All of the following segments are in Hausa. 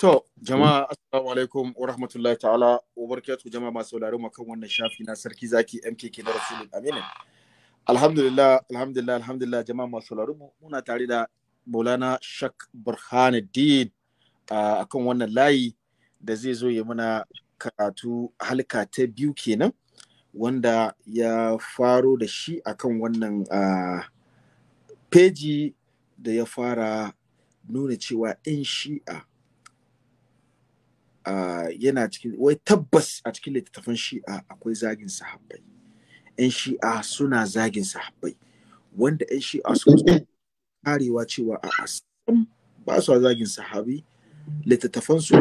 To, jama'a assalamu alaikum wa rahmatullahi ta'ala wa jama'a masu sauraro mu kan wannan shafi na sarki zaki MKK da Rasulul Aminin. Alhamdulillah, alhamdulillah, alhamdulillah jama'a masu sauraro mu muna tare da Maulana Shak Burhanuddin a kan wannan layi da zai zo ya muna karatu halka ta biyu kenan wanda ya faro da shi akan wannan peji da ya fara nuna cewa 'yan shi'a yana cikin wai tabbas a cikin littattafan shi'a akwai zagin sahabbai yan shi'a suna zagin sahabbai wanda yan shi'a suka karewa cewa a asan ba su zagin sahabi littattafan su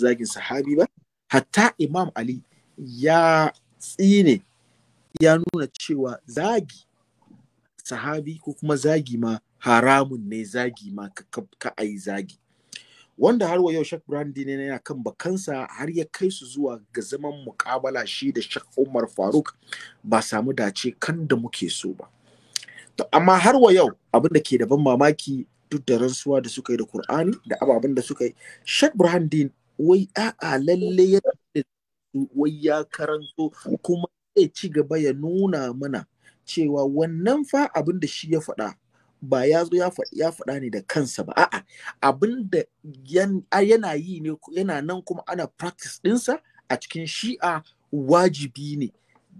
zagin sahabi ba hatta imam ali ya tsine ya nuna cewa zagi sahabi ko kuma zagi ma haramun ne zagi ma ka, ka, ka ai zagi wanda har wa yau Sheikh Brandi ne yana kan bakansa har ya kai su zuwa ga zaman mukabala shi da Sheikh Umar Faruk ba samu dace kan da muke so ba. To amma har wa yau abin da ke da ban mamaki duk da rantsuwa da suka yi da Kur'ani da ababen da suka yi Sheikh Brandi wai a'a lalle ya wai ya karanto kuma zai ci gaba ya nuna mana cewa wannan fa abin da shi ya faɗa ba ya zo ya faɗa ne da kansa ba a'a abin da yana yi ne yana nan kuma ana practice ɗinsa a cikin shi'a wajibi ne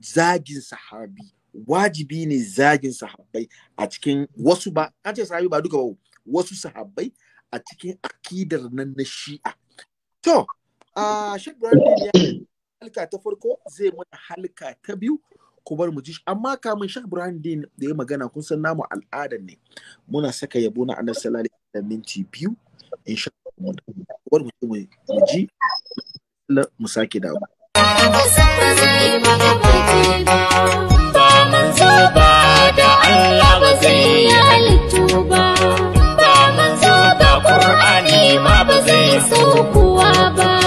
zagin sahabi wajibi ne zagin sahabbai a cikin wasu ba an ce sahabi ba duka ba wasu sahabbai a cikin akidar nan na shi'a to a ah, shek ta farko zai mana halka ta biyu ku bar mu ji shi amma kamun Sheikh Ibrahim Din da ya magana kun san namu al'adar ne muna saka yabo na Annabi sallallahu alaihi wasallam minti biyu insha Allah ku bar mu mu ji mu sake dawo ba manzo ba da Allah ba zai yi halittu ba ba so da Qur'ani ma ba zai so kuwa ba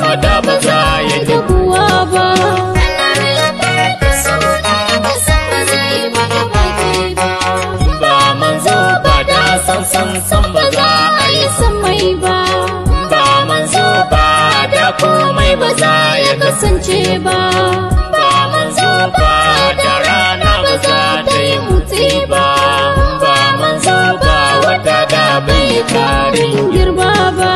fada ba za ya ba ba manzo ba da san san ba yi samai ba ba ba da komai ba za ya ba ba ba da rana ba za ta yi mutu ba ba manzo ba wata da bai karin girma ba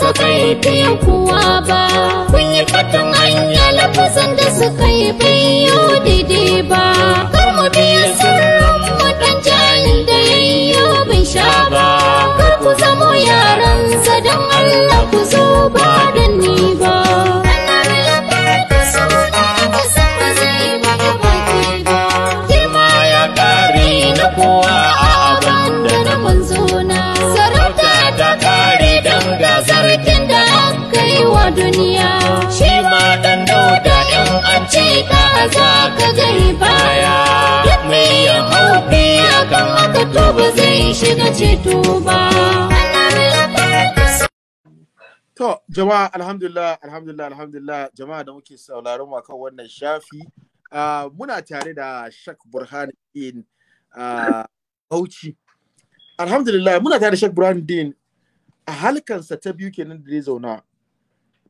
su kai biyu kuwa ba kun yi fatan yi lafazan da suka yi bayo didi ba kar mu biya sirrin wadan jahil da yayyo bin sha ba kar ku zamo yaran sa don Allah ku zo ba da ni ba duniya shi ma dan da in an ce ka za ka gani baya mai ya haufi akan haka to ba zai shiga ceto ba To jama'a alhamdulillah alhamdulillah alhamdulillah jama'a da muke sauraron mu kan wannan shafi muna tare da Shak Burhanuddin uh, Bauchi alhamdulillah muna tare da Shak Burhanuddin a halkansa ta biyu kenan da zai zauna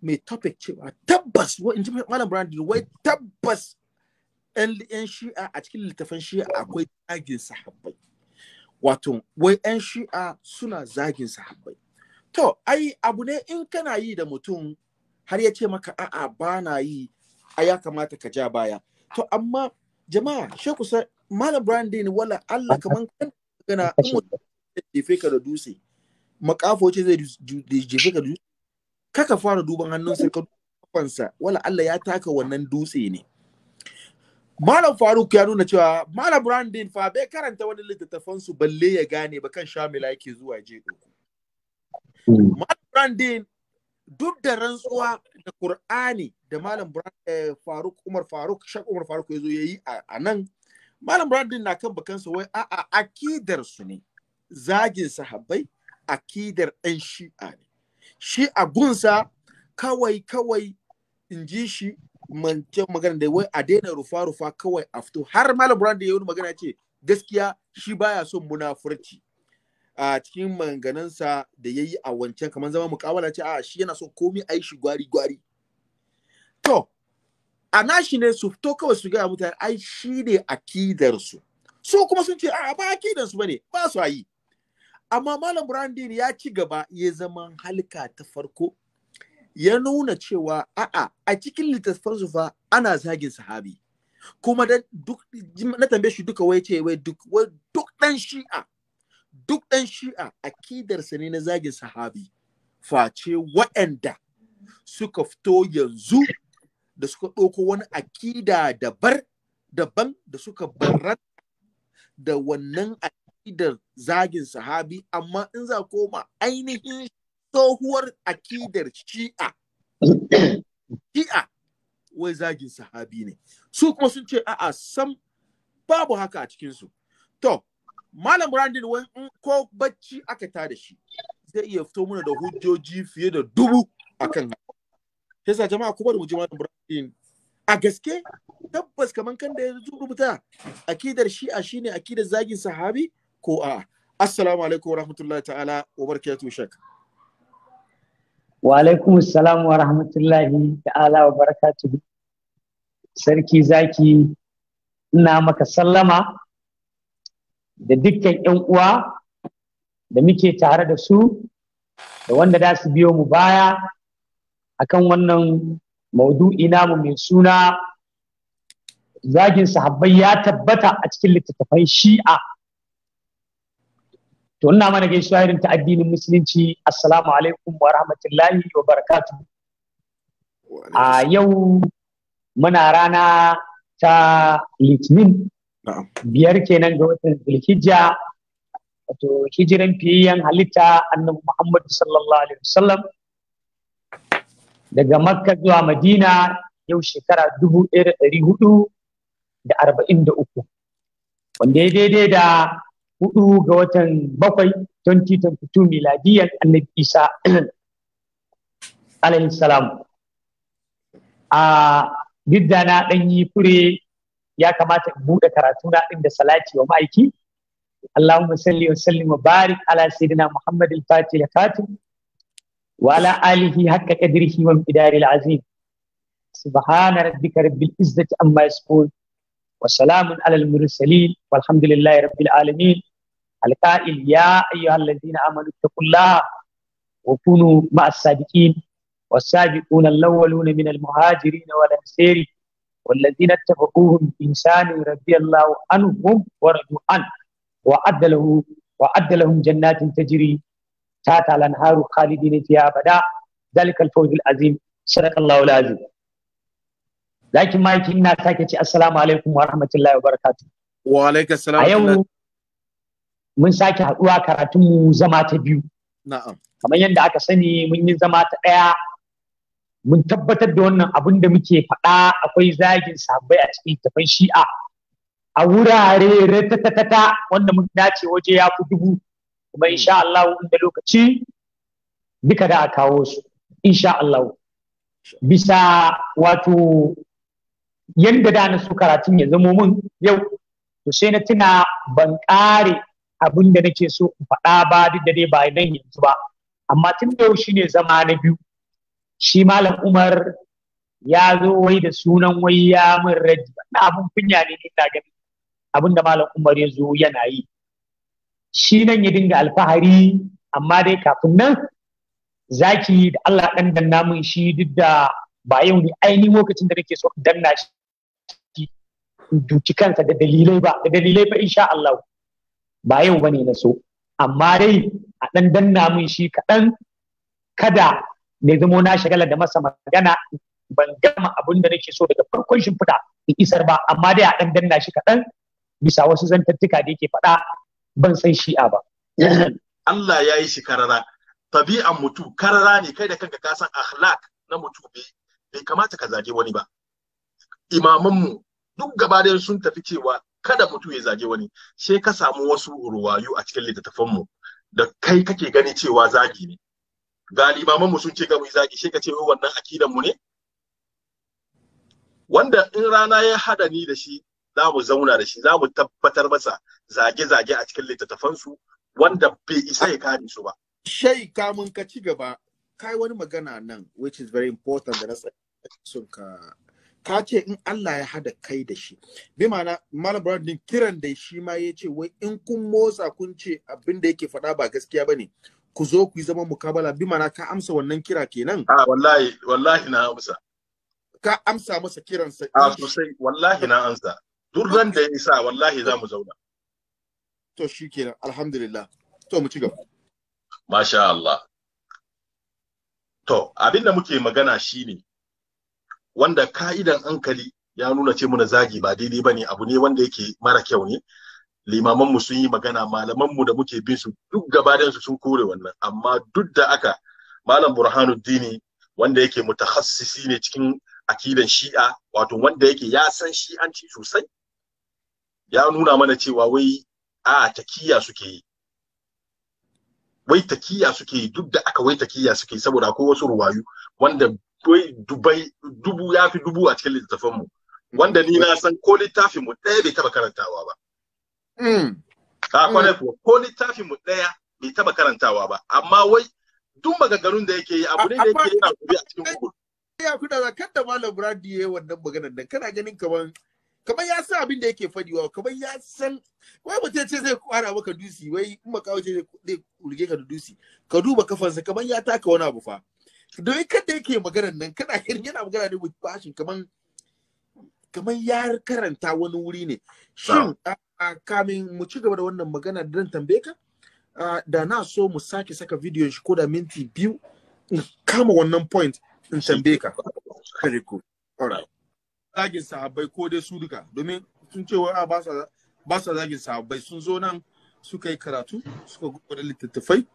mai topic cewa tabbas in ji malam brandon wai tabbas yan shi'a a cikin littafin shi'a akwai zagin sahabbai wato wai yan shi'a suna zagin sahabbai to ai abu ne in kana yi da mutum har ya ce maka a'a ba na yi a ya kamata ka ja baya to amma jama'a she kusa malam ne wala Allah kaman kan kana in mutum jefe ka da dutse makafo ce zai jefe ka da dutse kaka fara duban hannunsa ka kwansa, wala Allah ya taka wannan dutse ne Malam Faruk ya nuna cewa Malam Brandin fa bai karanta wani littattafan su balle ya gane ba kan Shamila yake zuwa je hmm. Malam Brandin duk da rantsuwa da Qur'ani da Malam eh, Faruk Umar Faruk Shak Umar Faruk ya zo yayi a nan Malam Brandin na kan bakansa wai a'a akidar su ne zagin sahabbai akidar ɗan shi'a ne shi a gunsa kawai kawai in ji shi mance magana da wai a daina rufa rufa kawai a fito har malam Brown da ya wani magana ce gaskiya shi baya son munafurci a cikin manganansa da ya yi a wancan kamar zama mukawala ce a shi yana son komi a yi shi gwari gwari to a nashi ne su fito kawai su gaya mutane ai shi ne akidarsu su kuma sun ce a ba akidarsu ba ne ba su a yi amma malam brandin ya ci gaba ya zama halka ta farko ya nuna cewa a'a a cikin littattafan fa ana zagin sahabi kuma da duk na tambaye shi duka wai ce wai duk wai duk dan shi'a duk dan shi'a akidarsa ne na zagin sahabi face waɗanda suka fito yanzu da suka ɗauko wani akida dabar daban da suka barar da wannan Akidar zagin sahabi amma in za koma ainihin tsohuwar akidar shi'a shi'a wai zagin sahabi ne su kuma sun ce a'a sam babu haka a cikinsu to malam brandon wai in ko bacci aka ta da shi zai iya fito mana da hujjoji fiye da dubu akan haka yasa jama'a kuma da mu malam brandon a gaske tabbas kamar kan da ya rubuta akidar shi'a shine akidar zagin sahabi ko a assalamu alaikum wa rahmatullahi ta'ala wa barakatuhu shek wa alaikum assalam wa rahmatullahi ta'ala wa barakatuhu sarki zaki ina maka sallama da dukkan yan uwa da muke tare da su da wanda da su biyo mu baya akan wannan maudu'i namu mai suna zagin sahabbai ya tabbata a cikin littattafan shi'a to ina mana gaisuwa irin ta addinin musulunci assalamu alaikum wa rahmatullahi wa barakatu. a yau muna rana ta litinin biyar kenan ga watan zulhijja wato hijiran fiyayyen halitta annabi muhammadu sallallahu alaihi wasallam daga makka zuwa madina yau shekara dubu ɗaya da ɗari hudu da arba'in da uku wanda ya daidai da hudu ga watan bakwai 2022 miladiyan annabi isa alaihi salam a gidda na ɗan yi fure ya kamata in buɗe karatu na ɗin da salati wa ma'aiki Allahumma salli wa sallim wa barik ala sayyidina Muhammad al-Fatih al wa ala alihi haqqa qadrihi wa qidari al-azim subhana rabbika rabbil izzati amma yasifun وسلام على المرسلين والحمد لله رب العالمين القائل يا أيها الذين آمنوا اتقوا الله وكونوا مع الصادقين والسابقون الأولون من المهاجرين والأنصار والذين اتبعوهم بإحسان رضي الله عنهم ورضوا عنه وأعد له وأعد لهم جنات تجري تحت الأنهار خالدين فيها أبدا ذلك الفوز العظيم صدق الله العظيم zaki maki ina sake ci assalamu alaikum wa rahmatullahi wa barakatu. wa alaikum assalam a yau mun sake haɗuwa karatun mu zama ta biyu na'am kamar yadda aka sani mun yi zama ta ɗaya mun tabbatar da wannan abun da muke faɗa akwai zagin sabai a cikin tafan shi'a a wurare ratatatata wanda mun dace waje ya fi dubu kuma insha Allah inda lokaci duka da a kawo su insha Allah bisa wato yanda da na so karatun ya zamo mun yau to sai na tuna ban kare abin da nake so in faɗa ba duk da dai ba nan yanzu ba amma tun yau shine zama na biyu shi malam Umar ya zo wai da sunan wai ya min raji na abun kunya ne ta gani abin da malam Umar ya zo yana yi shi nan ya dinga alfahari amma dai kafin nan zaki da Allah ɗan danna min shi duk da ba yau ne ainihin lokacin da nake so in danna shi duki kansa da dalilai ba da dalilai ba insha Allah ba yau bane na so amma dai a dan danna min shi kaɗan kada ne zamo na shagala da masa magana ban gama abin da nake so daga farkon shimfiɗa in isar ba amma dai a dan danna shi kaɗan bisa wasu zantattuka da yake faɗa ban san shi'a ba. Allah ya yi shi karara tabi'an mutu karara ne kai da kanka ka san akhlaq na mutu bai kamata ka zage wani ba imamanmu duk gaba da sun tafi cewa kada mutum ya zage wani sai ka samu wasu ruwayu a cikin littattafanmu da kai kake gani cewa zagi ne ga limamanmu sun ce gamu zagi sai ka ce wannan akidan mu ne wanda in rana ya haɗa ni da shi za mu zauna da shi za mu tabbatar masa zage-zage a cikin littattafansu wanda bai isa ya kare su ba. Shai kamun ka ci gaba, kai wani magana nan which is very important da na ka ce in Allah ya hada kai da shi bi ma'ana malam Bradley kiran da shi ma ya ce wai in kun motsa kun ce abin da yake faɗa ba gaskiya bane ku zo ku yi zaman mukabala bi ma'ana ka amsa wannan kira kenan a wallahi wallahi na amsa ka amsa masa kiran sa a sosai wallahi na amsa duk ran da ya sa wallahi za mu zauna to shikenan alhamdulillah to mu ci gaba masha Allah to abinda muke magana shine wanda ka'idan hankali ya nuna ce muna zagi ba daidai ba ne abu ne wanda yake mara kyau ne limamanmu sun yi magana malamanmu da muke bin su duk gabadansu sun kore wannan amma duk da aka malam burhanuddini wanda yake mutahassisi ne cikin akidan shi'a wato wanda yake ya san shi'anci sosai ya nuna mana cewa wai a takiya suke yi wai takiya suke yi duk da aka wai takiya suke saboda ko wasu ruwayu wanda akwai dubai dubu ya fi dubu a cikin littattafan mu wanda ni na san ko littafin mu ɗaya bai taba karantawa ba mm. a kwanai mm. ko littafin mu ɗaya bai taba karantawa ba amma wai duk magagarun da yake yi abu ne da yake yana gobe a cikin google ya kuda za da malam Brady yayi wannan maganar nan kana ganin kamar, kamar ya san abin da yake fadiwa kamar ya san wai mutum ce zai kwara maka dusi wai in makawo ce zai kurge ka da dusi ka duba kafansa kamar ya taka wani abu fa don kada yake maganar nan kana yana magana ne with passion kaman kaman ya karanta wani wuri ne shin kamin mu ci gaba da wannan magana dan tambaye ka da na so mu sake saka bidiyon shi ko da minti biyu in kama wannan point in tambaye ka very good all right zagin sahabbai ko dai su duka domin sun ce wa ba sa zagin sahabbai sun zo nan suka yi karatu suka gudu littattafai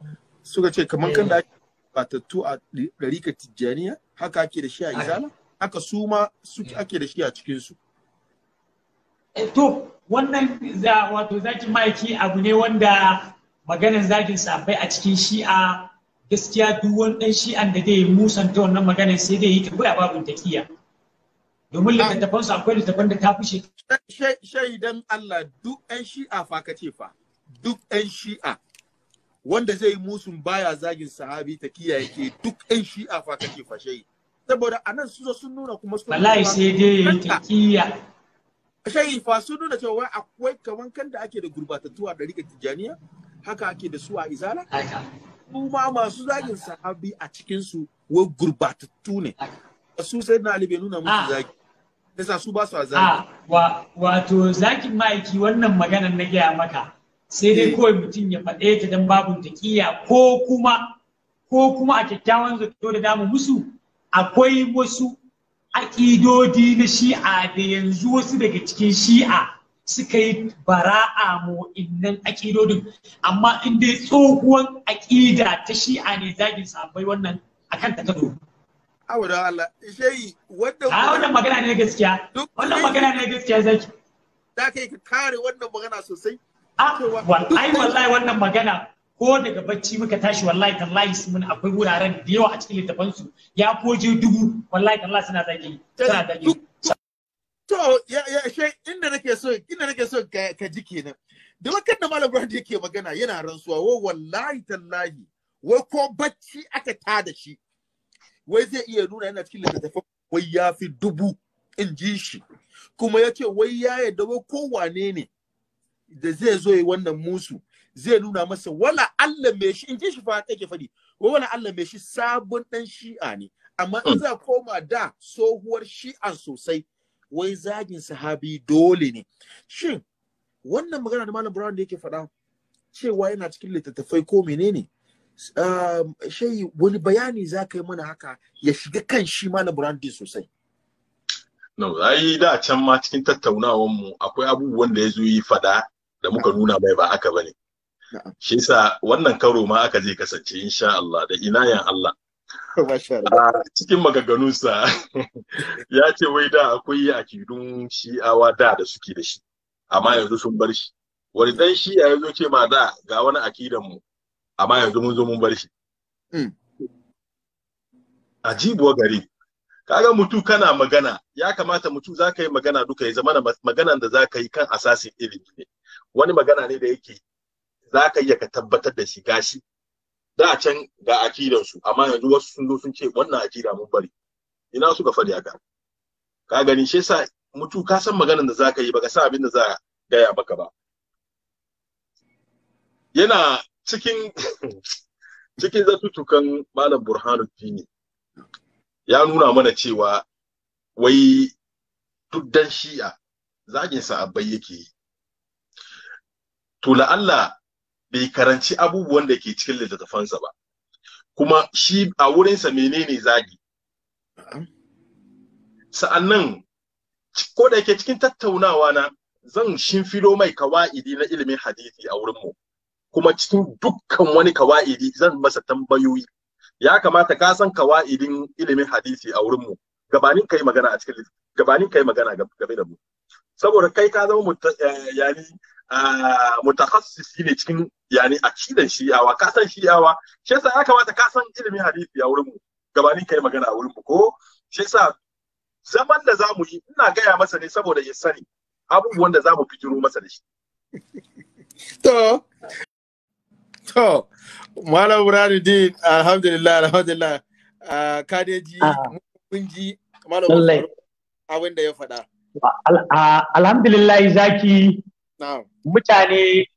suka ce kamar kan da ake batattu a ɗarika tijjaniya haka ake da shi a izala haka su ma suke ake da shi a cikinsu. Eh, to wannan za wato zakin maiki abu ne wanda maganar zagin sabai a cikin shi'a gaskiya duk wani ɗan shi'an da zai musanta wannan maganar sai dai yi ta buya babu takiya domin littattafansu akwai littattafan da ta fushe. Shaidan Allah duk 'yan shi'a fa ka ce fa duk 'yan shi'a wanda zai musun baya zagin sahabi ta kiyaye ke duk ɗan shi'a fa kake fashe saboda anan su zo sun nuna kuma su wallahi sai dai yayi taqiya shayi fa sun nuna cewa wai akwai kaman kan da ake da gurbatattuwa da rika tijaniya haka ake da su a izala kuma masu zagin sahabi a cikin su wai gurbatattu ne su sai na ali nuna musu ah. zagi sai su ba su a ah, zagi wato zakin ma'aiki wannan maganar na gaya maka sai dai kawai mutum ya faɗe ta don babu taƙiyya ko kuma ko kuma a kyakkyawan zato da damu musu akwai wasu aƙidodi na shi'a da yanzu wasu daga cikin shi'a suka yi bara'a mu innan aƙidodin amma in dai tsohuwan aƙida ta shi'a ne zagin sabai wannan akan ta kado awo da Allah shehi wannan wannan magana ne gaskiya wannan magana ne gaskiya zaki za kai ka kare wannan magana sosai ai wallahi wannan magana ko daga bacci muka tashi wallahi tallahi mun akwai wuraren da yawa a cikin littafan su ya koje dubu wallahi tallahi suna zagi suna zagi to ya ya she inda nake so inda nake so ka ji kenan da wakan da malam Brand yake magana yana rantsuwa wa wallahi tallahi wai ko bacci aka ta da shi wai zai iya nuna yana cikin littattafan wai ya fi dubu in ji shi kuma ya ce wai ya yadda wai kowane ne da zai zo yi wannan musu zai nuna masa wala Allah me shi in ji shi fa take faɗi wala Allah me shi sabon dan shi'a ne amma in za koma da tsohuwar shi'a sosai wai zagin sahabi dole ne shin wannan magana da malam Brown da yake faɗa cewa yana cikin littattafai ko menene shai wani bayani za yi mana haka ya shiga kan shi malam Brown sosai No, ai da can ma cikin tattaunawar mu akwai abubuwan da ya zo yi fada da muka nuna mai ba aka bane shi sa wannan karo ma aka je kasance insha Allah da inayan Allah ah, cikin magaganunsa ya ce wai da akwai akidun shi'awa da da suke da shi amma yanzu sun bar shi wani dan shi ya yanzu ce ma da ga wani akidan mu amma yanzu mun zo mun bar shi mm. ajibuwa gari kaga mutu kana magana ya kamata mutu za ka yi magana duka ya zama maganan da za ka yi kan asasin ilimi ne wani magana ne da yake za ka iya ka tabbatar da shi gashi da a can ga akidan su amma yanzu wasu sun zo sun ce wannan akida mun bari ina suka fadi haka ka gani shi yasa mutu ka san maganar da zaka yi baka san abin da za a gaya maka ba yana cikin cikin zatutukan malam burhanuddin ya nuna mana cewa wai duk dan shi'a zagin sa abbai yake yi to la'alla bai karanci abubuwan da ke cikin littattafansa ba kuma shi a wurinsa menene zagi sa'annan ko da yake cikin tattaunawa na zan shimfilo mai kawa'idi na ilimin hadisi a wurinmu kuma cikin dukkan wani kawa'idi zan masa tambayoyi ya kamata ka san kawa'idin ilimin hadisi a wurinmu gabanin kai magana a cikin gabanin kai magana game da mu saboda kai ka zama eh, yani Ah, mutakassisi ne cikin yani akidan shi'awa ka san shi'awa shi yasa ya kamata ka san ilimin hadisi a wurin mu gabanin kai magana a wurin mu ko shi yasa zaman da zamu yi ina gaya masa ne saboda ya sani abubuwan da zamu fitiro masa da shi to to malam Burhanuddin alhamdulillah alhamdulillah ah, ka dai ji ah. mun ji malam abin da ya faɗa alhamdulillah zaki mutane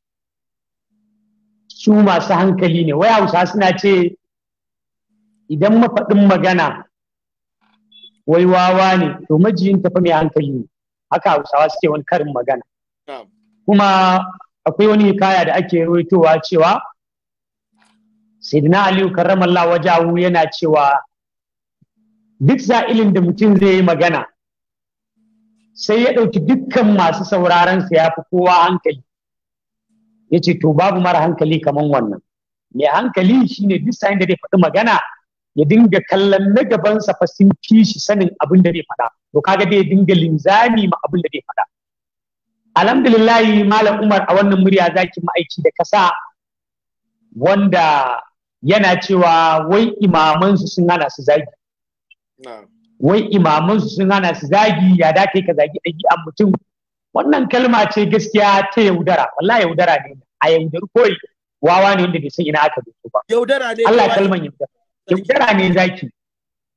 su masu hankali ne wai hausa suna ce idan mafaɗin magana wai wawa ne to majiyin tafi mai hankali ne haka hausawa suke wani karin magana kuma akwai wani kaya da ake rawaitowa cewa sayyidina aliyu karramallah wajahu yana cewa duk sa'ilin da mutum zai yi magana sai ya ɗauki dukkan masu sauraron sa ya fi kowa hankali ya ce to babu mara hankali kaman wannan mai hankali shine duk sa'in da zai faɗi magana ya dinga kallon na gabansa fa sun fi shi sanin abin da zai faɗa to kaga dai dinga linzami ma abin da zai faɗa alhamdulillah malam umar a wannan murya zaki ma'aiki da kasa wanda yana cewa wai imamansu sun hana su zagi wai imaman su sun hana su zagi ya dace ka zagi ɗabi'an mutum wannan kalma ce gaskiya ta yaudara wallahi yaudara ne a yaudar koyi wawa ne wanda bai san ina aka doso ba yaudara ne Allah kalman yaudara yaudara ne zaki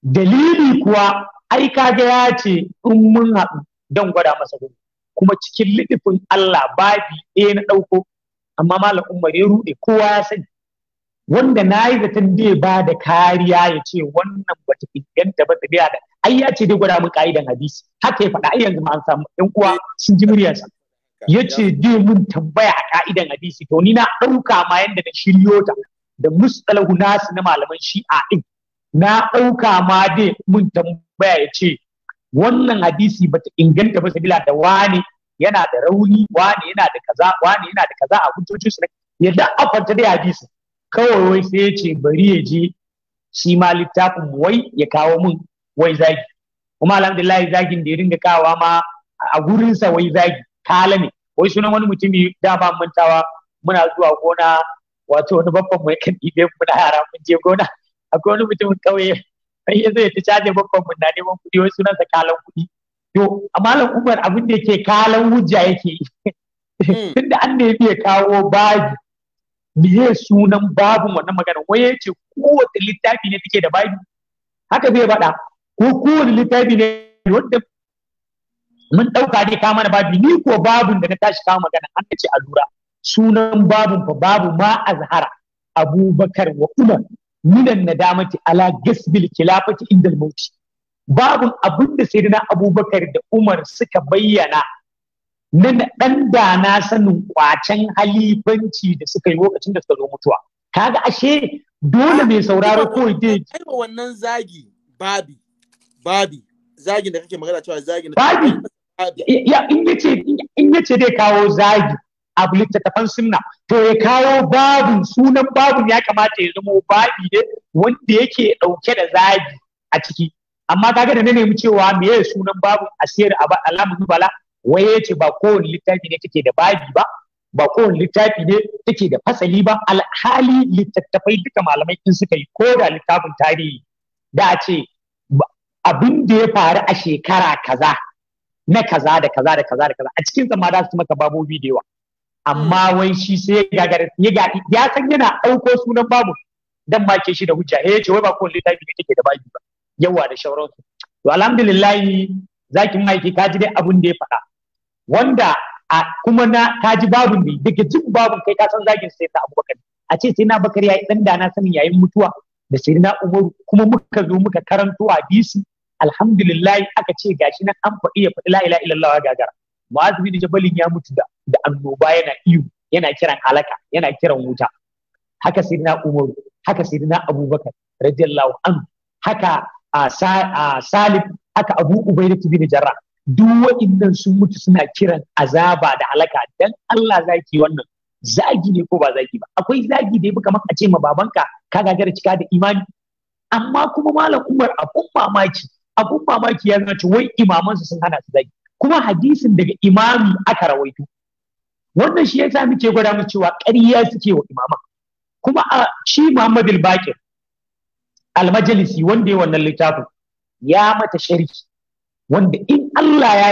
dalili kuwa ai kaga ya ce in mun haɗu don gwada masa gudu kuma cikin liɗifin Allah babi ɗaya na ɗauko amma malam Umar ya rude kowa ya sani wanda na yi zaton zai ba da kariya ya ce wannan ta inganta ba ta da ai ya ce dai gwada mun ka'idan hadisi haka ya faɗa ai yanzu ma an samu ɗan uwa sun ji muryarsa ya ce zai mun tambaya a ka'idan hadisi to ni na ɗauka ma yanda na shiryo ta da mustalahu nasu na malaman shi'a ɗin na ɗauka ma dai mun tambaya ya ce wannan hadisi ba ta inganta ba sabila da wani yana da rauni wani yana da kaza wani yana da kaza a hujjojinsu na yadda afanta dai hadisi kawai wai sai ya ce bari ya je shi ma littafin wai ya kawo mun wai zagi kuma alhamdulillah zagin da ya ringa kawa ma a gurinsa wai zagi kala ne wai sunan wani mutumi dama mantawa muna zuwa gona wato wani babban kan yakan ɗibe muna yara mun je gona akwai wani mutumin ƙauye sai ya zai ta caje babban mu na neman kuɗi wai sunansa kalan kuɗi to a malam umar abin da yake kalan hujja yake yi hmm. tunda an ne ya kawo baji me sunan babu wannan magana wai ya ce kowace littafi ne take da babi haka zai faɗa ko kowane littafi ne wanda mun ɗauka dai kama na babu ni ko babu da na tashi kama magana an ce a lura sunan babun fa babu ma azhara abubakar wa umar minan nadamati ala gasbil khilafati indal mauti Babu abinda da sayyidina abubakar da umar suka bayyana na ɗan da na sanin kwacen halifanci da suka yi lokacin da suka zo mutuwa kaga ashe dole mai sauraro ko dai aiwa wannan zagi babi babi zagin da kake magana cewa zagin babi ya in yace in yace dai kawo zagi a littattafan sunna to ya kawo babin sunan babin ya kamata ya zama babi ne wanda yake dauke da zagi a ciki amma kaga da na nemi cewa me sunan babin asiyar alamun bala wai yace ba kowane littafi ne take da babi ba ba kowane littafi ne take da fasali ba alhali littattafai duka malamai in suka yi ko da littafin tarihi da a ce abin da ya faru a shekara kaza na kaza da kaza da kaza da kaza a cikin zama da su maka babobi da yawa amma hmm. wai shi sai ya gagara ya ya san yana ɗauko sunan babu dan ke shi da hujja eh ce wai ba kowane littafi ne take da babi ba yawa da shauransu to alhamdulillah zaki mai ka ji dai abin da ya faɗa wanda a kuma na ta ji babu ne daga jin babu kai ka san zagin sai ta abubakar a ce sai na bakar yayi dan da sanin yayin mutuwa da sai na umaru kuma muka zo muka karanto a alhamdulillah aka ce gashi nan an faɗi ya faɗi la ilaha illallah gagara mu'az bin jabalin ya mutu da da annoba yana iyo yana kiran alaka yana kiran wuta haka sai na umaru haka sai na abubakar radiyallahu anhu haka a salif haka abu ubaidah bin jarrah duk waɗannan sun mutu suna kiran azaba da halaka dan Allah zaki wannan zagi ne ko ba zagi ba akwai zagi da yafi kamar a ce ma babanka ka ga gara cika da imani amma kuma malam Umar abun mamaki abun mamaki ya zace wai imamansa sun hana su zagi kuma hadisin daga imami aka rawaito wannan shi yasa muke gwada mu cewa ƙarya suke wa imama. kuma a shi Muhammadul baqir al-Majalisi wanda ya wannan littafin ya mata sharhi wanda in Allah ya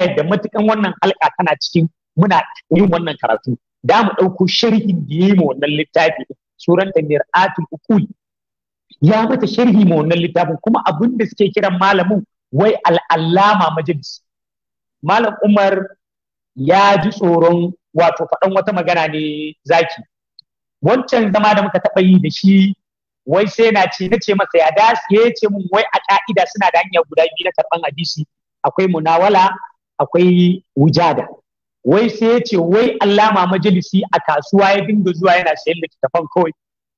yarda matukan wannan halka tana cikin muna yin wannan karatu da mu ɗauko sharhin da yi ma wannan littafi suran tamir atul ukul ya mata sharhi ma wannan littafin kuma abin da suke kiran malamin wai al'allama majalis malam umar ya ji tsoron wato faɗan wata magana ne zaki wancan zama da muka taɓa yi da shi wai sai na ce na ce masa ya da ya ce mun wai a ka'ida suna da hanyar guda biyu na karban hadisi akwai munawala akwai wujada wai sai ya ce wai allama majalisi a kasuwa ya dinga zuwa yana sayan litattafan kawai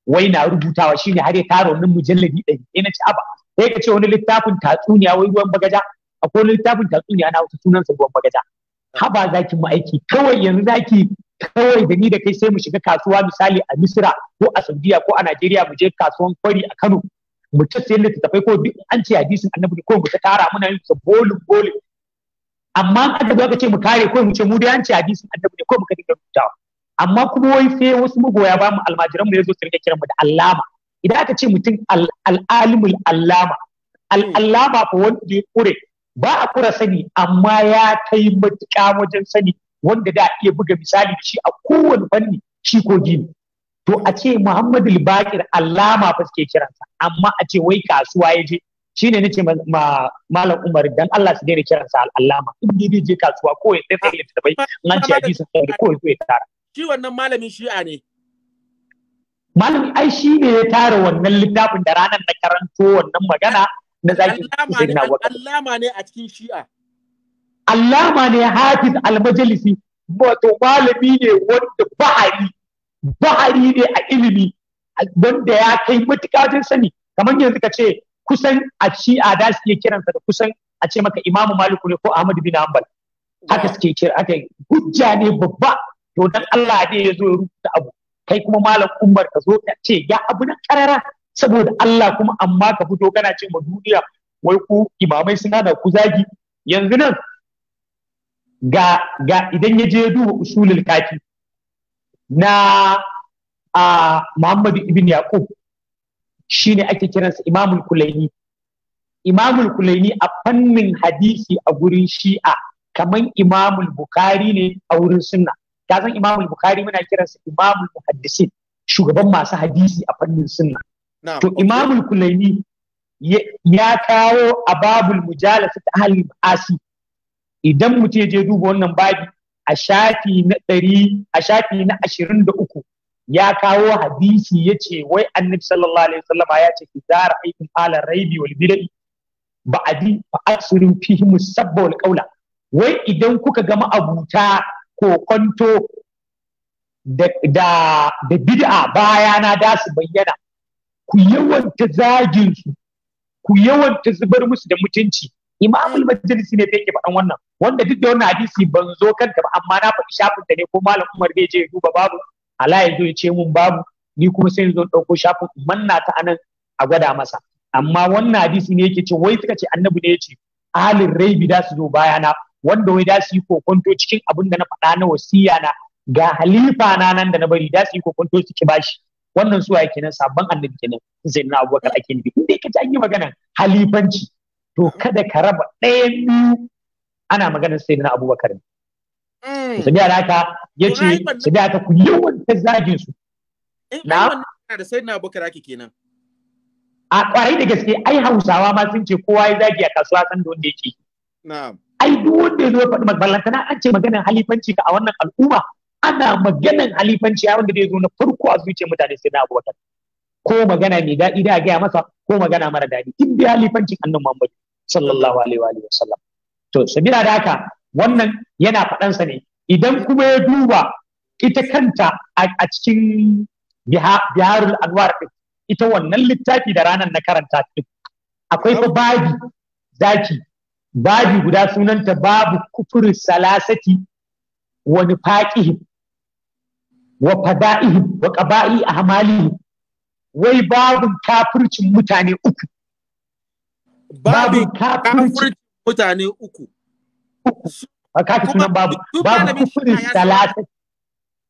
wai na rubutawa shine har ya tara wannan mujalladi ɗari sai na ce aba sai ka ce wani littafin tatsuniya wai ruwan bagaja akwai wani littafin tatsuniya na wata sunansa ruwan bagaja haba zakin mu aiki kawai yanzu zaki kawai da ni da kai sai mu shiga kasuwa misali a misira ko a saudiya ko a najeriya mu je kasuwan kwari a kano mu ta sayar da tafai ko duk an ce hadisin annabi ko mu ta tara muna yin bolin bolin amma an zo zaka ce mu kare ko mu ce mu dai an ce hadisin annabi ko mu ka dinga rubutawa amma kuma wai sai wasu magoya ba mu almajiran mu yazo su rinka kiran mu da allama idan aka ce mutum al'alimul allama al'allama fa wanda ya kure ba a kura sani amma ya kai matuƙa wajen sani wanda da iya buga misali da shi a kowane fanni shi ko gini to a ce Muhammadu Bakir alama fa suke kiransa amma a ce wai kasuwa ya je shi ne nace ma malam Umar dan Allah su daina kiransa al'allama in dai je kasuwa ko ya sai sai da bai nan ce hadisi sai ko ya tara shi wannan malamin shi'a ne malami ai shi ne ya tara wannan littafin da ranar na karanto wannan magana na zaki al'allama ne a cikin shi'a allama ne hafiz almajalisi wato malami ne wanda bahari bahari ne a ilimi wanda ya kai matuƙa sani kamar yanzu ka ce kusan a ci a da suke kiransa da kusan a ce maka imamu maliku ne ko ahmadu bin hanbal haka suke kira haka hujja ne babba to dan Allah ne ya zo ya rubuta abu kai kuma malam umar ka zo ka ce ya abu na karara saboda Allah kuma amma ka fito kana ce ma duniya wai ku imamai suna da ku zagi yanzu nan ga ga idan ya je duba usulul kafi na a Muhammadu ibn Yaqub shine ake kiransa Imamul Kulaini Imamul Kulaini a fannin hadisi a gurin Shi'a kaman Imamul Bukhari ne a wurin Sunna ka san Imamul Bukhari muna kiransa Imamul Muhaddisin shugaban masu hadisi a fannin Sunna to Imamul Kulaini ya kawo a babul mujalasa ta ahli asi idan mutum ya je duba wannan babi a shafi na ɗari a shafi na ashirin da uku ya kawo hadisi ya ce wai annabi sallallahu alaihi wasallam ya ce ki zara aikin ala raibi wal bida'i ba a fa asirin fihi musabba wal qaula wai idan kuka ga ma'abuta ko kwanto da da bid'a bayana da su bayyana ku yawanta zagin su ku yawanta zubar musu da mutunci imamul majalisi ne take faɗan wannan wanda duk da wannan hadisi ban zo kanta ba amma na faɗi shafin ta ne ko malam Umar bai je ya duba babu Allah ya zo ya ce mun babu ni kuma sai zo dauko shafin manna ta anan a gwada masa amma wannan hadisi ne yake ce wai suka ce annabi ne yace ahalin raibi da su zo bayana wanda wai da su yi kokonto cikin abin da na faɗa na wasiya na ga halifa na nan da na bari da su yi kokonto su bashi wannan suwa yake nan sabon annabi kenan sai na abubakar ake nufi inda yake ta an yi magana halifanci to kada ka raba ɗayan biyu ana maganar sai na abubakar ne eh. sabiya da haka ya ce biya ka ku yawanta zagin su na da sai na abubakar ake kenan a ƙwarai da gaske ai hausawa ma sun ce kowa ya zagi a kasuwa san da wanda yake ai duk wanda ya zo ya faɗi na an ce maganar halifanci ka a wannan al'umma ana maganar halifanci a wanda zai zo na farko a zuciyar mutane sai na abubakar ko magana mai daɗi da a gaya masa ko magana mara daɗi in dai halifancin annan muhammadu sallallahu alaihi wa sallam to sabila da haka wannan yana faɗansa ne idan kuma ya duba ita kanta a cikin biharul anwar din ita wannan littafi da ranar na karanta din akwai fa babi zaki babi guda sunanta babu kufur salasati wa nifaqihim wa fada'ihim wa qaba'i ahmalihim wai babun kafircin mutane uku babin kafirci mutane uku kafin sunan babu babu kufuri talata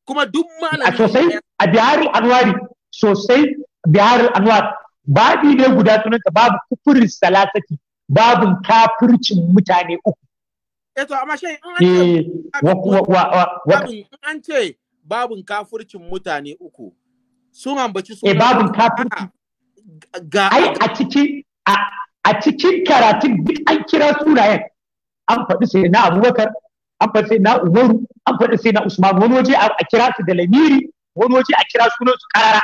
kuma duk malamin a sosai a biyar anwari sosai biyar anwar babu ne guda sunanta babu kufurin salatati babin kafircin mutane uku eto eh amma shi in an ce eh, babin kafircin mutane uku sun ambaci eh, su babin kafirci ga ai a ciki a cikin karatun duk an kira sunayen an faɗi sai na abubakar an faɗi sai na umaru an faɗi sai na usman wani waje a kira su da lamiri wani waje a kira sunan su karara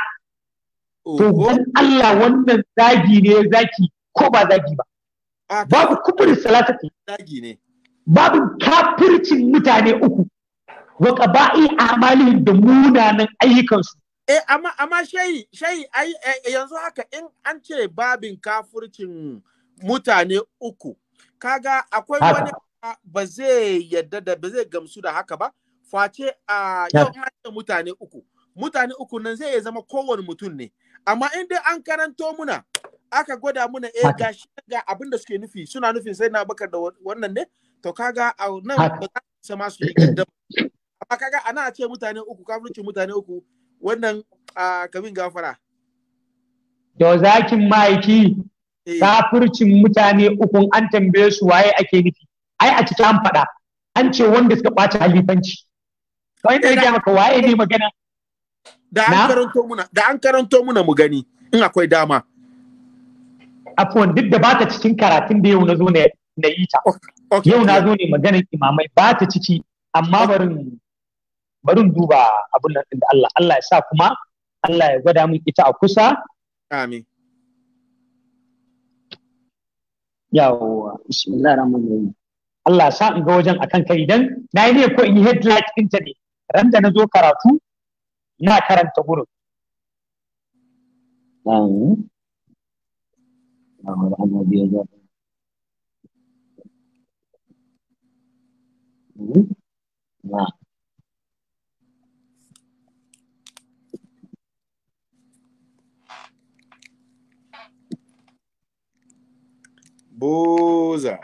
to wani Allah wannan zagi ne zaki ko ba zagi ba babu kufurin salatati zagi ne babu kafircin mutane uku wa qaba'i amali da munanan ayyukansu Eh, amma, amma shayi, shayi, ai, eh, yanzu haka in an ce babin kafurcin mutane uku kaga akwai wani ba zai yadda da ba zai gamsu da haka ba face a yau da mutane uku mutane uku nan zai zama kowane mutum ne amma in dai an karanto muna aka gwada muna eh ga shi ga abin da suke nufi suna nufin sai na bakar da wannan ne to kaga a nan ba za su sama su yi gaddam amma kaga ana ce mutane uku kafirci mutane uku wannan kabin gafara to zakin maiki Eh. kafircin mutane ukun an tambaye su waye ake nufi ai a cikin an faɗa an ce wanda suka ɓata halifanci kawai da ya maka waye ne magana da an karanto muna da an karanto muna mu gani in akwai dama afuwan duk da bata cikin karatun da yau na zo na yi ta yau na zo ne maganar imamai bata ciki amma barin barin duba abun nan da Allah Allah ya sa kuma Allah ya gwada mun ita a kusa amin yawwa bismillahir rahmanir rahim Allah sa in ga wajen akan kai dan na yi ne ko in yi headlight din ta ne ran da na zo karatu na karanta gurin Buza!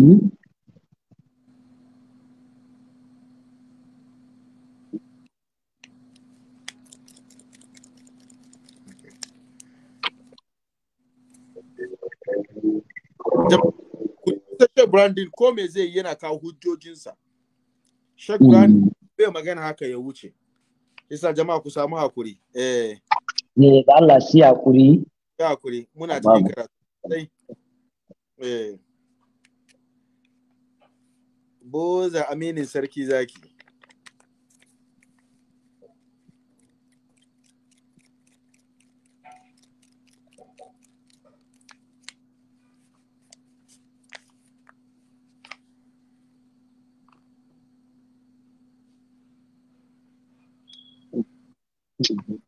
aqui. Sashe Brandon ko me zai yana kawo hujjojinsa. Shek Brandon hmm. bai magana haka ya wuce. Isa jama'a ku samu hakuri. Eh. Ne da Allah si hakuri. Ya hakuri muna cikin karatu. Eh. Boza Aminu Sarki Zaki.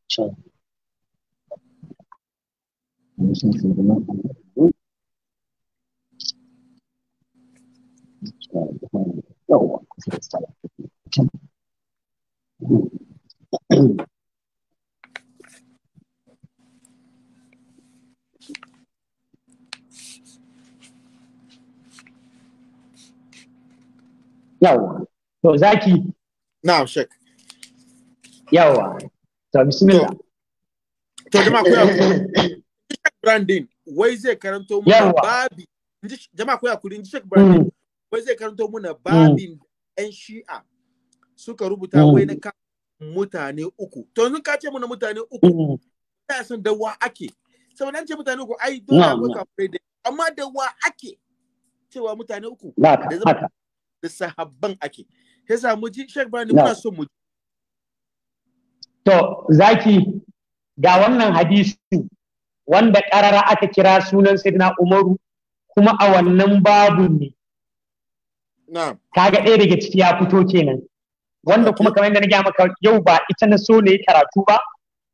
Tchau. yawwa to zaki na'am shek yawwa to bismillah to jama'a ku yakuri branding wai zai karanto mu babi jama'a ku yakuri wai zai karanto muna mm. babin yan shi'a suka rubuta mm. wai na mutane uku to yanzu ka ce muna mutane uku mm. ina son dawa ake saboda an ce mutane uku ai dole akwai kafirai da amma dawa ake cewa mutane uku da zama da sahabban ake sai sa mu ji shek Bani muna son mu to zaki ga wannan hadisi wanda ƙarara aka kira sunan Sayyidina Umaru kuma a wannan babu ne kaga ɗaya daga ciki ya fito kenan wanda kuma kamar yadda na gaya maka yau ba ita na so ne karatu ba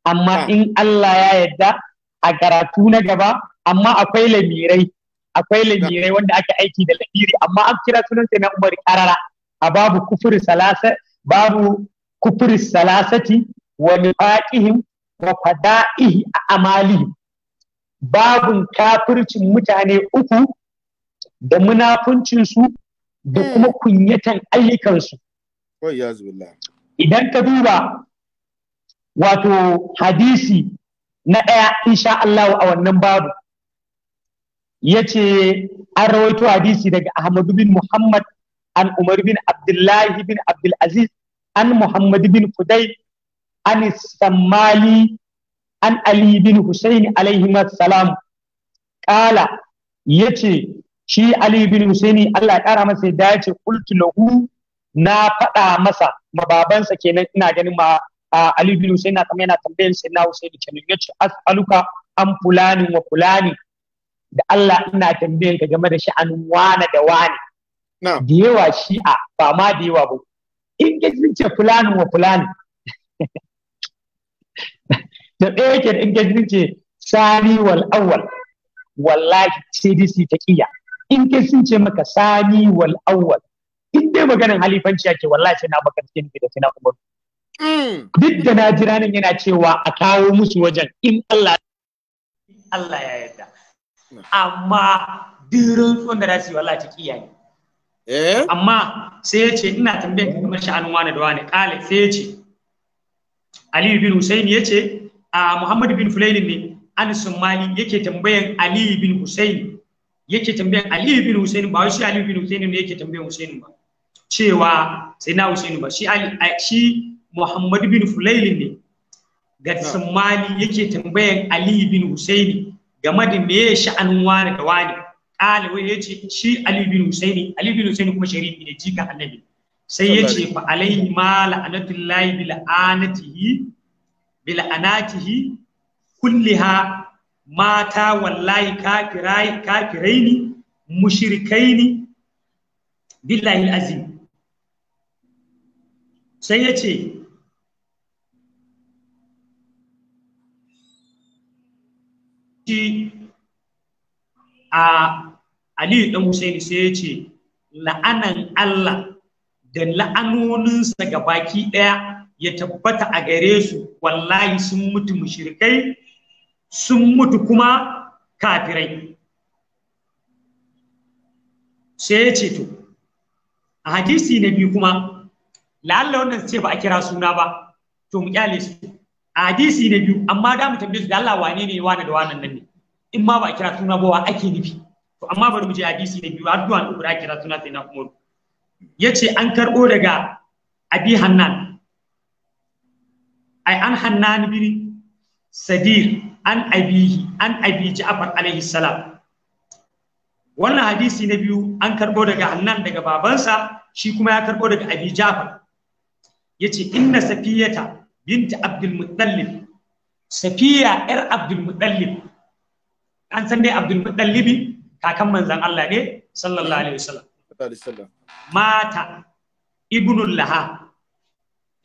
amma in Allah ya yarda a karatu na gaba amma akwai lamirai akwai lamirai wanda ake aiki da lamiri amma an kira sunan sai na Umar karara a babu kufur salasa babu kufur salasati wa nifaqihim wa fada'ihi a amali babun kafircin mutane uku da munafuncin su da eh. kuma kunyatan ayyukansu idan ka duba wato hadisi na ɗaya insha Allah a wannan babu ya ce an rawaito hadisi daga Ahmadu bin Muhammad an Umar bin Abdullahi bin Abdulaziz an Muhammad bin Fudai an Sammali an Ali bin Hussein alaihi salam kala ya ce shi Ali bin Husaini Allah ya kara masa da ya ce qultu lahu na faɗa masa mababansa kenan ina ganin ma Ali bin Husaini na kamar yana tambayar na Husaini kenan yace as'aluka an fulani wa fulani da Allah ina tambayar ka game da sha'anin wane da wane da yawa shi'a ba ma da yawa ba in ka ce fulani wa fulani da ɗaya ke in ka ce sani wal awwal wallahi sai dai su ta kiya in kai sun ce maka sani wal awwal in dai maganin halifanci yake wallahi sai na baka cikin da sai na umar hmm. duk da na jira nan yana cewa a kawo musu wajen in Allah Allah ya yarda amma dirin tsohon da za su yi wallahi ciki kiyaye eh? amma sai ya ce ina tambayar ka kamar sha'anin wani da wani kale sai ya ce Ali bin Hussein ya ce a ah, Muhammad bin Fulaini ne an Sumali yake tambayan Ali bin Hussein yake tambayan Ali bin Husain ba shi Ali bin Husain ne yake tambayan Husain ba cewa sai na Husain ba shi shi Muhammad bin Fulayl ne Sumali yake tambayan Ali bin Husaini game da me sha'anin wani da wani ƙala wai yace shi Ali bin Husaini Ali bin Husaini kuma sharifi ne jikan Annabi sai yace fa alaihi ma la'anatullahi bil anatihi bil anatihi kullaha mata wallahi kafirai kafirai ne mushrikai ne billahi azim sai ya ce a Aliyu dan Husaini sai ya ce la'anan Allah da la'anoninsa ga baki ɗaya ya tabbata a gare su wallahi sun mutu mushrikai sun mutu kuma kafirai sai ya ce to a hadisi na biyu kuma la'alla wannan ce ba a kira suna ba to mu kyale su a hadisi na biyu amma da mu tambaye su da Allah wane ne wane da wannan nan ne in ma ba a kira suna ba wa ake nufi to amma bari mu je hadisi na biyu har duwan uku da kira suna sai na kuma yace an karbo daga Abi Hannan ai an Hannan biri Sadir an abihi an abi ja'far alaihi salam wannan hadisi na biyu an karbo daga annan daga babansa shi kuma ya karbo daga abi ja'far yace inna safiyata bint abdul muttalib safiya yar abdul muttalib an san dai abdul muttalib kakan manzon Allah ne sallallahu alaihi wasallam mata ibnul laha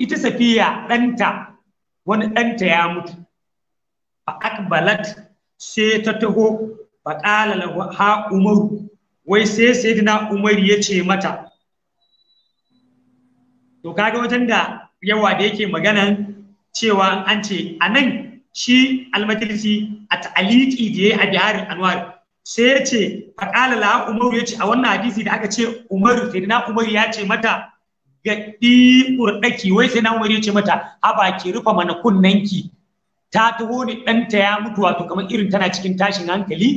ita safiya ɗanta wani ɗanta ya mutu fa akbalat sai ta taho fa qala lahu ha umaru wai sai sayyidina umar ya ce mata to kaga wajen da yawa da yake maganan cewa an ce a nan shi almajalisi a ta'aliki da ya yi a biharin anwar sai ya ce faƙala la umaru ya ce a wannan hadisi da aka ce umaru sai na umaru ya ce mata ga ɗiƙur ɗaki wai sai na umaru ya ce mata haba ki rufa mana ki. ta taho ni ɗanta ya mutu wato kamar irin tana cikin tashin hankali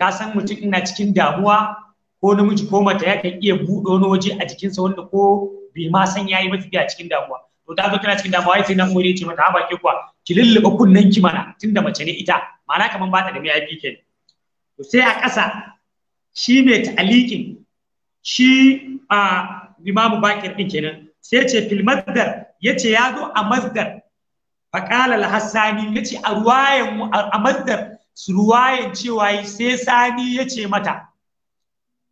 ka san mutum ina cikin damuwa ko namiji ko mata ya kan iya buɗe wani waje a jikinsa wanda ko bai ma san yayi ba a cikin damuwa to ta zo tana cikin damuwa sai nan mure ce mata ha baki kuwa ki lulluɓa kunnen ki mana tunda mace ne ita ma'ana kamar ba ta da mayafi kenan to sai a ƙasa shi mai ta'aliƙin shi a limamu bakir ɗin kenan sai ce filmadar yace ya ce ya zo a mazdar faƙala al-hassani yace a mu a mazdar su ruwayan cewa sai sani yace mata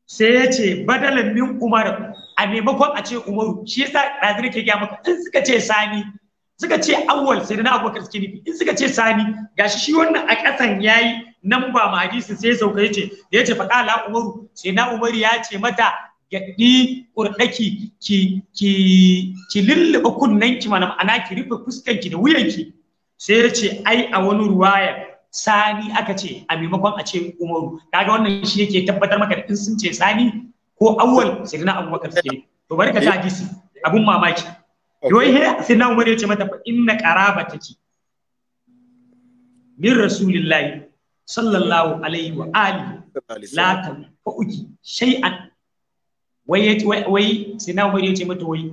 sai yace badala min umar a maimakon a ce umaru shi yasa ɗazir ke gaya maka in suka ce sani suka ce awwal sai na abubakar suke nufi in suka ce sani gashi shi wannan a ƙasan yayi nan ba ma hadisin sai sauka yace da yace faƙala umaru sai na umaru ya ce mata gyaɗi ƙurɗaki ki ki ki lulluɓe kunnenki mana ma'ana ki rufe ki da wuyanki sai ya ce ai a wani ruwaya sani aka ce a maimakon a ce umaru kaga wannan shi yake tabbatar maka da in sun ce sani ko awwal sai na abubakar ke to bari ka ta hadisi abun mamaki yoyi he sai na umar ya ce mata fa inna taki min rasulillahi sallallahu alaihi wa alihi la tanfa'uki shay'an wai wai sai na umar yace mata wai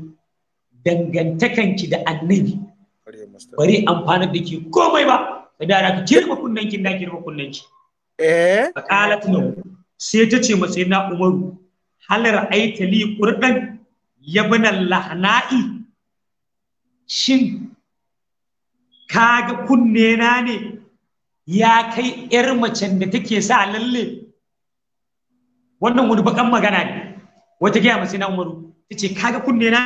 dangantakanki da annabi bari amfana da ke komai ba ka da ka kirba kunnanki da kirba kunnanki eh qalat no sai ta ce masa na umar. hal ra'aita li qurdan yabn lahna'i shin kaga kunne na ne ya kai yar macen da take sa lalle wannan wani bakan magana ne wata gaya masu na umaru ta ce kaga kunne na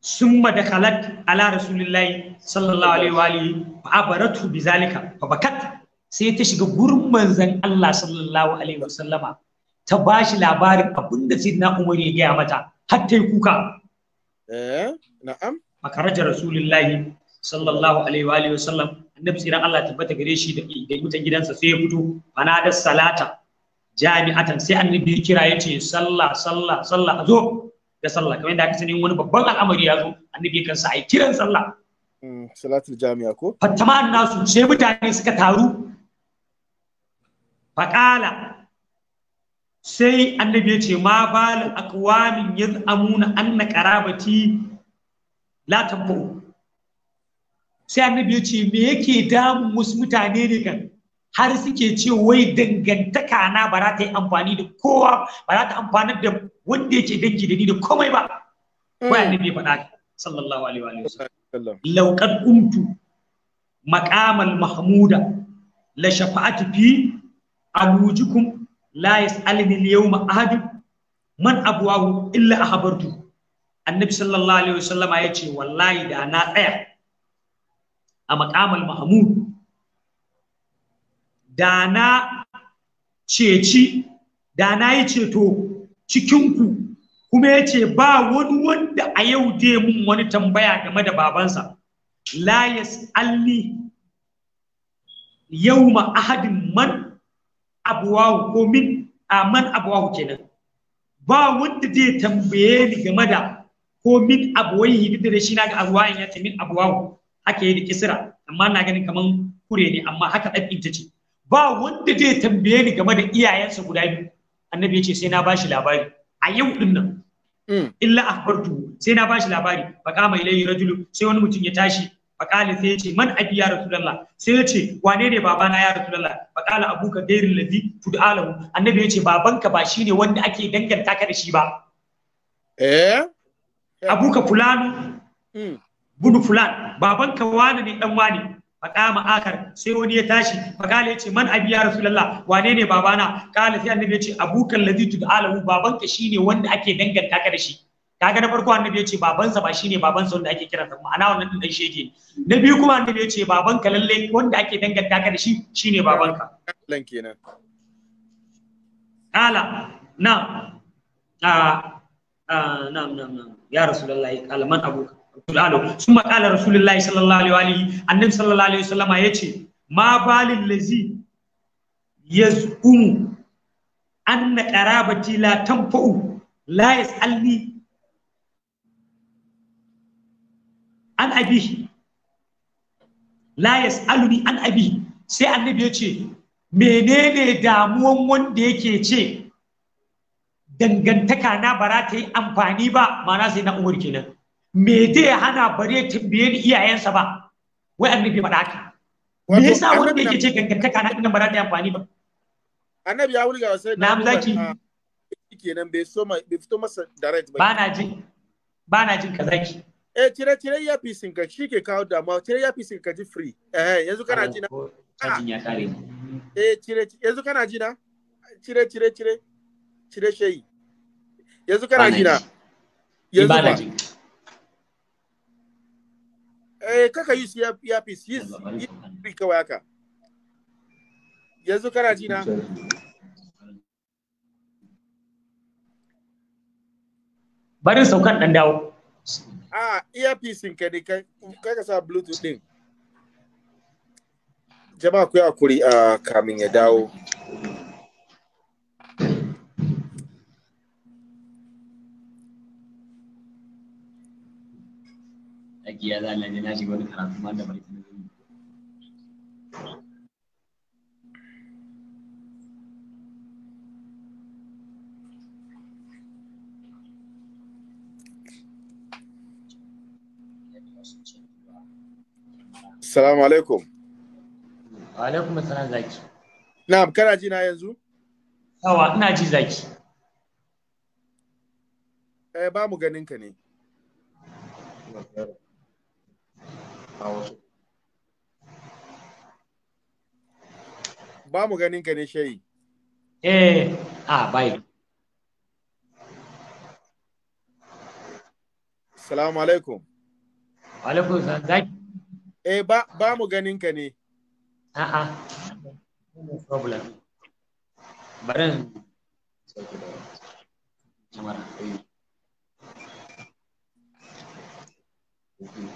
sun madakalat ala rasulillahi sallallahu alaihi wa alihi fa abaratu fa bakat sai ta shiga gurin manzon Allah sallallahu alaihi wa sallama ta bashi labarin abinda sayyidina Umar ya gaya mata har ta yi kuka eh na'am makaraja rasulullahi sallallahu alaihi wa alihi wasallam annabi tsiran Allah tabbata gare shi da mutan gidansa sai ya fito fana da salata jami'atan sai annabi kira ya ce sallah sallah sallah a zo da sallah kamar yadda aka sani wani babban al'amari ya zo annabi kan sa ai kiran sallah hmm, salatul jami'a ko fatama nasu sai mutane suka taru faqala sai annabi ya ce ma bal aqwamin yaz'amuna anna qarabati la tabu sai annabi ya ce me yake damun wasu mutane ne kan har suke ce wai dangantaka na ba za ta yi amfani da kowa ba za ta amfani da wanda yake dangi da ni da komai ba wai mm. bai faɗa sallallahu alaihi wa sallam lauqad umtu maqamal mahmuda la shafa'ati fi alujukum la yas'alni al-yawma ahad man abwahu illa ahbartu annabi sallallahu alaihi wa sallama yace wallahi da na tsaya a maqamal mahmud da na ceci da na yi ceto cikinku kuma ya ce ba wani wanda a yau dai mun wani tambaya game da babansa la alli, yawma ahadin man abuwahu ko min aman abuwahu kenan ba wanda zai tambaye ni game da ko min abuwai duk da shi naga abuwahin ya ce min abuwahu haka yi da kisira amma na ganin kaman kure ne amma haka ɗan ce ba wanda zai tambaye ni game da iyayensa guda biyu annabi ya ce sai na bashi labari a yau din nan hmm. illa akhbartu sai na bashi labari fa kama ilayhi rajulu sai wani mutum ya tashi fa qala sai ya ce man abi ya rasulullah sai ya ce wane ne babana ya rasulullah fa qala abuka dairil ladhi tud'alahu annabi ya ce babanka ba shine wanda ake danganta ka da shi ba eh abuka fulanu hmm. bunu fulan babanka wani ne dan wani faqama akar sai wani ya tashi faqala ce man abi ya rasulullah wane ne babana qala sai annabi yace abukan ladhi alamu babanka shine wanda ake danganta ka da shi kaga na farko annabi ce babansa ba shine babansa wanda ake kira sa ma'ana wannan din dan shege na biyu kuma annabi ce babanka lalle wanda ake danganta ka da shi shine babanka lan kenan qala na ah, ah, na na na ya rasulullah qala man abuka tudalu sun maƙalar rasulullahi sallallahu alaihi annabi sallallahu alaihi wasallama ya ce ma balin lazi ya zukumu an na ƙarabati la tanfa'u la ya tsalli an abi la ya an abi sai annabi ya ce menene damuwan wanda yake ce dangantaka na bara ta yi amfani ba ma'ana sai na umar kenan me zai hana bare tambaye ni iyayensa ba wai annabi faɗa haka me yasa wanda yake ce kankantaka na dinnan ba za ta yi amfani ba annabi ya wulga sai na zaki kenan bai so bai fito masa direct ba na jin na jin ka zaki eh cire cire ya fi sinka shi ke kawo damuwa cire ya fi sinka ji free eh yanzu kana ji na kajin ya kare eh cire yanzu kana ji na cire cire cire cire shayi yanzu kana ji na yanzu ba eh kaka yi ya ya fi yi yi kawai haka yanzu kana ji na barin saukan dan dawo a earpiece ka ne kai ka sa bluetooth din jama'a ku ya kuri a ah, kamin ya dawo sarki ya zana ne na shiga wani karatu ma da bai sanin zan Assalamu alaikum. Wa alaikum assalam zaki. Na'am kana ji na yanzu? Yawa ina ji zaki. Eh ba mu ganin ka ne. wasu ba mu ganin ka ne shayi eh a bai salamu alaikum alaikum zaki eh ba ba mu ganin ka ne a'a no problem barin you.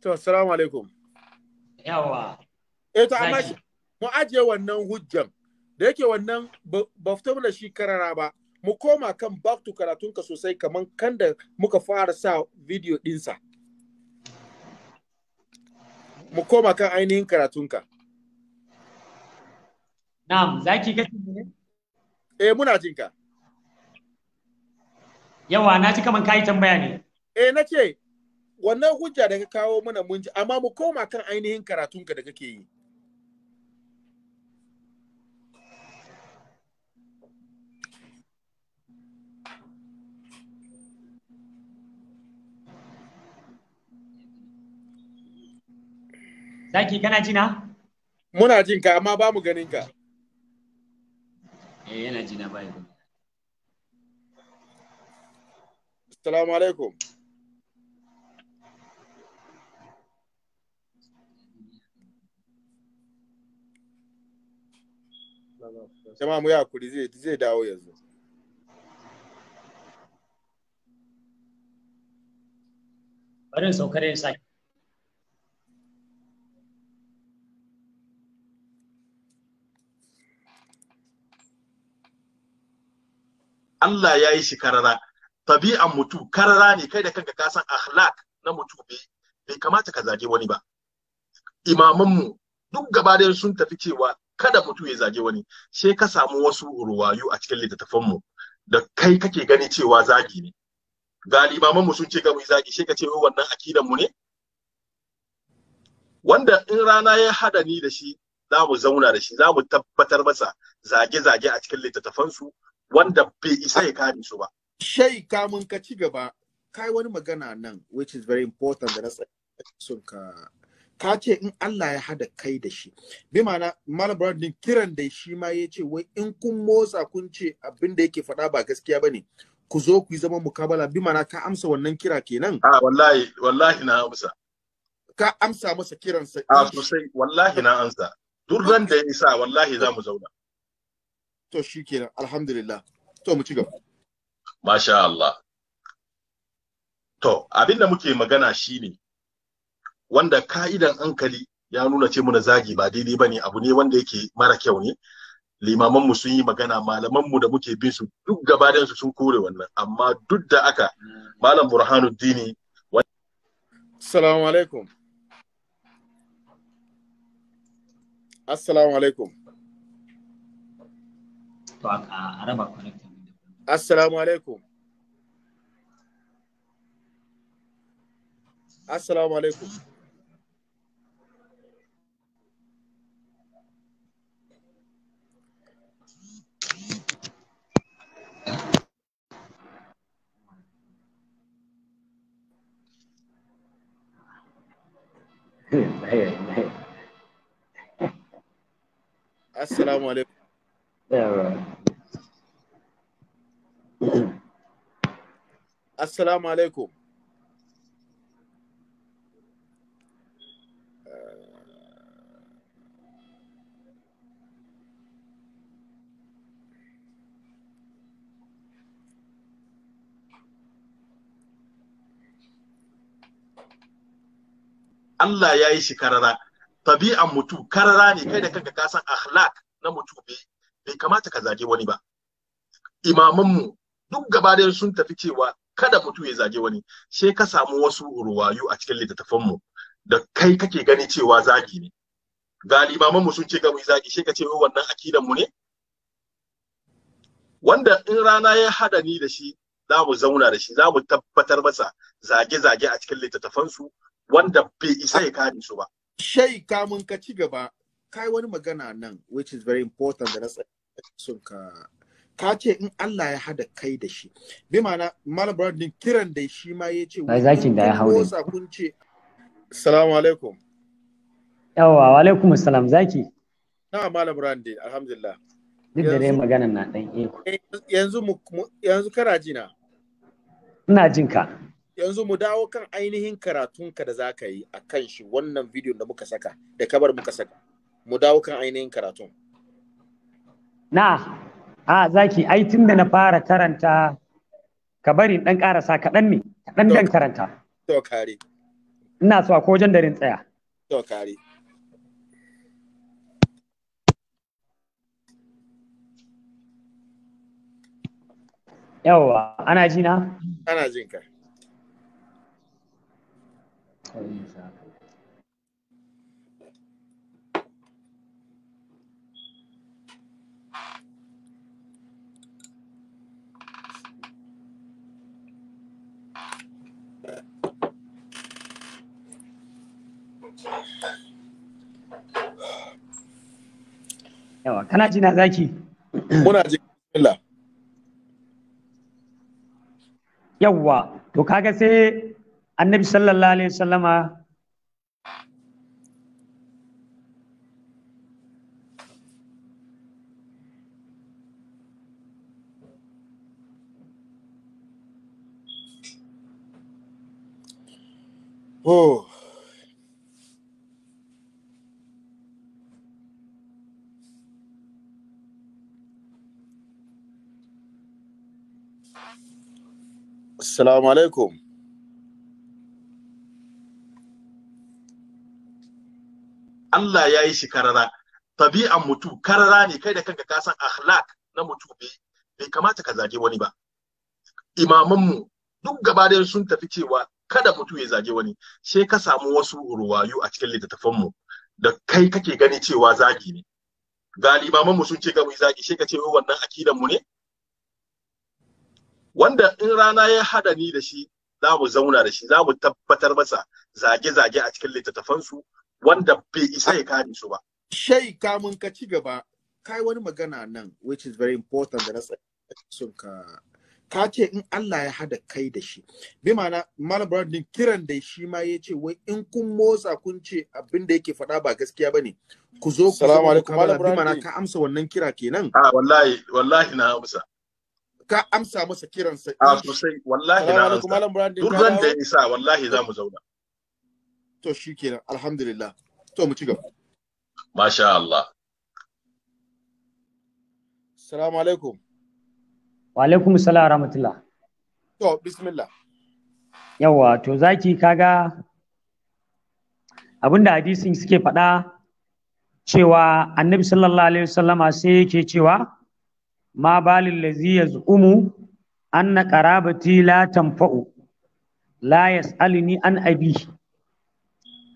To, salamu alaikum. Yawa. Eh to amma mu ajiye wannan hujjan da yake wannan ba da shi karara ba. Mu koma kan back to karatunka sosai kamar kan da muka fara sa video dinsa. Mu koma kan ainihin karatunka. Na'am, zaki kace ne? Eh muna jinka. Yawa na ci kaman kayi tambaya ne. Eh ce. wannan hujja da ka kawo mana mun ji amma mu koma kan ainihin karatunka da kake yi Zaki kana jina? Muna jin ka amma ba mu ganin ka. Eh yana jina ba Assalamu alaikum. jama'a mu ya hakuri zai dawo yanzu barin saukar yin Allah ya yi shi karara tabi'an mutu karara ne kai da kanka ka san akhlaq na mutu bai kamata ka zage wani ba imamanmu duk gaba sun tafi cewa kada mutu ya zage wani sai ka samu wasu ruwayu a cikin littattafanmu da kai kake gani cewa zagi ne ga limaman mu sun ce ga mu zagi sai ka ce wannan akidan mu ne wanda in rana ya hada ni da shi za mu zauna da shi za mu tabbatar masa zage-zage a cikin littattafansu wanda bai isa ya kare su ba. Shai kamun ka ci gaba, kai wani magana nan which is very important da na sun ka ka ce in Allah ya hada kai da shi bi ma'ana malam branding kiran da shi ma ya ce wai in kun motsa kun ce abin da yake faɗa ba gaskiya bane ku zo ku yi zaman mukabala bi ma'ana ka amsa wannan kira kenan a wallahi wallahi na amsa ka amsa masa kiransa a sosai wallahi na amsa duk ran da ya isa wallahi za mu zauna to shi kenan alhamdulillah to mu ci gaba masha Allah to abinda muke magana shine wanda ka'idan hankali ya nuna ce muna zagi ba daidai ba ne abu ne wanda yake mara kyau ne limamanmu sun yi magana malamanmu da muke bin su duk gabaɗayan su sun kore wannan amma duk da aka malam burhanuddini assalamu alaikum assalamu alaikum assalamu alaikum assalamu alaikum Assalamu alaikum. Assalamu alaikum. Allah ya yi shi karara tabi'an mutu karara ne kai da kanka kasan san akhlaq na mutu bai kamata ka zage wani ba imamanmu duk gaba ɗayan sun tafi cewa kada mutu ya zage wani sai ka samu wasu ruwayu a cikin littattafanmu da kai kake gani cewa zagi ne ga limamanmu sun ce ga mu zagi sai ka ce wannan akidan mu ne wanda in rana ya hada ni da shi za mu zauna da shi za mu tabbatar masa zage-zage a cikin littattafansu wanda bai isa ya kare su ba. Shai kamun ka ci gaba, kai wani magana nan which is very important da na sun ka ka ce in Allah ya hada kai da shi. Bi ma'ana Malam Brandon kiran da shi ma ya ce. Ai zakin da ya hau da shi. Salamu alaikum. Yawwa wa alaikum salam zaki. Na Malam Brandon alhamdulillah. Duk da dai magana na dan iko. Yanzu yanzu kana jina. Ina jin ka. yanzu mu dawo kan ainihin karatunka da za ka yi a kan shi wannan video da muka saka da kabar muka saka mu dawo kan ainihin karatun na a zaki ai tun da na fara karanta ka bari dan karasa kaɗan ne kaɗan dan karanta to kare ina so a kojan darin tsaya to kare yawwa ana ji na ana jin ka farin sa yawa kana ji na zaki muna ji Allah yawa to kaga sai النبي صلى الله عليه وسلم السلام oh. عليكم Allah ya yi shi karara tabi'an mutu karara ne kai da kanka ka san akhlaq na mutu bai kamata ka zage wani ba imamanmu duk gaba da sun tafi cewa kada mutu ya zage wani sai ka samu wasu ruwayu a cikin mu da kai kake gani cewa zagi ne ga mu sun ce mu zagi sai ka ce wannan akidan mu ne wanda in rana ya hada ni da shi za mu zauna da shi za mu tabbatar masa zage-zage a cikin littattafansu wanda bai isa ya kare su ba. Shai kamun ka ci gaba, kai wani magana nan which is very important da na sun ka ka ce in Allah ya hada kai da shi. Bi ma'ana Malam Brandon kiran da shi ma ya ce wai in kun motsa kun ce abin da yake faɗa ba gaskiya bane. Ku zo ku Salamu alaikum Malam Bi ma'ana ka amsa wannan kira kenan. Ah wallahi wallahi na amsa. Ka amsa masa kiransa. Ah sosai wallahi na amsa. Duk da ya isa wallahi za mu zauna. to shi kenan alhamdulillah to mu ci gaba masha Allah Assalamu alaikum wa alaikum salam wa rahmatullah to bismillah yawa to zaki kaga abinda hadisin suke faɗa cewa annabi sallallahu alaihi wasallama sai yake cewa ma balil lazi yaz'umu anna qarabati la tanfa'u la yas'alni an abihi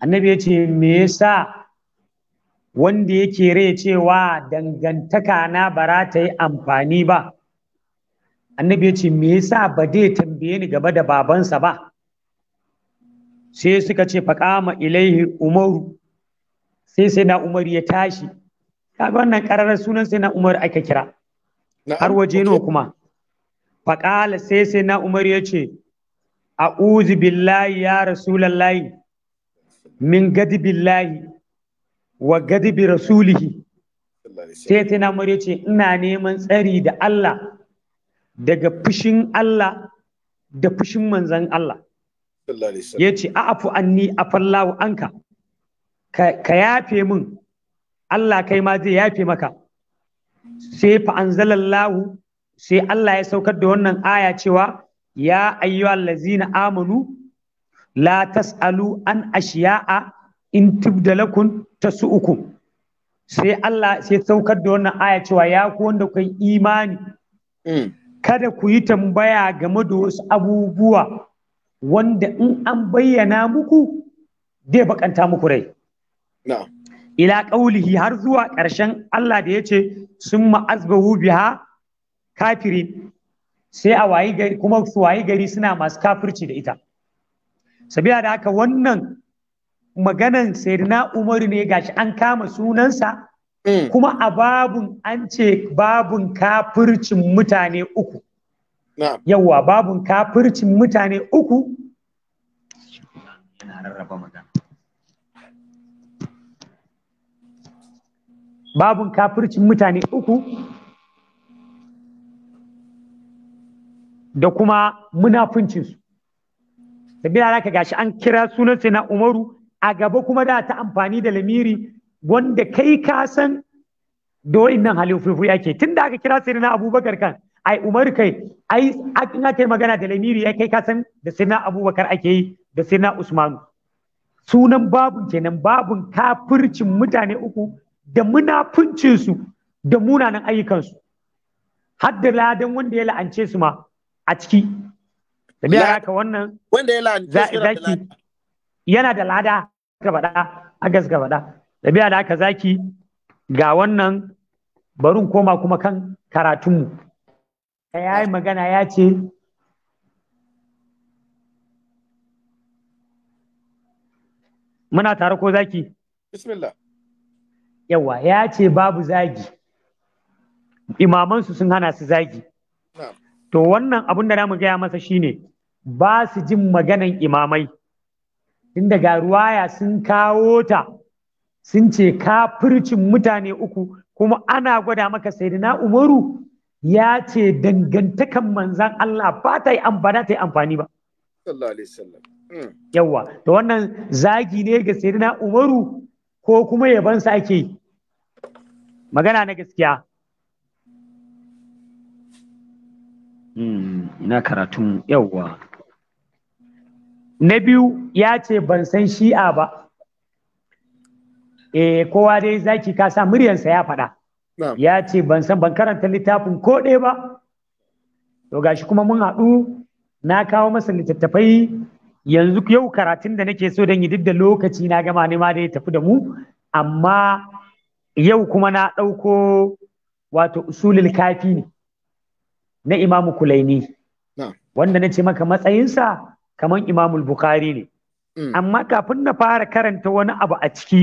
annabi ya ce me yasa wanda yake rai cewa dangantaka na bara ta yi amfani ba annabi ya ce me yasa ba zai tambaye ni gaba da babansa ba sai suka ce faƙama ilaihi umaru sai sai na umar ya tashi kaga wannan ƙararar sunan sai na umar aka kira har waje nawa kuma faƙala sai sai na umar ya ce a'udhu billahi ya rasulallahi min gadibillahi wa gadibi rasulihi sai ta namar ya ce ina neman tsari da Allah daga fushin Allah da fushin manzan Allah ya ce a'afu anni afallahu anka ka yafe min Allah kai ma zai yafe maka sai fa zalallahu sai Allah ya saukar da wannan aya cewa ya Lazina amanu la tas'alu an ashiya'a in su uku. sai Allah sai saukar da wannan aya cewa ya ku wanda kai imani kada ku yi tambaya game da wasu abubuwa wanda in an bayyana muku zai bakanta muku rai ila ƙaulihi har zuwa ƙarshen Allah da ya ce sun ma'azbahu biha kafiri sai a wayi gari kuma su wayi gari suna masu kafirci da ita sabiya da haka wannan maganan sayyidina umaru ne gashi an kama sunansa mm. kuma a babun an ce babun kafircin mutane uku yawwa babun kafircin mutane uku babun kafircin mutane uku da kuma munafuncinsu sabila haka gashi an kira sunan sai na umaru a gaba kuma da ta amfani da lamiri wanda kai ka san da wa'innan halin fufu yake tun da aka kira sai na abubakar kan ai umar kai ai in aka magana da lamiri ya kai ka san da sai na abubakar ake yi da sai na usmanu sunan babun kenan babun kafircin mutane uku da munafuncinsu da munanan ayyukansu har da ladan wanda ya la'ance su ma a ciki Tabiya haka wannan wanda ya la'anci yana da lada gabaɗa a gas gabaɗa. Tabiya da haka zaki ga wannan barin koma kuma kan karatunmu. Ya yi magana ya ce Muna tare ko zaki? Bismillah. Yawa ya ce babu zagi. Imamansu sun hana su zagi. To wannan abin da na mu gaya masa shine ba su jin maganan imamai inda ga ruwaya sun kawo ta sun ce kafircin mutane uku kuma ana gwada maka sayyidina umaru ya ce dangantakan manzan Allah ba ta yi amfani ba hmm. yawa da wannan zagi ne ga sayyidina umaru ko kuma yabansa ake magana na gaskiya hmm, ina karatun yawwa. na biyu ya ce ban san shi'a ba eh kowa dai zaki ka sa muryansa ya faɗa ya ce ban san ban karanta littafin ko ɗaya ba to gashi kuma mun haɗu na kawo masa littattafai yanzu yau karatun da nake so don yi duk da lokaci na gama ne ma da ya tafi da mu amma yau kuma na ɗauko wato usulul kafi ne na imamu kulaini wanda na ce maka matsayinsa kamar imamul bukhari ne mm. amma kafin na fara karanta wani abu a ciki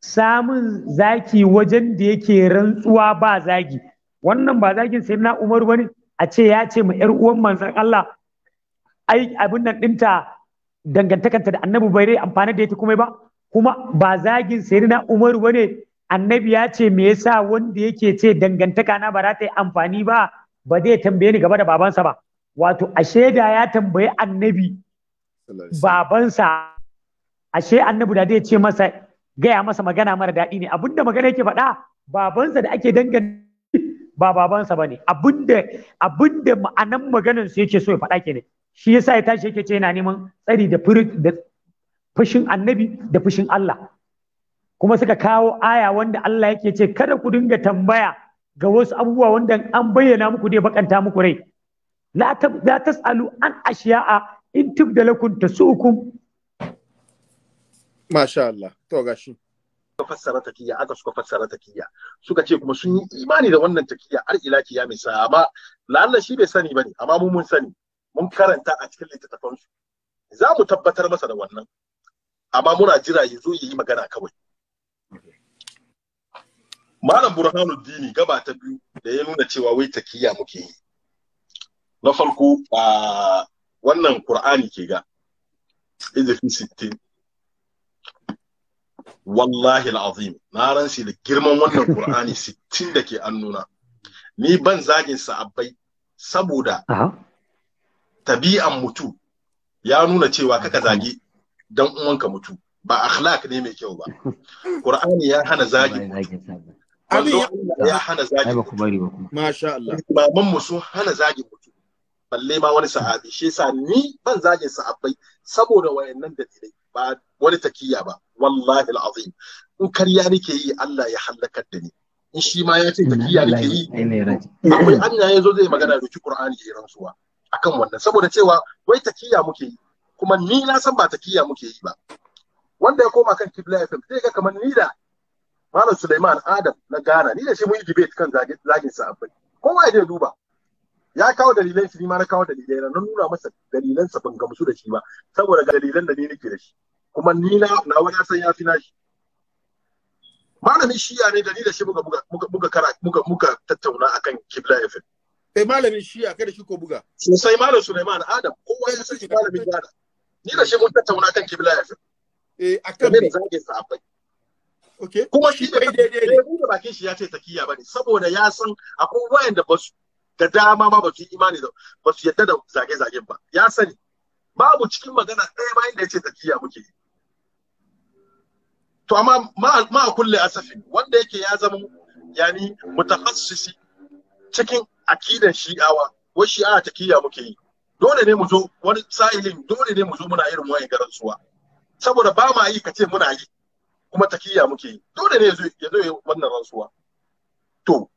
samun zaki wajen da yake rantsuwa ba zagi wannan ba zagin sai na umar wani a ce ya ce ma yar uwan manzan Allah ai abin nan dinta dangantakanta da annabi bai rai amfani da ita kuma ba kuma ba zagin sai na umar wani annabi ya ce me yasa wanda yake ce dangantaka na ba za ta yi amfani ba ba zai tambaye ni gaba da babansa ba wato ashe da ya tambayi annabi babansa ashe annabi da zai ce masa gaya masa magana mara daɗi ne abinda magana yake faɗa babansa da ake dangane ba babansa ba ne abinda abinda ma'anan maganar su yake so ya faɗa kenan shi yasa ya tashi yake ce yana neman tsari da fushin annabi da fushin Allah kuma suka kawo aya wanda Allah yake ce kada ku dinga tambaya ga wasu abubuwa wanda an bayyana muku dai bakanta muku rai la tas'alu an ashiya'a in tubda lakum masha Allah to gashi suka fassara takiyya aka suka fassara takiyya suka ce kuma sun yi imani da wannan takiyya har ila mai sa amma lalla shi bai sani bane amma mu mun sani mun karanta a cikin littattafansu. su za mu tabbatar masa da wannan amma muna jira ya zo yi magana kawai malam burhanuddini gaba ta biyu da ya nuna cewa wai takiyya muke yi na farko a wannan ƙur'ani ke ga fi sittin wallahi al'azim na ransi da girman wannan ƙur'ani sittin da ke nuna. ni ban zagin sa'abbai saboda tabi'an mutu ya nuna cewa kaka zagi don uwanka mutu ba akhlaq ne mai kyau ba ƙur'ani ya hana zagin mutu ya hana zagin mutu Allah sun hana zagin mutu balle ma wani sahabi shi yasa ni ban zage sahabbai saboda wayannan dalilai ba wani takiya ba wallahi alazim in kariya nake yi Allah ya halakar da ni in shi ma ya ce takiya nake yi akwai anya ya zo zai magana da Qur'ani ya rantsuwa akan wannan saboda cewa wai takiya muke yi kuma ni na san ba takiya muke yi ba wanda ya koma kan Kibla FM sai ga kamar ni da Malam Suleiman Adam na Ghana ni da shi mun yi debate kan zagin sahabbai kowa ya duba ya kawo dalilan shi ma na kawo dalilai na nuna masa dalilan sa ban gamsu da shi ba saboda ga dalilan da ni nake da shi kuma ni na na wani san ya fi nashi malamin shiya ne da ni da shi muka buga muka kara muka muka tattauna akan kibla ya fi. eh malamin shiya kada shi ko buga sosai malam Sulaiman Adam kowa ya shi malamin shiya ni da shi mun tattauna akan kibla FM eh akan me zage sahabbai okay kuma shi dai daidai ne bakin shi ya ce takiya bane saboda ya san akwai wayanda ba su da dama ma ba su yi imani da ba su yadda da zage-zagen ba ya sani babu cikin magana ɗaya ma inda ya ce tafiya muke yi to amma ma kulle asafi wanda yake ya zama yani mutakhassisi cikin akidan shi'awa wa shi'a takiya muke yi dole ne mu zo wani sa'ilin dole ne mu zo muna irin wayan suwa saboda ba ma yi ka ce muna yi kuma takiya muke yi dole ne ya zo ya wannan rantsuwa to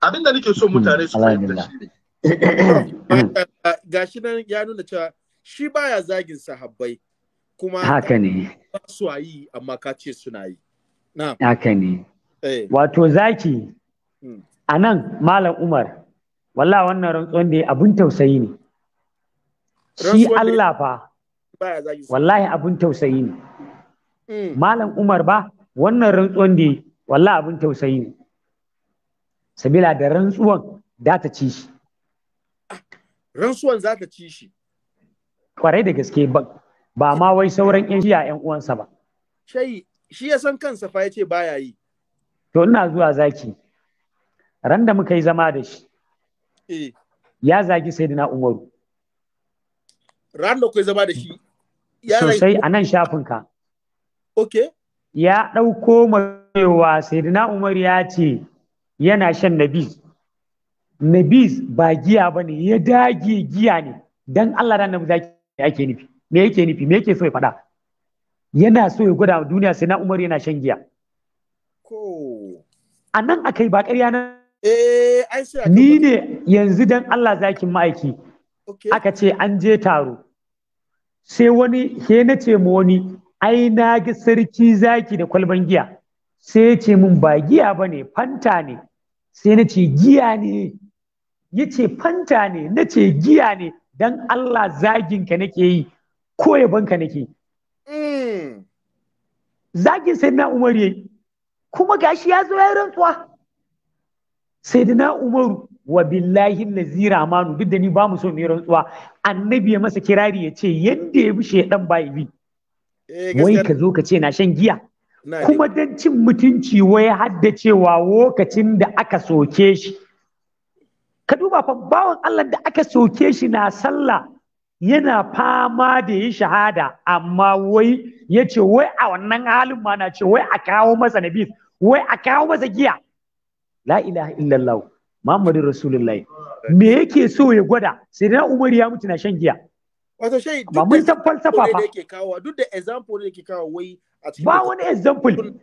abin da nake so hmm, mutane su fahimta hmm. eh, eh, gashi nan ya nuna cewa shi baya zagin sahabbai kuma haka ne ba su yi amma ka ce suna yi haka ne eh. wato zaki hmm. a nan malam umar wallah wannan rantsuwan da abin tausayi ne shi Allah fa wallahi abin tausayi ne malam umar ba wannan rantsuwan da wallahi abin tausayi ne sabila da rantsuwan za ta ci shi rantsuwan za ta ci shi kwarai da gaske ba ma wai sauran ƴan shiya ƴan uwansa ba shayi shi ya san kansa fa ya ba baya yi to ina zuwa zaki ran da muka yi zama da shi eh. ya zagi na umaru ran da kai zama da shi sosai a nan shafinka okay ya ɗauko mawa na umaru ya ce yana shan nabiz nabiz ba giya ba ne ya dage giya ne Don Allah ran nabi zaki ake nufi me yake nufi me yake so ya faɗa yana so ya gwada duniya sai na Umar yana shan giya ko a nan aka ba ƙarya na eh, ni ne yanzu don Allah zakin ma'aiki aka ce an je taro sai wani ke na ce ma wani ai na ga sarki zaki da kwalban giya sai ya ce min ba giya ba ne fanta ne sai na ce giya ne ya ce fanta ne na ce giya ne don Allah zaginka nake yi ko yabanka nake mm. zagin sai na umar yi. kuma gashi ya zo ya rantsuwa sai da na umaru wa billahi nazira manu duk da ni ba mu so mu rantsuwa annabi ya masa kirari ya ce yadda ya bi shedan ba bi eh, wai ka zo ka ce na shan giya kuma don cin mutunci wai haddacewa lokacin da aka soke shi ka duba fa bawan Allah da aka soke shi na sallah yana fama da yin shahada amma wai ya ce wai a wannan halin ma na ce wai a kawo masa nabi wai a kawo masa giya la ilaha illallah muhammadur Rasulullahi me yake so ya gwada sai na Umar ya mutu na shan giya Wato shai duk san falsafa fa. yake kawo duk da example yake kawo wai ba wani example.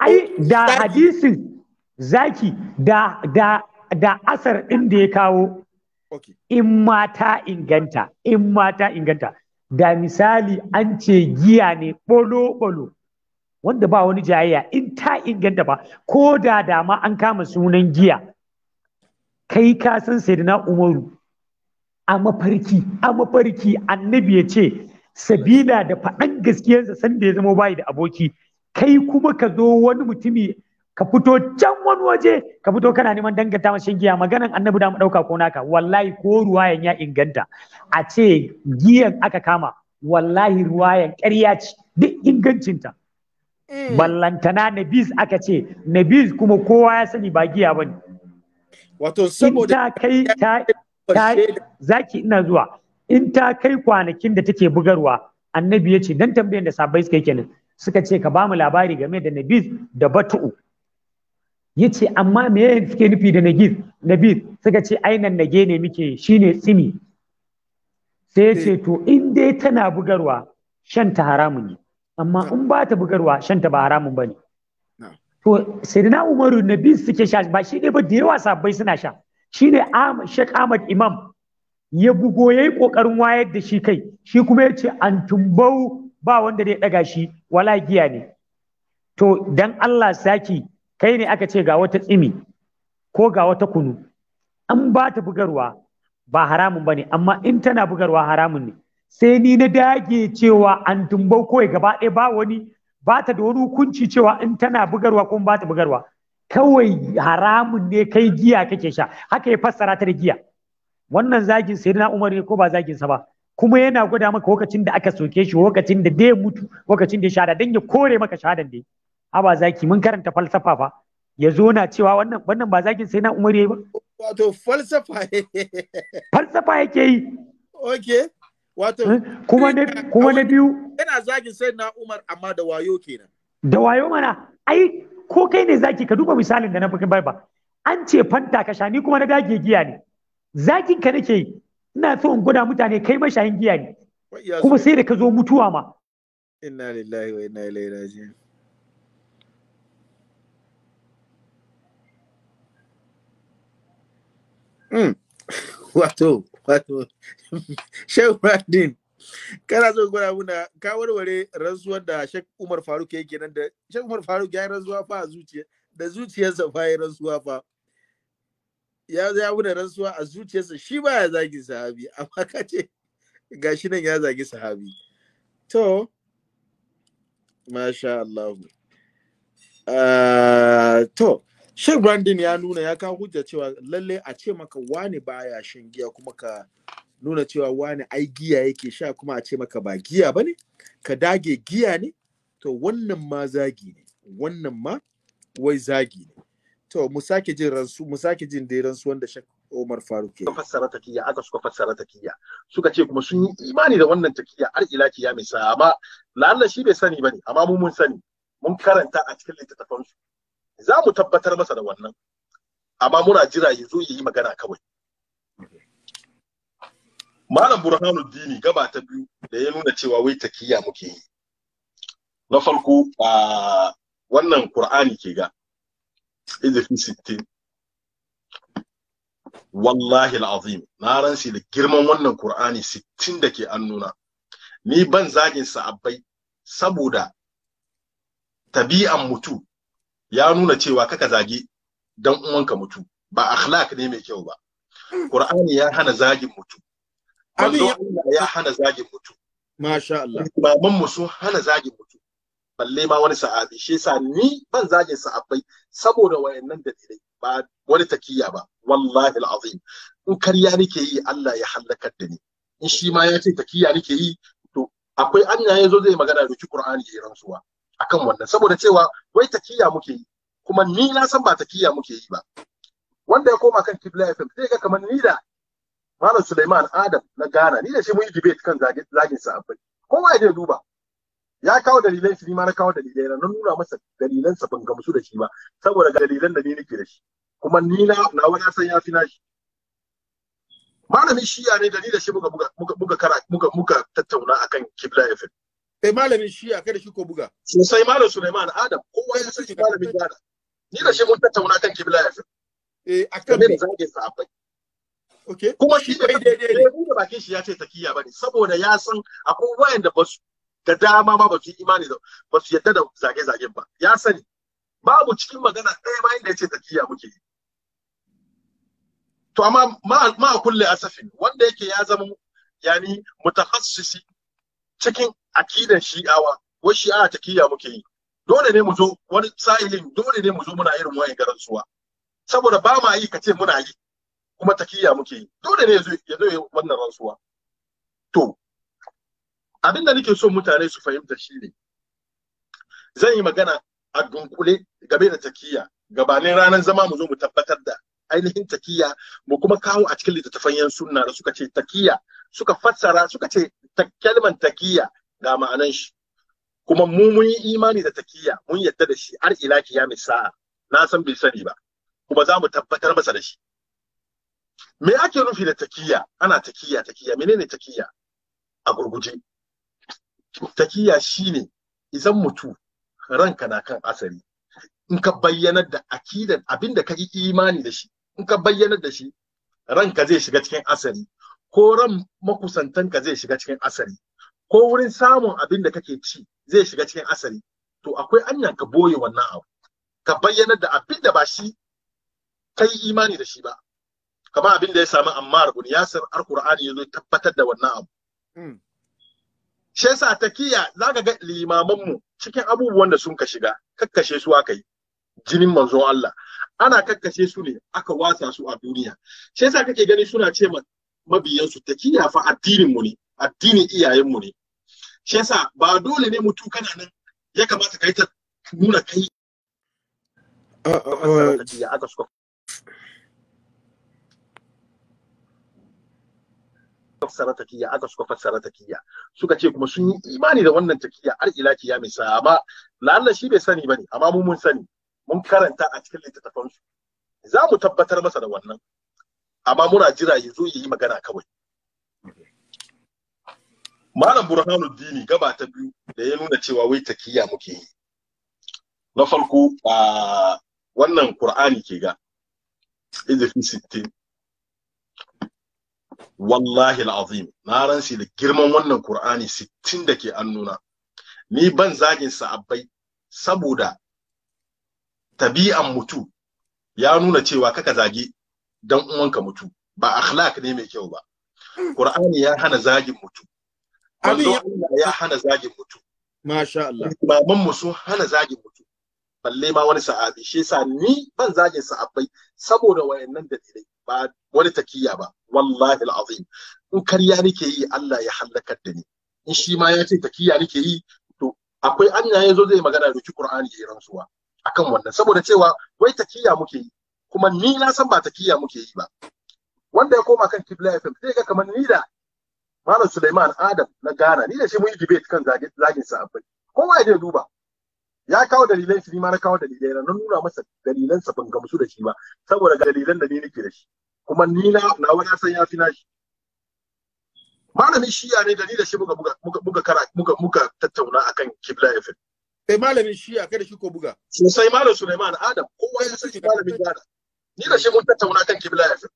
Ai da hadisin zaki da da da asar din da ya kawo in mata inganta in mata inganta da misali an ce giya ne bolo bolo wanda ba wani jayayya in ta inganta ba ko da dama an kama sunan giya kai ka san sayyidina umaru a mafarki a mafarki annabi ya ce sabila da faɗan gaskiyarsa sanda ya zama bayi da aboki kai kuma ka zo wani mutumi ka fito can wani waje ka fito kana neman danganta mashin giya maganan annabi da mu ɗauka ko naka wallahi ko ruwayan ya inganta a ce giyan aka kama wallahi ruwayan ƙarya ce duk ingancinta eh. ballantana Nabiz aka ce bis kuma kowa ya sani ba giya bane wato saboda ta kai ta zaki ina zuwa in ta kai kwanakin da take bugarwa annabi ya ce dan tambayar da sabai suka kenan suka ce ka ba mu labari game da nabiz da batu ya ce amma me yake suke nufi da nagiz nabiz suka ce ainan nage ne muke shine tsimi sai ya ce to in dai tana bugarwa shan ta haramun ne amma in ba ta bugarwa shan ta ba haramun ba ne to sai na umaru nabiz suke sha ba shi ne ba da yawa sabbai suna sha shine Ahmad Sheikh Ahmad Imam ya bugo yayi kokarin wayar da shi kai shi kuma ya ce an tumbau ba wanda zai ɗaga shi wala giya ne to dan Allah saki kai ne aka ce ga wata tsimi ko ga wata kunu an ba ta bugarwa ba haramun ba ne, amma in tana bugarwa haramun ne sai ni na dage cewa an tumbau kawai gaba ɗaya ba wani ba ta da wani hukunci cewa in tana bugarwa ko ba ta bugarwa kawai haramun ne kai giya kake sha haka ya fassara ta da giya wannan zagin na Umar ne ko ba zagin sa ba kuma yana gwada maka lokacin da aka soke shi lokacin da dai mutu lokacin da ya shahada dan ya kore maka shahadan dai ba zaki mun karanta falsafa fa ya zo na cewa wannan wannan ba zagin na Umar yayi ba wato falsafa falsafa yake yi okay wato eh, kuma na kuma na biyu yana zagin na Umar amma da wayo kenan da wayo mana ai ko kai ne zaki ka duba misalin da na fukin ba an ce fanta ka sha ni kuma na dage giya ne zakin ka nake yi ina so in gwada mutane kai mashayin giya ne kuma sai da ka zo mutuwa ma inna lillahi wa inna ilaihi raji'un hmm. wato wato shehu radin kana so gwada muna ka warware rantsuwar da shek Umar Faruk yake nan da shek Umar Faruk ya yi rantsuwa fa a zuciya da zuciyarsa fa yi rantsuwa fa ya ya da rantsuwa a zuciyarsa shi ba ya zagi sahabi amma ka ce shi nan ya zagi sahabi to masha Allah uh, to shek Brandon ya nuna ya kawo hujja cewa lalle a ce maka wani baya shan giya kuma ka nuna cewa wani ai giya yake sha kuma a ce maka ba giya ba ne ka dage giya ne to wannan ma zagi ne wannan ma wai zagi ne to mu sake jin ransu mu sake jin dai ransu wanda shak Umar Faruk ke fassara takiyya aka suka fassara takiyya suka ce kuma sun yi imani da wannan takiyya har ila ya mai amma lalla shi bai sani bane amma mu mun sani mun karanta a cikin littattafan su za mu tabbatar masa da wannan amma muna jira ya zo yi magana kawai Malam Burhanu Dini gaba ta biyu da ya nuna cewa wai takiya muke yi. Na farko a wannan Qur'ani ke ga Izifi 60 wallahi al'azim na ransi da girman wannan Kur'ani sittin da ke annuna ni ban zagin sa'abbai saboda tabi'an mutu ya nuna cewa kaka zagi dan uwanka mutu ba akhlaq ne mai kyau ba Qur'ani ya hana zagin mutu Allah ya hana zagin mutu. masha Allah mu sun hana zagin mutu. balle ma wani sahabi shi yasa ni ban zagin Bai saboda wayannan dalilai ba wani takiya ba wallahi alazim in karya nake yi Allah ya halakar da ni in shi ma ya ce takiya nake yi to akwai anya yazo zai magana da Qur'ani ya rantsuwa akan wannan saboda cewa wai takiya muke yi kuma ni na san ba takiya muke yi ba wanda ya koma kan Kibla FM zai ga kamar ni da Malam Suleiman Adam na Ghana ni da shi mun yi debate kan zagin sahabbai. Kowa ya duba. Ya kawo dalilan shi ma na kawo dalilai na nuna masa dalilan sa ban gamsu da shi ba saboda dalilan da ni nake da shi. Kuma ni na na wani san ya fi nashi. Malamin Shi'a ne da ni da shi muka muka buga kara muka muka tattauna akan Kibla FM. Eh malamin Shi'a kada shi ko buga. Sosai Malam Suleiman Adam kowa ya san shi malamin Ghana. Ni da shi mun tattauna akan Kibla FM. Eh akan me zagin sahabbai. okay kuma shi bai daidai ne da bakin shi ya ce takiya bane saboda ya san akwai wayanda ba su da dama ma ba su yi imani da ba su yadda da zage-zagen ba ya sani babu cikin magana ɗaya ma inda ya ce takiya muke yi to amma ma kulle asafin wanda yake ya zama yani mutakhassisi cikin akidan shi'awa wai shi'a takiya muke yi dole ne mu zo wani sa'ilin dole ne mu zo muna irin wayan garansuwa saboda ba ma yi kace muna yi kuma takiya muke yi dole ne ya zo ya wannan rantsuwa to abin da nake so mutane su fahimta shi ne zan yi magana a dunkule game da takiya gabanin ranar zama mu zo mu tabbatar da ainihin takiya mu kuma kawo a cikin littattafan yan sunna da suka ce takiya suka fassara suka ce kalman takiya ga ma'anan shi kuma mu mun yi imani da takiya mun yadda da shi har ila kiyami sa'a na san bai sani ba kuma za mu tabbatar masa da shi me ake nufi da takiya ana takiya takiya menene takiya a gurguje takiya shine idan mutu ranka na kan asali in ka bayyanar da akidan abinda ka yi imani da shi in ka bayyanar da shi ranka zai shiga cikin asali ko ran makusantanka zai shiga cikin asali ko wurin samun abinda kake ci zai shiga cikin asali to akwai anyan ka boye wannan abu ka bayyanar da abinda ba shi kai imani da shi ba kamar abin da ya samu Ammar ya Yasir alkur'ani ya zo tabbatar da wannan abu hmm. shi yasa za ka ga limaman mu cikin abubuwan da sun ka shiga kakkashe su aka yi jinin manzo Allah ana kakkashe su ne aka wasa su a duniya shi kake gani suna ce mabiyansu takiya fa addinin mu ne addinin iyayen mu ne shi ba dole ne mutu kana nan ya kamata kai ta nuna kai uh, uh, uh, aka suka fassara takiyya aka suka fassara takiyya suka ce kuma sun yi imani da wannan takiya, har ila mai sa amma la'alla shi bai sani bane amma mu mun sani mun karanta a cikin littattafan su za mu tabbatar masa da wannan amma muna jira ya zo yi magana kawai Malam Burhanuddini gaba ta biyu da ya nuna cewa wai takiyya muke yi. Na farko a wannan Qur'ani ke ga. wallahi al'azim na ransi da girman wannan Kur'ani 60 da ke an nuna. ni ban zagin Sa'abbai saboda tabi'an mutu ya nuna cewa kaka zagi dan uwanka mutu ba akhlaq ne mai kyau ba ƙur'ani ya hana zagin mutu Allah ya hana zagin mutu masha Allah baban mu sun hana zagin mutu balle ma wani sahabi shi yasa ni ban zagin Sa'abbai saboda wayannan dalilai ba wani takiya ba wallahi alazim in karya nake yi Allah ya halakar da ni in shi ma ya ce takiya nake yi to akwai anya zo zai magana da ki Qur'ani ya rantsuwa akan wannan saboda cewa wai takiya muke yi kuma ni na san ba takiya muke yi ba wanda ya koma kan Kibla FM sai ga kamar ni da Malam Sulaiman Adam na Ghana ni da shi mun yi debate kan zagin sa abin kowa ya je duba ya kawo dalilan shi ma na kawo dalilai na nuna masa dalilan sa ban gamsu da shi ba saboda dalilan da ni nake da shi kuma ni na nawa na san ya fi nashi malamin shiya ne da ni da shi muka muka buga kara muka muka tattauna akan kibla efe kai malamin shiya kai da shi ko buga sai malam Suleiman Adam kowa ya sani malamin gada ni da shi mun tattauna eh, kan kibla efe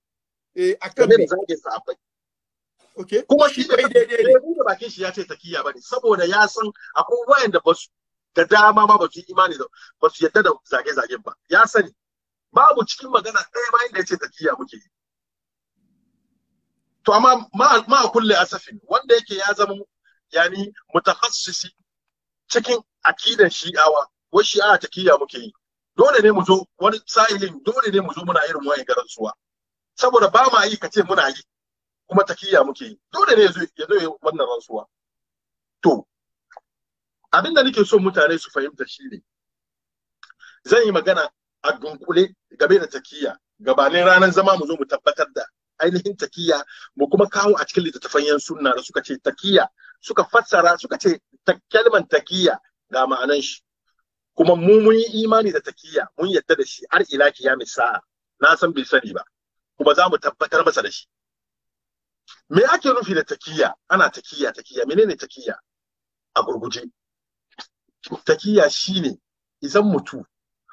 eh akan me zage sahabbai okay kuma shi dai dai ne da bakin shi ya ce takiya bane saboda ya san akwai wayanda ba su da dama ma ba su imani da ba su yadda da zage-zagen ba ya sani babu cikin magana ɗaya ma inda ya ce takiya muke yi to amma ma a kulle asafin wanda yake ya zama yani mutakhassisi cikin akidan shi'awa ko shi'a takiyya muke yi dole ne mu zo wani sa'ilin dole ne mu zo muna irin wa'in garansuwa saboda ba ma yi kace muna yi kuma takiyya muke yi dole ne ya zo wannan rantsuwa to abinda nake so mutane su fahimta shi ne, zan yi magana a dunkule game da takiya, gabanin ranar zama mu zo mu tabbatar da ainihin takiya mu kuma kawo a cikin littattafan yan sunna da suka ce takiya suka fassara suka ce kalman takiya ga ma'anan shi kuma mu mun yi imani da takiya mun yadda da shi har ila mai sa'a na san bai sani ba kuma za mu tabbatar masa da shi me ake nufi da takiya ana takiya takiya menene takiya a gurguje takiya shine idan mutu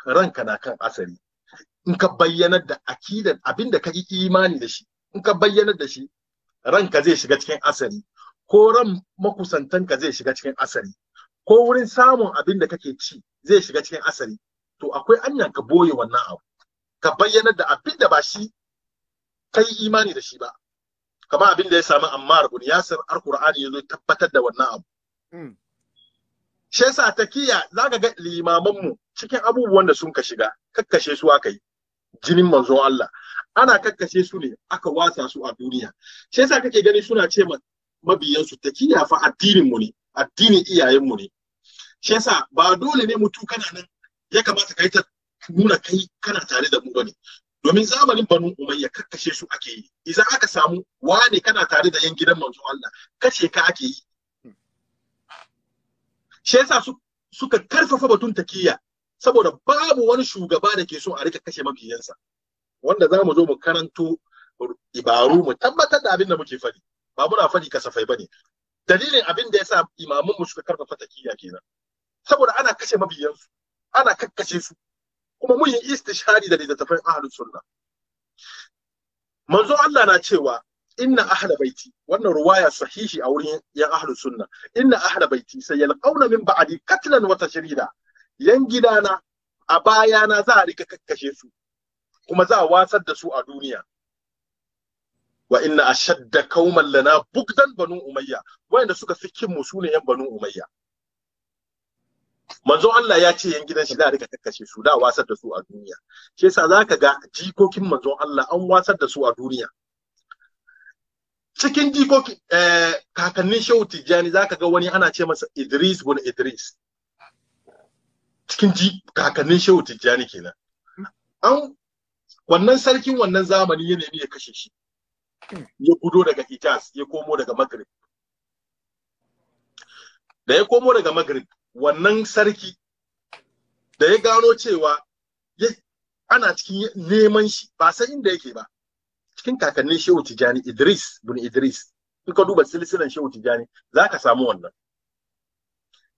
ranka na kan asali in ka bayyanar da akidan abinda ka yi imani da shi in ka bayyana da shi ran ka zai shiga cikin asali ko ran makusantanka zai shiga cikin asali ko wurin samun abin da kake ci zai shiga cikin asali to akwai anya ka boye wannan abu ka bayyana da abin da ba shi kai imani da shi ba kamar abin da ya sami ammar bin yasir ya zo tabbatar da wannan abu hmm. shi yasa takiya zaka ga limaman mu cikin abubuwan da sun ka shiga kakkashe su aka yi jinin manzon Allah ana kakkashe su ne aka wasa su a duniya shi yasa kake gani suna ce mabiyansu ta fa addinin mu ne addinin iyayen mu ne shi yasa ba dole ne mutu kana nan ya kamata kai ta nuna kai kana tare da mu bane domin zamanin banu umayya kakkashe su ake yi idan aka samu wane kana tare da yan gidan manzo Allah kashe ka ake yi shi yasa su suka karfafa batun takiyya saboda babu wani shugaba da ke so a rika kashe mabiyansa wanda za mu zo mu karanto ibaru mu tabbatar da abin da muke faɗi ba muna faɗi kasafai ba ne dalilin abin da ya sa imamun mu suka karfafa takiyya kenan saboda ana kashe mabiyansu ana kakkashe su kuma mun yi istishari da littattafan ahlus sunna manzo Allah na cewa inna ahla baiti wannan ruwaya sahihi a wurin yan ahlus sunna inna ahla baiti sai yalqauna min ba'di katlan wa tashrida yan gidana a bayana za a rika kakkashe su kuma za a watsar da su a duniya wa inna ashadda kauman lana bugdan banu umayya wayanda suka fi kin mu sune yan banu umayya manzo Allah ya ce yan gidan shi za a rika kakkashe su da wasar da su a duniya shi yasa zaka ga jikokin manzo Allah an wasar da su a duniya cikin jikokin eh, kakannin Shehu Tijjani zaka ga wani ana ce masa Idris bin Idris cikin ji kakannin Shehu Tijjani kenan an wannan sarkin wannan zamani ya nemi ya kashe shi ya gudo daga hijaz ya komo daga maghrib da ya komo daga maghrib wannan sarki da ya gano cewa ana cikin neman shi ba san inda yake ba cikin kakannin shehu tijani idris bin idris in ka duba silsilan shehu tijani za ka samu wannan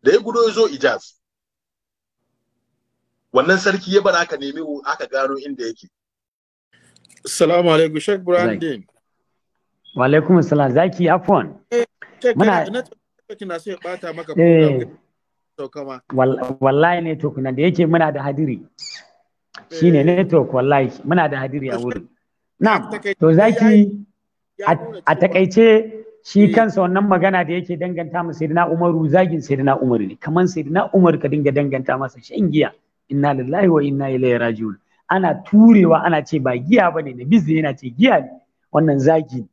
da ya gudo ya zo ijaz wannan sarki ya bar aka nemi aka gano inda yake Assalamu alaikum Sheikh Brandin. Wa alaikum assalam zaki afwan. Eh, muna na sai bata maka eh. Wallahi ne to kuna da yake muna da hadiri. Eh. Shine to wallahi muna da hadiri a wurin. Na'am to zaki a takaice shi kansa wannan magana da yake danganta mu sayyidina Umaru zagin sayyidina Umar ne kaman sayyidina Umar ka dinga danganta masa shan giya inna lillahi wa inna ilaihi raji'un ana turewa ana ce ba giya bane na bizi yana ce giya ne wannan zagi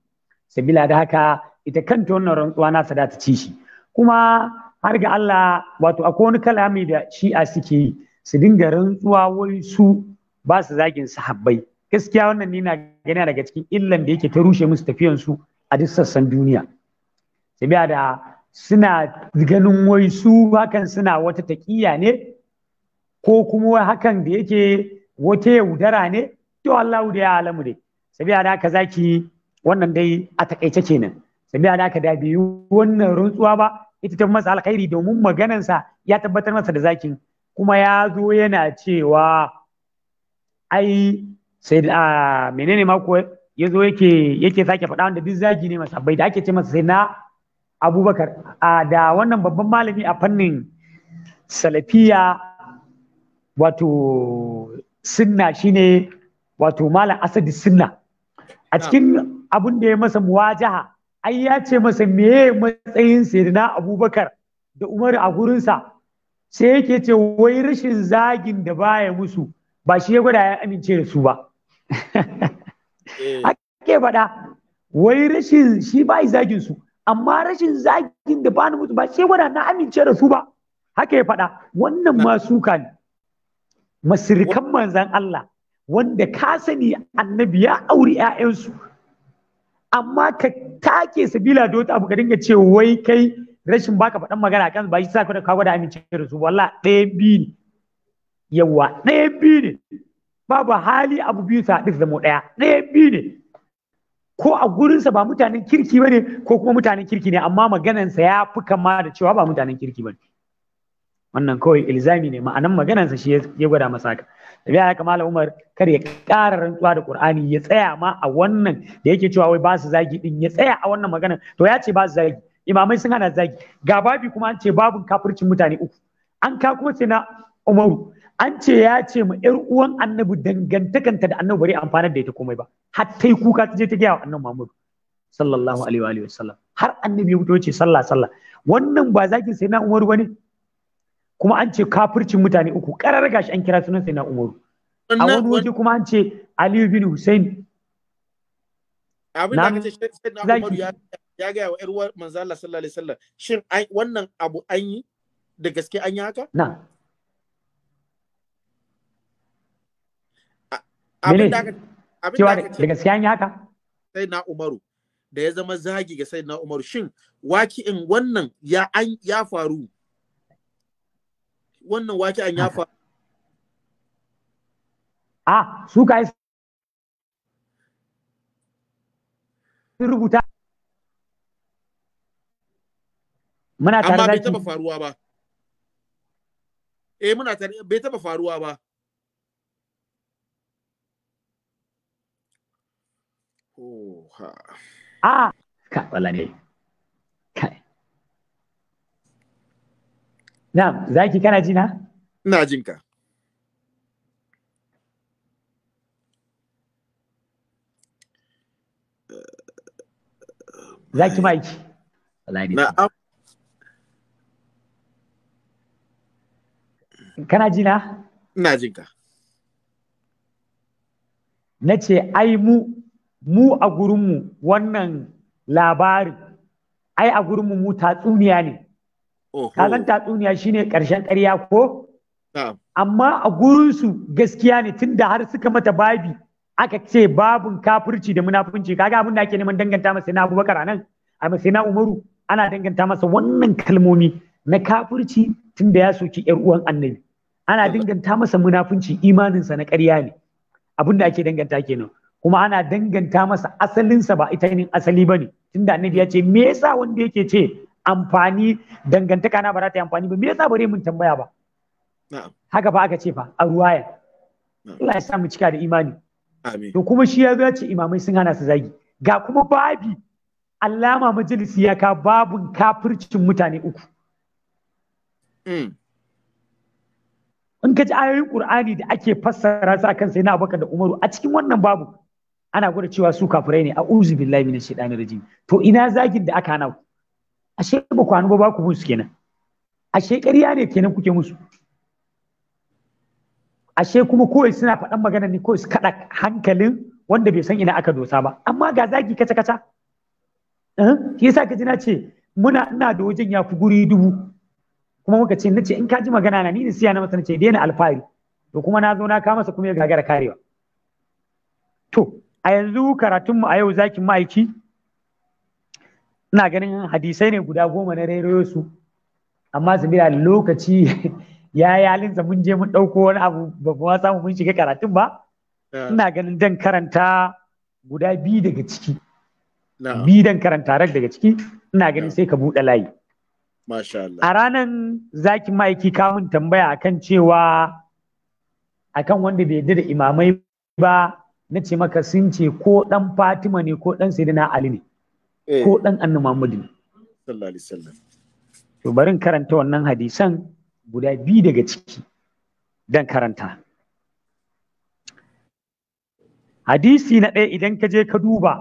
sabila da haka ita kanta wannan rantsuwa na sada ta ci shi kuma har ga Allah wato akwai wani kalami da shi a suke yi su dinga rantsuwa wai su ba su zagin sahabbai gaskiya wannan ni na gani daga cikin illan da yake ta rushe musu tafiyan su a duk sassan duniya sabila da suna ganin wai su hakan suna wata taƙiyya ne ko kuma hakan da yake wata yaudara ne to Allah da ya alamu dai sabiya da haka zaki wannan dai a takaice kenan sabi da haka da biyu wannan rantsuwa ba ita ta masa alkhairi domin maganansa ya tabbatar masa da zakin kuma ya zo yana cewa ai sai a ah, menene mako ya zo yake sake faɗa wanda duk zaki ne masa bai da ake ce masa sai na abubakar a da wannan babban malami a fannin salafiya wato sunna shine wato malam asadi sunna a cikin abin da ya masa muwajaha ai ya ce masa meye matsayin sayyidina abubakar da umar a gurinsa sai yake ce wai rashin zagin da baya musu ba shi ya gwada ya amince da su ba eh. ake faɗa wai rashin shi ba zagin su amma rashin zagin da bani mutu ba shi gwada na amince da su ba haka ya faɗa wannan ma suka ne masirikan manzan Allah wanda ka sani annabi ya auri 'ya'yansu amma ka take sabila da wata abu ka dinga ce wai kai rashin baka faɗan magana kan ba shi sa ka da amince da su walla ɗaya biyu ne yawa ɗaya biyu ne babu hali abu biyu sa duk zamo ɗaya ɗaya biyu ne ko a gurinsa ba mutanen kirki ba ko kuma mutanen kirki ne amma maganansa ya fi kama da cewa ba mutanen kirki ba ne wannan kawai ilzami ne ma'anan maganarsa shi ya gwada masa haka tafiya haka malam umar kar ya ƙara rantsuwa da qur'ani ya tsaya ma a wannan da yake cewa wai ba su zagi din ya tsaya a wannan maganar to ya ce ba su zagi imamai sun hana zagi ga babi kuma an ce babun kafircin mutane uku an ka kuma ce na umaru an ce ya ce ma ƴar uwan annabi dangantakanta da annabi bari amfana da ita komai ba hatta yi kuka ta je ta gaya wa annabi muhammadu sallallahu alaihi wa sallam har annabi ya fito ce sallah sallah wannan ba zakin sai na umaru ba ne? kuma an ce kafircin mutane uku karar gashi an kira sunan sai na umaru a wani waje kuma an ce aliyu bin hussein abin da aka ce sai na umaru ya gaya wa yar uwar manzo Allah sallallahu alaihi wasallam shin wannan abu an yi da gaske an yi haka na abin da aka cewa da gaske an yi haka sai na umaru da ya zama zagi ga sai na umaru shin in wannan ya faru wannan waki an ya faru a su ka sun rubuta muna tare da bai taba faruwa ba eh muna tare bai taba faruwa ba Oh, ha. Ah, ka wala ne. na zaki kana ji na ina jin ka zaki maki na'am kana ji na ina jin ka na ce ai mu mu a gurinmu wannan labarin ai a gurinmu mu tatsuniya ne Kazan tatsuniya shine ƙarshen ƙarya ko amma a gurinsu gaskiya ne tun da har suka mata babi aka ce babun kafirci da munafunci kaga abin da ake neman danganta masa na abubakar nan? a sai na umaru ana danganta masa wannan kalmomi na kafirci tun da ya soki yar uwan annabi ana danganta masa munafunci imaninsa na ƙarya ne abin da ake danganta kenan kuma ana danganta masa asalinsa ba ita ne asali ba bane tunda annabi ya ce me yasa wanda yake ce amfani dangantaka na ba za ta yi amfani ba me yasa bare mun tambaya ba haka fa aka ce fa a ruwaya Allah ya sa mu cika da imani to kuma shi ya ce imamai sun hana su zagi ga kuma babi alama majalisi ya ka babun kafircin mutane uku mm. in ka ji ayoyin qur'ani da ake fassara sa kan sai na abaka da umaru a cikin wannan babu ana gwada cewa su kafirai ne a uzu billahi minash shaitanir rajim to ina zagin da aka hana ku ashe ba ku hannu ba ku musu kenan ashe ƙarya ne kenan kuke musu ashe kuma kawai suna faɗan magana ne kawai su kaɗa hankalin wanda bai san ina aka dosa ba amma ga zagi kaca kaca eh? shi yasa ka ji na ce muna ina da wajen ya fi guri dubu kuma muka ce na ce in ka ji magana na ni ne siya na masa na ce daina alfahari to kuma na zo na kama masa kuma ya gagara karewa to a yanzu karatunmu a yau zakin ma'aiki ina ganin hadisai ne guda goma na rairayo su amma sabila lokaci ya yi mun je mun ɗauko wani abu ba kuma samu mun shiga karatun ba ina ganin dan karanta guda biyu daga ciki biyu dan karanta rak daga ciki ina ganin sai ka buɗe layi a ranan zaki ma'aiki kamun tambaya akan cewa akan wanda bai yarda da imamai ba na ce maka sun ce ko ɗan fatima ne ko dan sayyidina ali ne Eh. ko dan annabi Muhammadu sallallahu alaihi to barin karanta wannan hadisan guda biyu daga ciki dan karanta hadisi na ɗaya idan ka je ka duba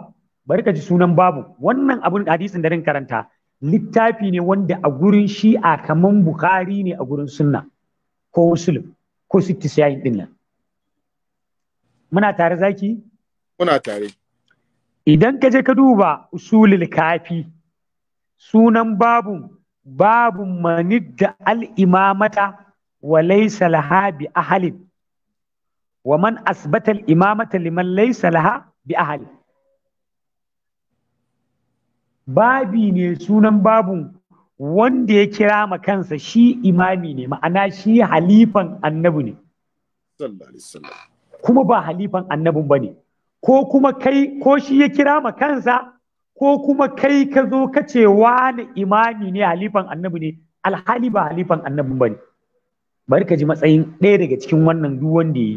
bari ka ji sunan babu wannan abun hadisin da rin karanta littafi ne wanda a gurin shi'a kaman bukhari ne a gurin sunna ko muslim ko sittisiyayin din nan muna tare zaki muna tare idan ka je ka duba usulul kafi sunan babu babu manidda al-imamata wa laysa laha bi ahalin wa man asbata al-imamata liman laysa laha bi ahalin babi ne sunan babun wanda ya kira ma kansa shi imami ne ma'ana shi halifan annabi ne kuma ba halifan annabin ba ne ko kuma kai ko shi ya kira ma kansa ko kuma kai ka zo ka ce wani imami ne halifan annabi ne alhali ba halifan annabi ne bari ka ji matsayin ɗaya daga cikin wannan duk wanda yi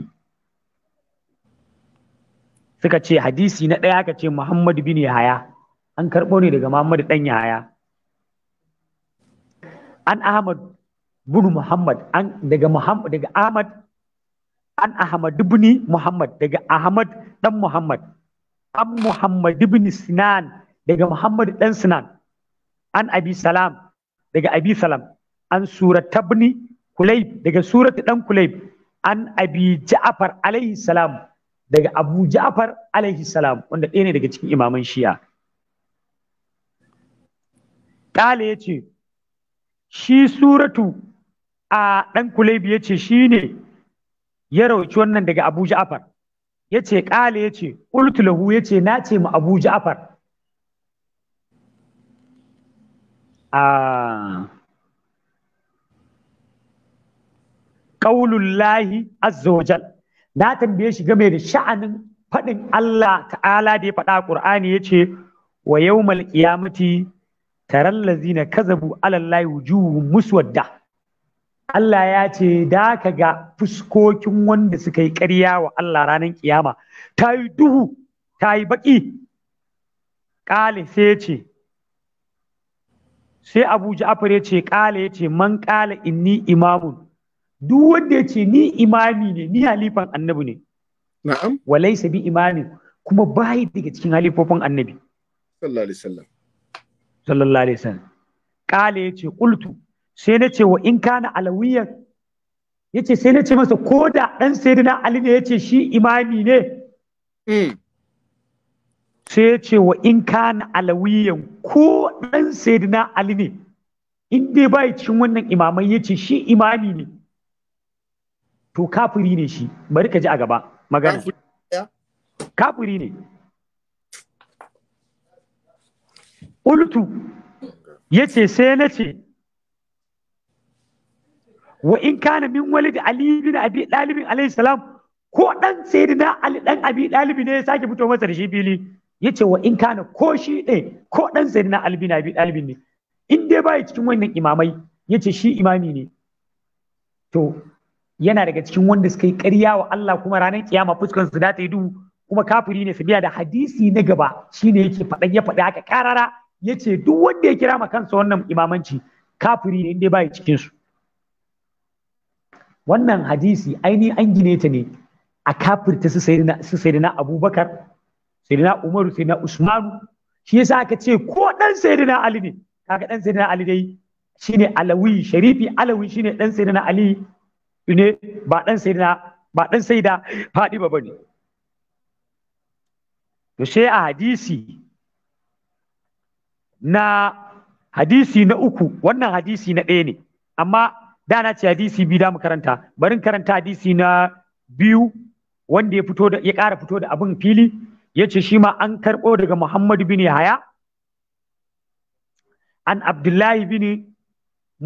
suka ce hadisi na ɗaya aka ce muhammadu bin yahaya an karɓo ne daga muhammadu ɗan yahaya an ahmad bin muhammad an daga muhammad daga ahmad an Ahmad ibn Muhammad daga Ahmad dan Muhammad an Muhammad ibn Sinan daga Muhammad dan Sinan an Abi Salam daga Abi Salam an Surat ibn Kulayb daga Surat dan Kulayb an Abi Ja'far alaihi salam daga Abu Ja'far alaihi salam wanda ɗaya ne daga cikin imaman Shi'a Kale ya ce, Shi suratu a ɗan Kulaybi ya ce shi ne ya rauci wannan daga Abu Ja'far yace qala yace qultu lahu yace na ce mu Abu Ja'far a qaulullahi azza wajal na tambaye shi game da sha'anin faɗin Allah ta'ala da ya faɗa Qur'ani yace wa yawmal qiyamati taral ladzina kazabu ala allahi wujuhum muswadda Allah ya ce da ka ga fuskokin wanda suka yi ƙarya wa Allah ranar kiyama ta yi duhu ta yi baƙi ƙale sai ya ce sai Abu Ja'far ya ce ƙale ya ce man ƙale inni imamun duk wanda ya ce ni imami ne ni halifan annabi ne na'am walaysa bi imamin kuma yi daga cikin halifofin annabi sallallahu alaihi wasallam sallallahu alaihi wasallam ƙale ya ce qultu sai na ce wa in kana alawiyan ce sai na ce masa ko da dan sai ali ne ya ce shi imami ne hmm. sai ya ce wa in kana alawiyan ko dan sai ali ne in dai bai cikin wannan imamai ce shi imami ne to kafiri ne shi bari ka ji a gaba magana kafiri ne ultu ce sai na ce wa in kana min da ali bin abi dalibin alayhi salam ko dan sayyidina ali dan abi dalibi ne ya sake fito masa da shi fili yace wa in kana ko shi ɗin ko dan sayyidina ali bin abi dalibin ne in dai ya cikin wannan imamai yace shi imami ne to yana daga cikin wanda suka yi ƙarya wa Allah kuma ranar kiyama fuskan su ta yi duhu kuma kafiri ne su biya da hadisi na gaba shine yake faɗan ya faɗi haka karara yace duk wanda ya kira ma kansa wannan imamanci kafiri ne in dai baya cikin su wannan hadisi aini an gine ta ne a kafirta su na abubakar na umaru na usmanu shi yasa aka ce ko dan na ali ne kaga dan na ali dai shine alawi sharifi alawi shine dan na ali ne ba dan na ba dan da fadi ba bane to sai a hadisi na hadisi na uku wannan hadisi na ɗaya ne amma da na ce hadisi biyu da makaranta, barin karanta hadisi na biyu wanda ya fito da ya ƙara fito da abin fili ya ce shi ma an karɓo daga Muhammadu bin Yahaya an Abdullahi bin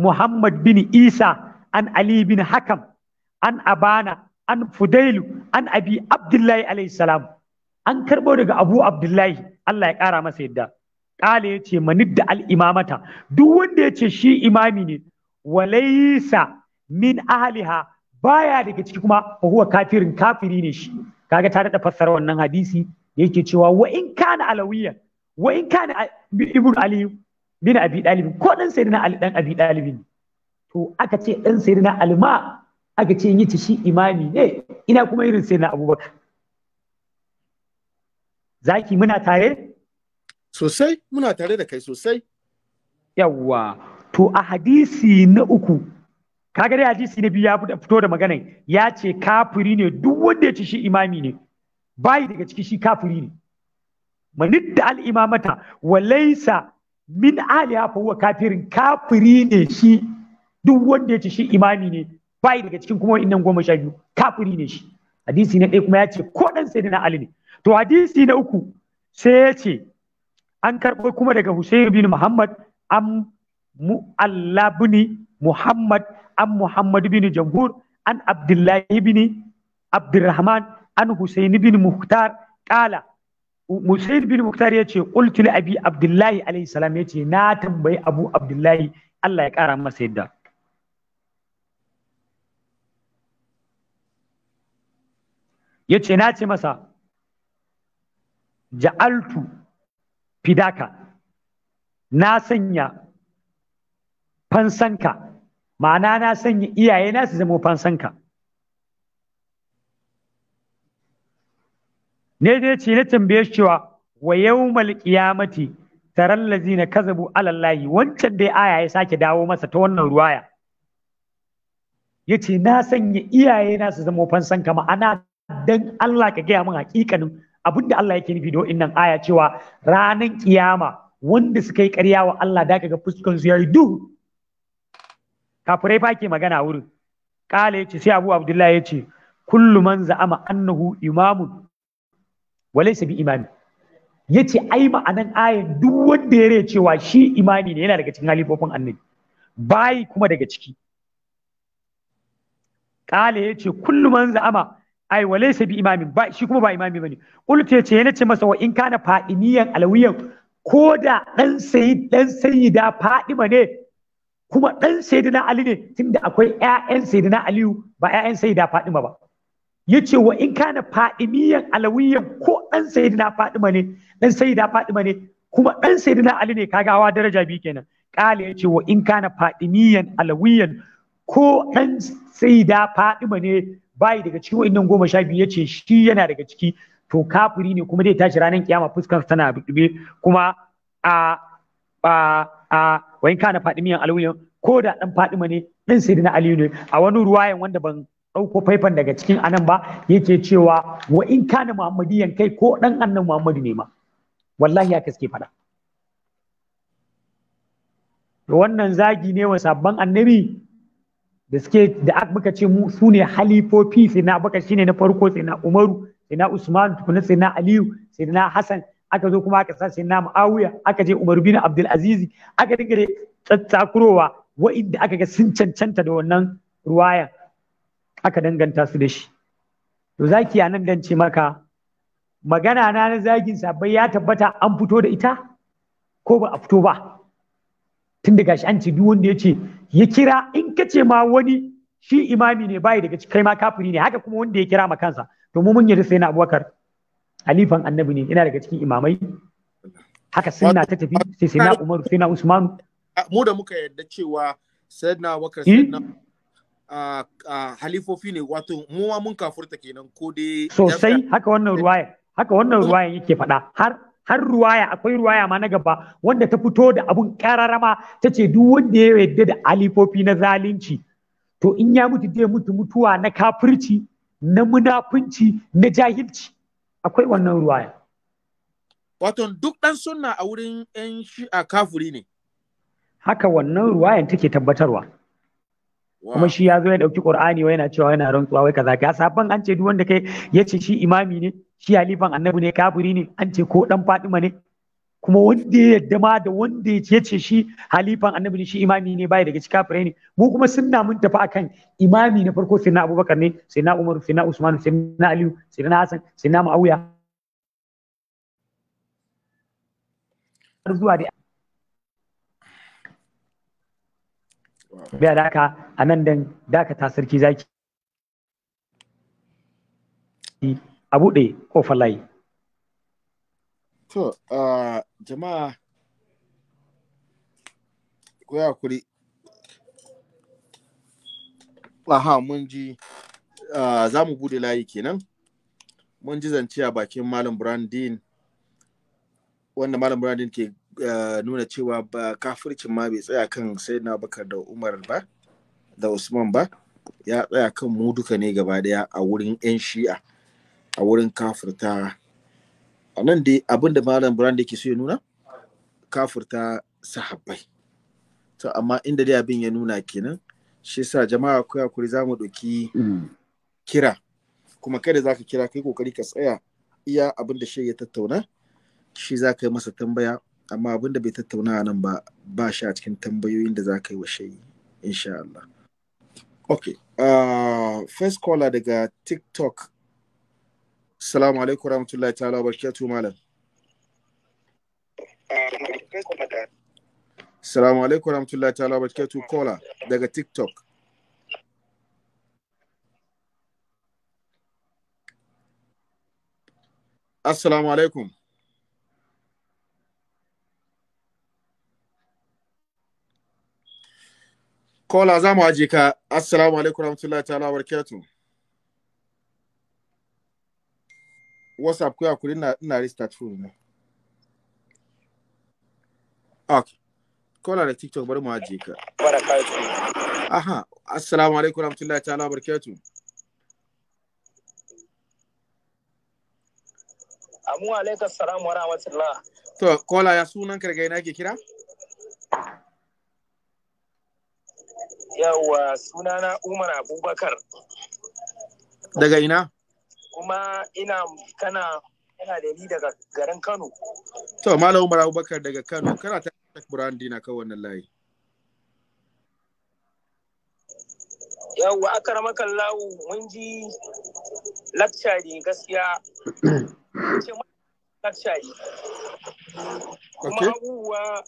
Muhammad bin Isa an Ali bin Hakam an Abana an Fudailu an Abi Abdullahi alayhi salam an karɓo daga Abu Abdullahi Allah ya kara masa yadda ƙala ya ce manidda al imamata duk wanda ya ce shi imami ne walaysa min ahliha baya daga ciki kuma fa huwa kafirin kafiri ne shi kaga ta dada fassara wannan hadisi yake cewa wa in kana alawiyya wa in kana ibn ali bin abi dalib ko dan sayyidina ali dan abi dalib to aka ce dan sayyidina alma aka ce yin shi imami ne ina kuma irin sayyidina abubakar zaki muna tare sosai muna tare da kai sosai yawwa to a hadisi na uku kaga dai hadisi na biyu ya fito da magana ya ce kafiri ne duk wanda ya ci shi imami ne bayi daga ciki shi kafiri ne manidda al'imamata wa laisa min aliya fa huwa kafirin kafiri ne shi duk wanda ya ci shi imami ne bayi daga cikin kuma wa'annan goma sha biyu kafiri ne shi hadisi na ɗaya kuma ya ce ko ɗan sai na ali ne to hadisi na uku sai ya ce an karɓo kuma daga Hussein bin Muhammad an mu'allabni Muhammad an Muhammad bin Jamhur an Abdullahi bin Abdurrahman an Hussein bin Muhtar kala Hussein bin Muhtar ya ce qultu abi Abdullahi alaihi salam ya ce na tambayi Abu Abdullahi Allah ya ƙara masa yadda ya ce na ce masa ja'altu fidaka na sanya fansanka ma'ana na sanya iyaye na su zama fansanka ne dai ce na tambaye shi cewa wa yawmal qiyamati taral ladina kazabu ala allahi wancan dai aya ya sake dawo masa ta wannan ruwaya yace na sanya iyaye na su zama fansanka ma'ana dan Allah ka gaya min hakikanin abinda Allah yake nufi da wannan aya cewa ranan kiyama wanda suka yi ƙarya wa Allah da kaga fuskan su yayi duhu kafurai fa ke magana wurin kala yace sai abu abdullahi yace kullu man za'ama annahu imamun wa laysa bi imami yace ai ma'anan ayan duk wanda ya cewa shi imami ne yana daga cikin halifofin annabi bayi kuma daga ciki kala yace kullu man za'ama ai wa laysa bi imami ba shi kuma ba imami bane ulta yace yana ce masa wa in kana fa'iniyan alawiyan ko da dan sayyid dan sayyida fadima ne kuma ɗan sayyidina ali ne tunda akwai ƴaƴan sayyidina aliyu ba ƴaƴan sayyida fadima ba yace wa in kana fadimiyan alawiyan ko ɗan sayyidina fadima ne ɗan sayyida fadima ne kuma ɗan sayyidina ali ne kagawa daraja biyu kenan kale yace wa in kana fadimiyan alawiyan ko ɗan sayyida fadima ne bai daga cikin wannan goma sha biyu yace shi yana daga ciki to kafiri ne kuma zai tashi ranar kiyama fuskar tana bibbe kuma a a wayin kana miyan alwiyan ko da ɗan faɗima ne dan sayyidina aliyu ne a wani ruwayan wanda ban ɗauko faifan daga cikin anan ba yake cewa wa in kana muhammadiyan kai ko dan annan muhammadu ne ma wallahi haka suke faɗa wannan zagi ne wa sabban annabi da suke da muka ce mu sune halifofi sai na baka shine na farko sai na umaru sai na usman tukuna sai na aliyu sai na hasan aka zo kuma aka sa sai na Muawiya aka je Umar bin Abdul Aziz aka dinga tsattakurowa wa'inda aka ga sun cancanta da wannan ruwaya aka danganta su da shi to zaki nan dan ce maka magana na na zagin sabai ya tabbata an fito da ita ko ba a fito ba tun daga shi an ce duk wanda ya ce ya kira in ka ce ma wani shi imami ne bai daga kai ma kafiri ne haka kuma wanda ya kira ma kansa to mu mun yarda sai na Abubakar halifan annabi ne yana daga cikin imamai haka sunna ta tafi sai sai na Umar sai na Usman mu da muka yarda cewa sayyidina Bakar hmm? sayyidina halifofi ne wato mu ma mun kafurta kenan ko dai sosai haka wannan eh. ruwaya haka wannan ruwayan yake faɗa har har ruwaya akwai ruwaya ma na gaba wanda ta fito da abun kararama ta ce duk wanda ya yarda da alifofi na zalunci to in ya mutu zai mutu mutuwa na kafirci na munafunci na jahilci akwai wannan ruwaya wato duk ɗan sunna a wurin yan a kafuri ne haka wannan ruwayan take tabbatarwa kuma shi ya zo ya ɗauki ƙur'ani wai yana cewa yana rantsuwa wai kaza ka sabon an ce duk wanda kai ce shi imami ne shi halifan annabi ne kafiri ne an ce ko dan fatima ne kuma wanda ya yadda ma da wanda ya ce shi halifan annabi shi imami ne bai daga cikin kafirai ne mu kuma sunna mun tafi akan imami na farko sai na abubakar ne sai na umar sai na usman sai na aliyu sai na hasan sai na muawiya zuwa da bai daka a nan dan sarki zaki abu buɗe ko layi To, jama'a, koya ya kuri. Aha, mun ji, za mu bude layi kenan. Mun ji zance a bakin Malam Brandin, wanda Malam Brandin ke nuna cewa ba kafircin ma bai tsaya kan sai na bakar da Umar ba, da Usman ba, ya tsaya kan mu duka ne gaba daya a wurin 'yan shi'a, a wurin kafirta. a nan dai abin da malam buran da ke so ya nuna kafurta sahabbai to amma inda dai abin ya nuna kenan shi sa jama'a ku hakuri za mu ɗauki mm. kira kuma kai da za ka kira kai kokari ka tsaya iya abin da shi ya tattauna shi za ka yi masa tambaya amma abin da bai tattauna a nan ba ba shi a cikin tambayoyin da za ka yi wa shi insha Allah. Okay, uh, first caller daga TikTok Assalamu alaikum rahmatullahi ta'ala barkatu malam. Assalamu alaikum rahmatullahi ta'ala barkatu kola daga TikTok. Assalamu alaikum. Kola za mu aje ka. Assalamu alaikum rahmatullahi ta'ala barkatu. whatsapp kwa kuri na ina restart phone ne okay kola da tiktok bari mu aje ka aha assalamu alaikum warahmatullahi ta'ala barakatuh amu alaikum salam wa rahmatullah to kola ya sunan ka daga ina ke kira yawa sunana umar abubakar daga ina kuma ina kana yana da ni daga garin Kano. To, Malam Umar Abubakar daga Kano, kana ta brandi na kawai wannan layi. Yawwa, akara makan lawu mun ji lakca ne gaskiya. Ce lakca ne. Kuma abubuwa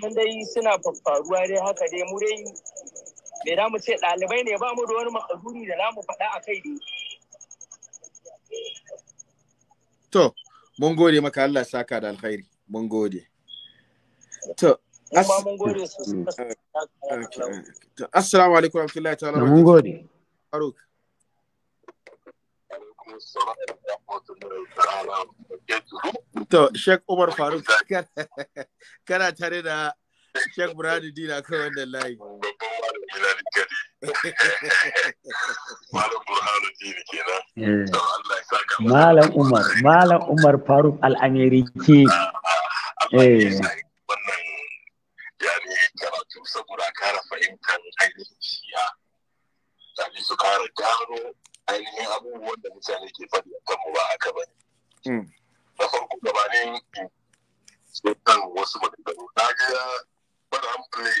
kan dai suna faruwa dai haka dai mu dai me za mu ce ɗalibai ne ba mu da wani makaduri da za mu faɗa a kai dai. To, mun gode maka Allah saka da alkhairi. Mun gode. To, mm. Assalamu alaikum warahmatullahi ta'ala. Mun gode. Faruk. To, Sheikh Umar Faruk, kana tare da Sheikh Burhanu Dina kan wannan layi. Malam eh. Umar, Malam Umar Faruk Al-Ameriki. Ah, ah, eh. Wannan yani karatu saboda kara fahimtar ainihin shiya. su kara gano ainihin abubuwan da mutane ke faɗi a kanmu ba haka ba ne. Hmm. Na farko gabanin eh, sai kan wasu maganganu. Na ga an Play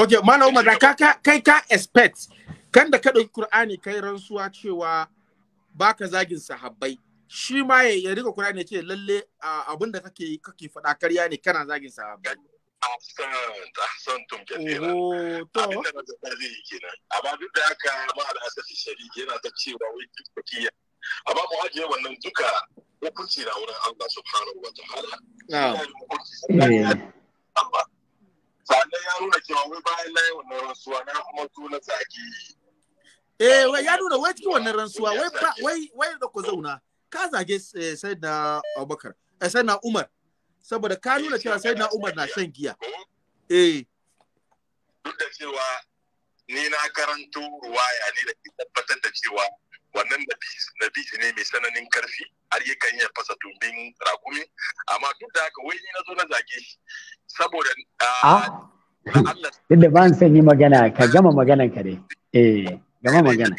Okay, Malam Umar, ka kai ka expect kan da ka ɗauki Kur'ani kai rantsuwa cewa baka zagin sahabbai. Shi ma ya rika Kur'ani ya ce lalle abin da kake kake faɗa karya ne kana zagin sahabbai. Ahsant, ahsantum kathira. Oh, to. Abin da zai yi kenan. Amma duk da aka ma al'asasi shari'i yana ta cewa wai duk amma mu ajiye wannan duka hukunci na wurin Allah subhanahu wa ta'ala. Na'am. sannan ya nuna cewa wai bayan na yi wannan rantsuwa na kuma tuna zage eh wai ya nuna wai cikin wannan rantsuwa wai wai wai da ku zauna ka zage eh, sai na Abubakar eh sai na Umar saboda ka nuna cewa sai na Umar na shan giya eh duk da cewa ni na karanto ruwaya ne da tabbatar da cewa wannan nabi ne mai sananin karfi har yakan iya fasa tumbin rakumi amma duk da haka wai ni na zo na zage shi saboda duk ah, ah. da ban son yi magana ka gama maganan ka dai eh gama magana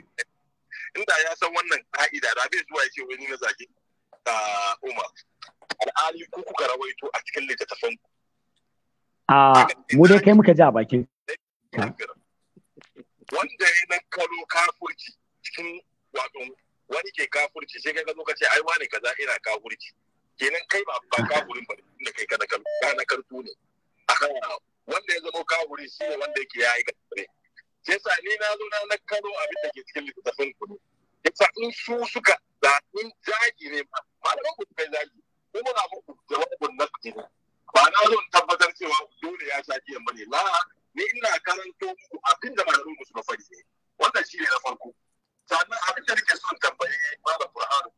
inda ya san wannan ka'ida da bai zuwa yace wani na zage a ah, Umar al'ali ku kuka rawaito a cikin littattafan a mu dai kai muka ji a bakin wanda ya nan kalo kafurci cikin wato wani ke kafurci sai ka zo ka ce ai wani kaza ina kafurci kenan kai ba ba wurin ba da kai kada ka na kartu ne wanda ya zama wuri shi ne wanda yake yayi kafure sai sa ni na zo na na karo abin da ke cikin littafin ku ne sa in su suka da in zagi ne ma malaman ku kai zagi ko muna muku jawabin ku ne ba na zo tabbatar cewa dole ya sha biyan bane la ni ina karanto muku abin da malaman ku suka faɗi ne wannan shi ne na farko sannan abin da nake son tambaye malam Burhanu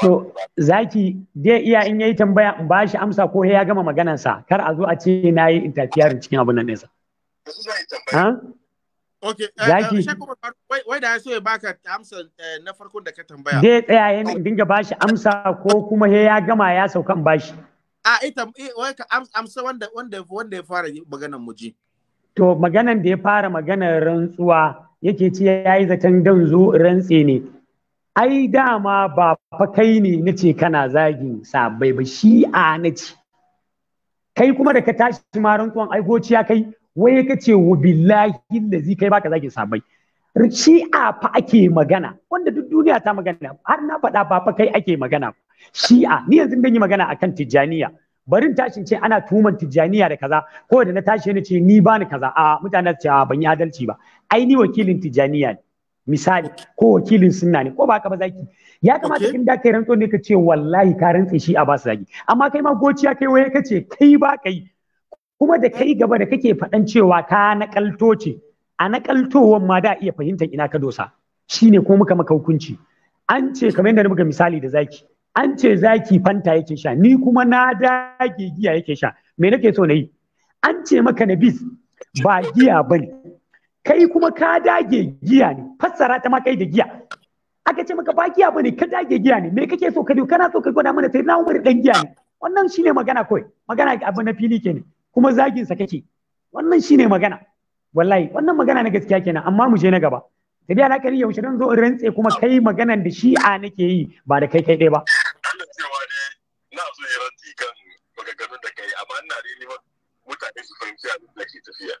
To zaki zai iya in yayi tambaya in ba shi amsa ko ya gama maganansa kar a zo a ce na yi interfering cikin abun nan Ha? Okay, eh, eh, zaki wai da so ya baka amsa eh, na farkon da ka tambaya. Zai tsaya yana dinga ba shi amsa ko kuma ya gama ya saukan ba shi. A ita wai ka amsa wanda wanda wanda ya fara maganar muji. To maganan da ya fara maganar rantsuwa yake ce yayi zaton dan zo rantse ne ai dama ba fa kai ne na ce kana zagin sabai ba shi a na ce kai kuma da ka tashi ma rantsuwan aigociya kai wai ka ce wa billahi lazi kai baka zagin sabai a fa ake magana wanda duk duniya ta magana har na faɗa ba fa kai ake magana shi'a ni yanzu dan yi magana akan tijjaniya barin tashin ce ana tuman tijjaniya da kaza ko da na tashi ne ce ni bani kaza a mutane ce ban yi adalci ba ai ni wakilin tijjaniya ne misali ko wakilin sunna ne ko ba ka ba zaki ya kamata in da kai rantso ne ka ce wallahi ka rantse shi a ba su zaki amma kai ma gociya kai waye ka ce kai ba kai kuma da kai gaba da kake faɗan cewa ka nakalto ce a nakaltowan ma da iya fahimtar ina ka dosa shine kuma muka maka hukunci an ce kamar yadda muka misali da zaki an ce zaki fanta yake sha ni kuma na dage giya yake sha me nake so na yi an ce maka na bis ba giya bane kai kuma ka dage giya ne fassara ta ma kai da giya aka ce maka ba giya bane ka dage giya ne me kake so ka kana so ka gwada mana sai na umar dan giya ne wannan shine magana kawai magana abu na fili kenan kuma zagin sa kake wannan shine magana wallahi wannan magana na gaskiya kenan amma mu je na gaba sai biya alakari yaushe dan zo rantse kuma kai maganan da shi'a nake yi ba da kai kai dai ba Allah na so yi rantsi kan da kai amma ina da mutane su fahimci abin da ke tafiya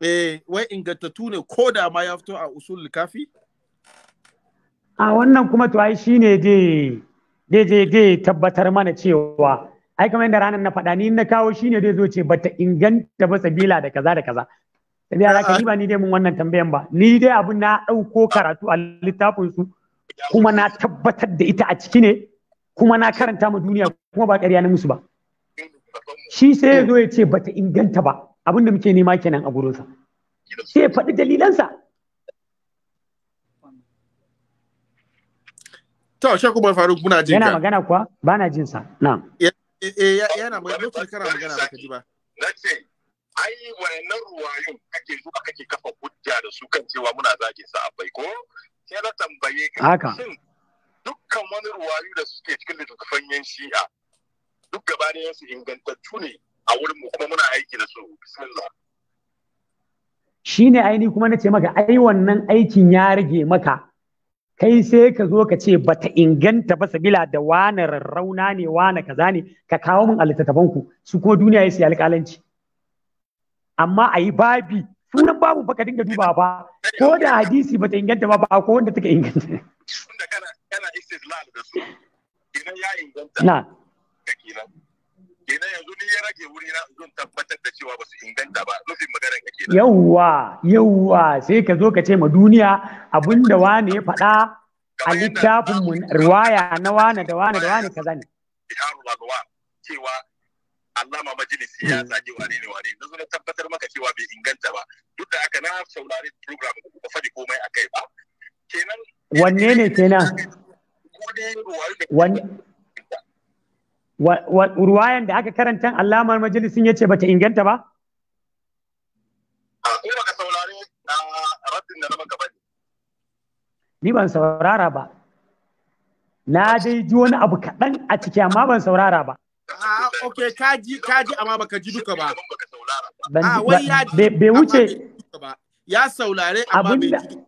eh wai ingantattu ne ko da ma ya fito a usul kafi a wannan kuma to ai shine dai dai dai tabbatar mana cewa ai kamar yadda ranar na faɗa ni na kawo shine dai zo ce bata inganta ba sabila da kaza da kaza sabila ki ka ba ni dai mun wannan tambayan ba ni dai abin na ɗauko karatu a littafin su kuma na tabbatar da ita a ciki ne kuma na karanta ma duniya kuma ba ƙarya na musu ba shi sai ya zo ya ce bata inganta ba abin da muke nema kenan a gurinsa sai ya faɗi dalilansa to shi kuma faruk muna jin yana magana kuwa ba na jin sa na yana mai lokacin kana magana ba ka ji ba nace ai wayannan ruwayun ake zuwa kake kafa hujja da su kan cewa muna zage sa abai ko sai na tambaye ka shin dukkan wani ruwayu da suke cikin littattafan yan shi'a duk gaba da yansu ingantattu ne a wurin mu kuma muna aiki da su bismillah shine aini kuma nace maka ai wannan aikin ya rage maka kai sai ka zo ka ce bata inganta ba sabila da wani rarrauna ne wani kaza ne ka kawo min alittattafan ku su ko duniya ya siya alƙalanci amma a yi babi sunan babu baka dinga duba ba ko da hadisi bata inganta ba ba ko wanda take inganta tunda kana kana istidlal da su idan ya inganta na kenan yanzu ni ya rage wuri na zan tabbatar da cewa ba su inganta ba nufin maganar ka kenan yawwa yawwa sai ka zo ka ce ma duniya abinda wani ya faɗa a littafin mu riwaya na wani da wani da wani kaza ne cewa Allah ma majalisi ya zage wane ne wane na zo tabbatar maka cewa bai inganta ba duk da aka na saurari program ba faɗi komai akai ba kenan wanne ne kenan ruwayan da aka karanta alamar majalisin ya ce bata inganta ba? A kuma ka saurari na raddin da na maka bane. Ni ban saurara ba. Na dai ji wani abu kaɗan a ciki amma ban saurara ba. Ah, ok, kaji, kaji amma baka ji duka ba. Ah, wai ya ji. Bai wuce. Ya saurare amma bai ji duka ba.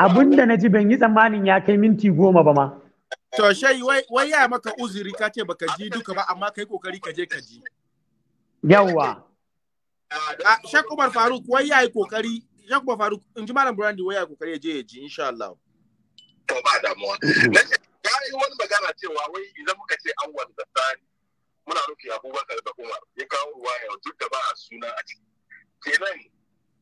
Abinda na ji ban yi tsammanin ya kai minti goma ba ma. To shai wai ya maka uzuri ka ce baka ji duka ba amma kai kokari ka je ka ji. Yawwa. Shek Umar Faruk wai ya yi kokari Shek Umar Faruk in ji Malam Brandy wai ya yi kokari ya je ya ji insha Allah. To ba damuwa. Ya yi wani magana cewa wai idan muka ce an wani sani muna nufi Abubakar da Umar ya kawo ruwa duk da ba a suna a ciki. Kenan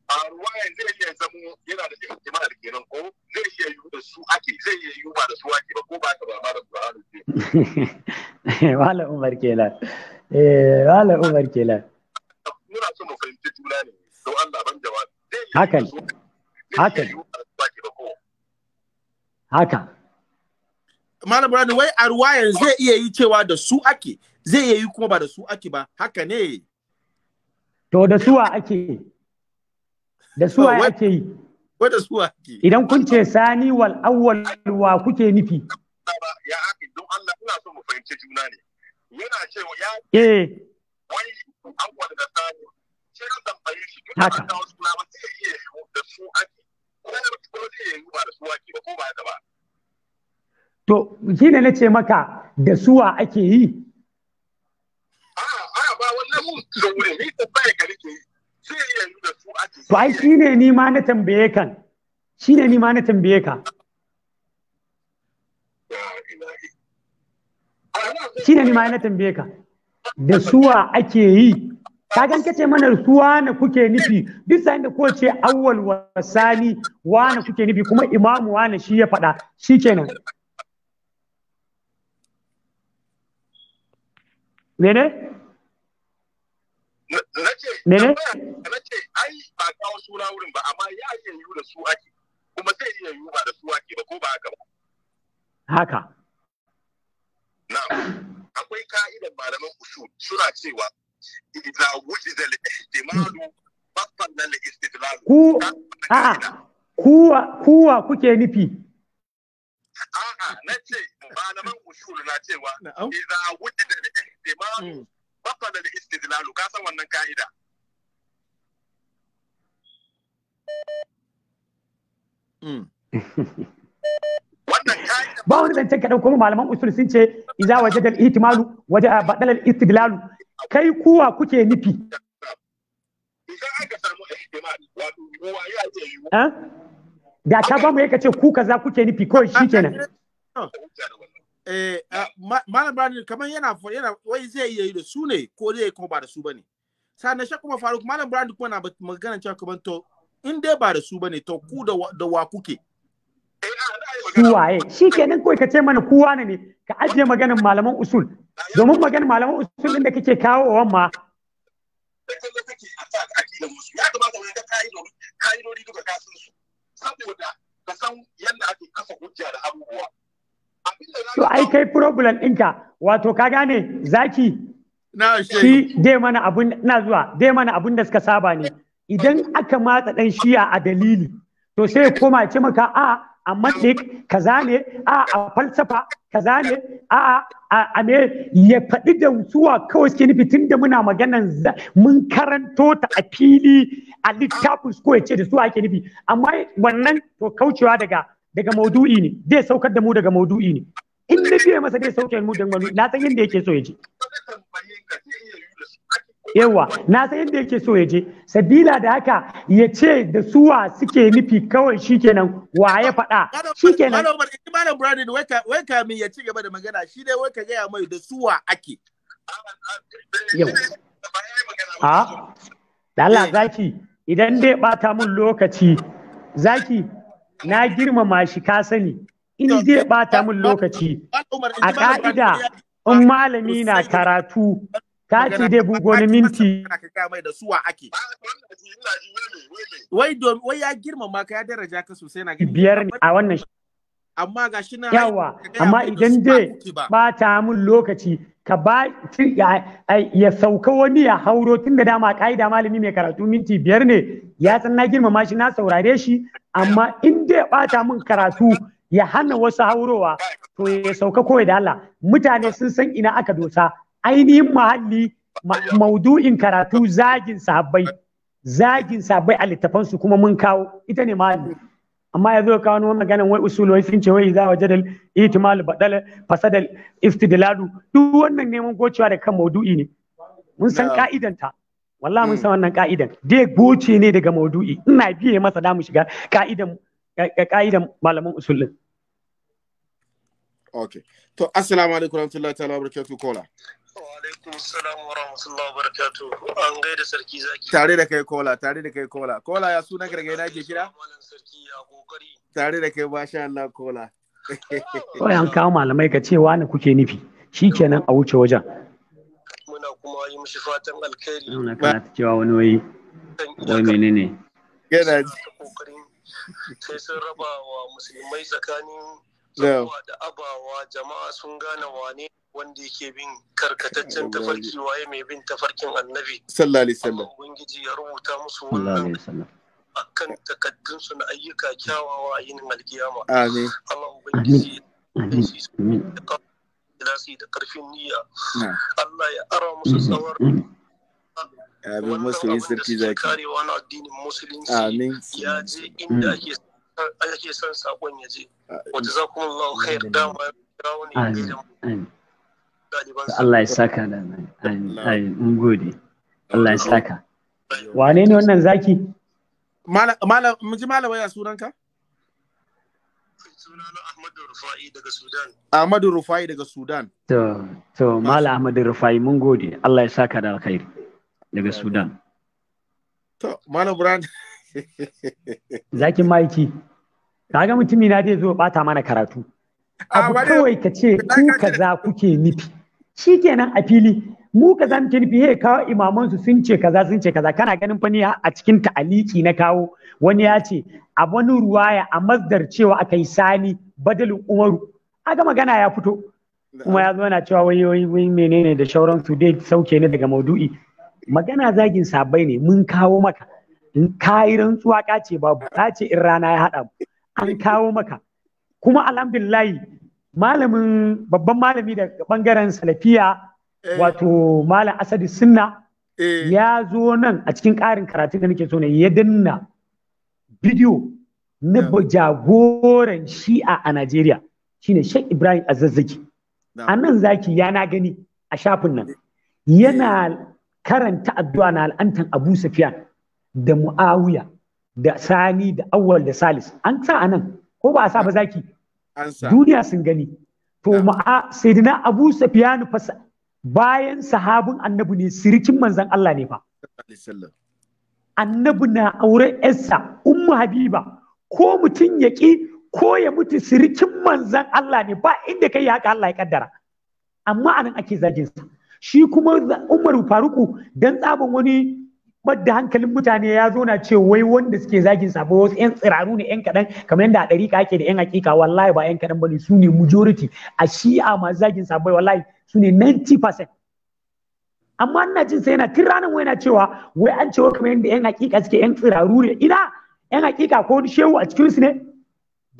a ruwaya zai iya zamo yana da ihtimal kenan ko zai iya yiwu da su ake zai iya yiwu ba da su ake ba ko ba ka ba ma da Qur'ani ke wala Umar kenan eh wala Umar kenan muna so mu fahimci juna ne don Allah ban jawabi Haka ne, haka ne, haka. Malam Brandon wai a ruwayan zai iya yi cewa da su ake zai iya yi kuma ba da su ake ba haka ne to da su ake da suwa ake yi wata suwa ake idan kun ce sani wal awwal wa kuke nufi ya don Allah ina so mu fahimci juna ne yana cewa ya eh haka wasu na to shine nace maka da suwa ake yi a a ba wannan mun da ni ka nake yi To ai shi ne ni ma na tambaye kan, shi ne ni ma na tambaye ka. Shi ne ni ma na tambaye ka. Da suwa ake yi, ka gan kace mana suwa na kuke nufi, duk sa'in da ko ce awwal wa sani wa na kuke nufi kuma imamu wa na shi ya faɗa, shi kenan. Mene? na ce ai ba kawo suna wurin ba amma ya iya yiwu da su ake kuma zai iya yiwu ba da su ake ba ko ba haka ba haka na akwai ka'idan malaman usul suna cewa idza wujida al-ihtimalu batala al-istidlal ku a kuwa kuwa kuke nufi a'a ce malaman usul na cewa idza wujida al-ihtimalu hmm. fasala da istidlalu ka san wannan ka'ida hmm. ba wani zancen kaɗan kuma malaman usul sun ce iza waje da ihtimalu waje a baɗalar istidlalu kai kuwa kuke nufi eh? da ta ba mu yake ce ku kaza kuke nufi kawai kenan. Oh. eh, eh. Ah, malam Brandon kamar yana yana wai zai iya yi da su ne ko zai yi kuma ba da su bane sannan shi kuma Faruk malam Brandon kuma na magana cewa kamar to in dai ba da su bane to ku da wa kuke kuwaye eh, shi kenan kawai ka ce mana kuwa ne ne ka ajiye maganin malaman usul domin maganin malaman usul din da kake kawo wa ma ya kamata wani ka ka'idodi duka kasin su saboda ka san yadda ake kasa hujja da abubuwa To ai kai problem ɗinka wato ka gane zaki shi dai mana abun na zuwa dai mana abun da suka saba ne idan aka matsa ɗan shiya a dalili to sai koma ce maka a a mantik kaza ne a a falsafa kaza ne a a me ya faɗi da zuwa kawai suke nufi tun da muna maganan mun karanto ta a fili a littafin ko ya ce da su ake nufi amma wannan to kaucewa daga daga maudu'i ne zai saukar da mu daga maudu'i ne in na biye masa zai saukar mu daga maudu'i na san yadda yake so ya je yawa na san yadda yake so ya je sabila da haka ya ce da suwa suke nufi kawai shikenan wa ya faɗa shikenan eh, malam brandon wai ka min ya ci gaba da magana shi dai wai ka mai da suwa ake yau a ah, Allah zaki idan dai bata mun lokaci zaki na girmama shi ka sani in zai bata min lokaci a ka'ida in malami na karatu ka zai dai ni minti wai wai ya girmama ka ya daraja ka sosai na gani biyar ne a wannan amma ga shi na yawa amma idan dai bata min lokaci ka ba ya sauka wani ya hauro tun da dama ka'ida malami mai karatu minti biyar ne ya san na girmama shi na saurare shi amma in da ya bata min karatu ya hana wasu haurowa to ya sauka kawai da Allah mutane sun san ina aka dosa ainihin muhalli maudu'in karatu zagin sahabbai zagin sahabbai a littafansu kuma mun kawo ita ne malami amma ya zo kawo wani maganin wai usul wai sun ce wai za wa jadal itimal badal fasadal istidladu duk wannan neman gocewa da kan maudu'i ne mun san ka'idanta wallahi mun hmm. san wannan ka'idan dai goce ne daga maudu'i ina biye masa da mu shiga ka'idan ka'idan malaman usul okay to assalamu alaikum warahmatullahi ta'ala barakatuh kola alaikum salam wa rahmatullahi wa barakatu an gaida sarki zaki tare da kai kola tare da kai kola kola ya suna gargai na ke kira tare da kai masha Allah kola kawai an kawo malamai ka ce wani kuke nufi shikenan a wuce wajen muna kuma yi mishi fatan alkhairi muna kana ta cewa wani wai wai menene yana kokarin sai sun raba wa musulmai tsakanin da abawa jama'a sun gane wane wanda yake bin karkataccen tafarki waye mai bin tafarkin annabi sallallahu alaihi ya rubuta musu wannan akan takaddun na ayyuka kyawawa a yinin alkiyama amin Allah ubangiji da su da karfin niyya Allah ya ara musu tsawar zaki karewa na addinin musulunci ya je inda ake ake son sakon ya je ah, eh, wa jazakumullahu eh, khair dama dawo ne da Allah ya saka da amin mun gode Allah ya saka wane ne wannan zaki malam mun ji malama ya sunanka sunana Ahmadu Rufai daga Sudan. Ahmadu Rufai daga Sudan. To, to Malam Ahmadu Rufai mun gode. Allah ya saka da alkhairi daga Sudan. To, Malam Brand. zakin Maiki, kaga mutumi na zai zo bata mana karatu abu kawai ka ce ku kaza kuke nufi kenan a fili mu kaza muke nufi he kawo imaman su sun ce kaza sun ce kaza kana ganin fa a cikin ta'aliki na kawo wani ya ce a wani ruwaya a masdar cewa aka yi sani badalin umaru aga magana ya fito kuma ya zo yana cewa wai wai menene da shauran su dai sauke ne daga maudu'i magana zagin sabai ne mun kawo maka in ka rantsuwa kace ce babu ka in rana ya hada mu an kawo maka kuma alhamdulillahi malamin babban malami daga bangaren salafiya eh. wato malam asadi sunna eh. ya zo nan a cikin ƙarin karatu da nake so ne ya danna bidiyo na jagoran shi'a a Najeriya shine Sheikh Ibrahim Azazzaki a nan zaki ya na gani a shafin nan eh. yana karanta addu'a na al'antan Abu Sufyan da mu'awiya da sani da awwal da salis an sa anan ko ba a sa ba zaki duniya sun gani to ma'a sayyidina abu safiyanu fa bayan sahabin annabi ne sirikin manzon Allah ne fa annabi na aure yarsa ummu habiba ko mutum ya ki ko ya mutu sirikin manzon Allah ne ba inda kai ya haka Allah ya kaddara amma anan ake zagin sa shi kuma Umar Faruku dan tsaban wani da hankalin mutane ya zo na ce wai wanda suke zagin sabo wasu yan tsiraru ne yan kaɗan kamar yadda a ɗariƙa ake da yan hakika wallahi ba yan kaɗan bane su ne majority a shi'a masu zagin sabo wallahi su ne 90% amma ina jin sai yana tun ranar wai na cewa wai an cewa kamar yadda yan hakika suke yan tsiraru ne ina yan hakika ko shehu a cikin su ne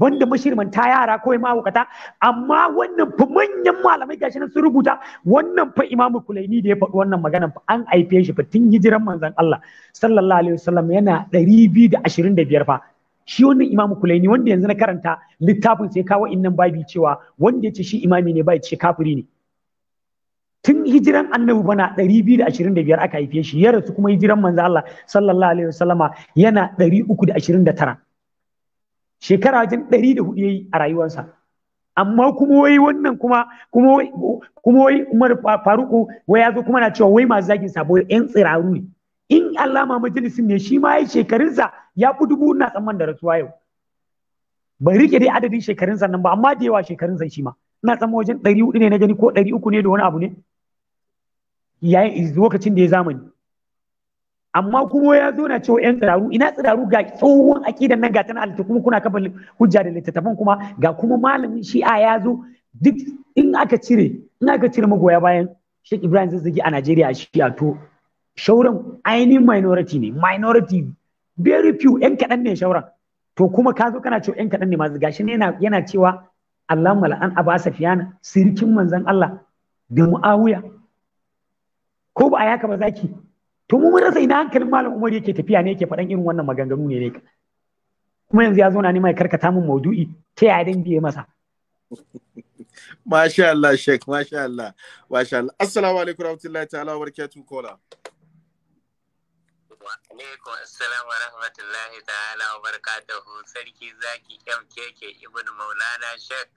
Wanda mashirmanta yara ko mahaukata amma wannan fa manyan malamai gashi nan sun rubuta wannan fa imamu kulaini da ya faɗi wannan magana fa an haife shi fa tun hijiran manzon Allah sallallahu alaihi wasallam yana 225 fa shi wannan imamu kulaini wanda yanzu na karanta littafin sai kawo innan babi cewa wanda ya ce shi imami ne bai ce kafiri ne tun hijiran annabi bana 225 aka haife shi ya rasu kuma hijiran manzo Allah sallallahu alaihi wasallama yana 329 shekara wajen ɗari da hudu yayi a rayuwarsa amma kuma wai wannan kuma kuma wai kuma wai Umar Faruku wai ya zo kuma na cewa wai masu zagin sabo yan tsiraru ne in Allah ma majalisin ne shi ma yayi shekarunsa ya fi dubu na tsamman da rasuwa yau ban rike dai adadin shekarunsa nan ba amma da yawa shekarunsa shi ma ina tsamman wajen ɗari hudu ne na gani ko ɗari uku ne da wani abu ne yayin lokacin da ya zamani amma kuma ya zo na cewa yan tsiraru ina tsiraru ga tsohon akidan nan ga tana kuma kuna kafa hujja da littattafan kuma ga kuma malamin shi'a ya zo duk in aka cire in aka cire magoya bayan Sheikh Ibrahim Zazzagi a Najeriya a shi'a to shauran ainihin minority ne minority very few yan kaɗan ne shauran to kuma ka zo kana cewa yan kaɗan ne masu gashi ne yana cewa Allah mala'an Aba Safiyan sirkin manzan Allah da Muawiya ko ba a yaka ba zaki to mu mun rasa ina hankalin malam Umar yake tafiya ne yake faɗan irin wannan maganganu ne ne kuma yanzu ya zo na ne mai karkata min maudu'i ta yaya dan biye masa Masha Allah Sheikh Masha Allah Masha Allah Assalamu alaikum warahmatullahi ta'ala wabarakatuh kola alaikum assalam wa rahmatullahi ta'ala wa barakatuhu sarki zaki keke ibn maulana shek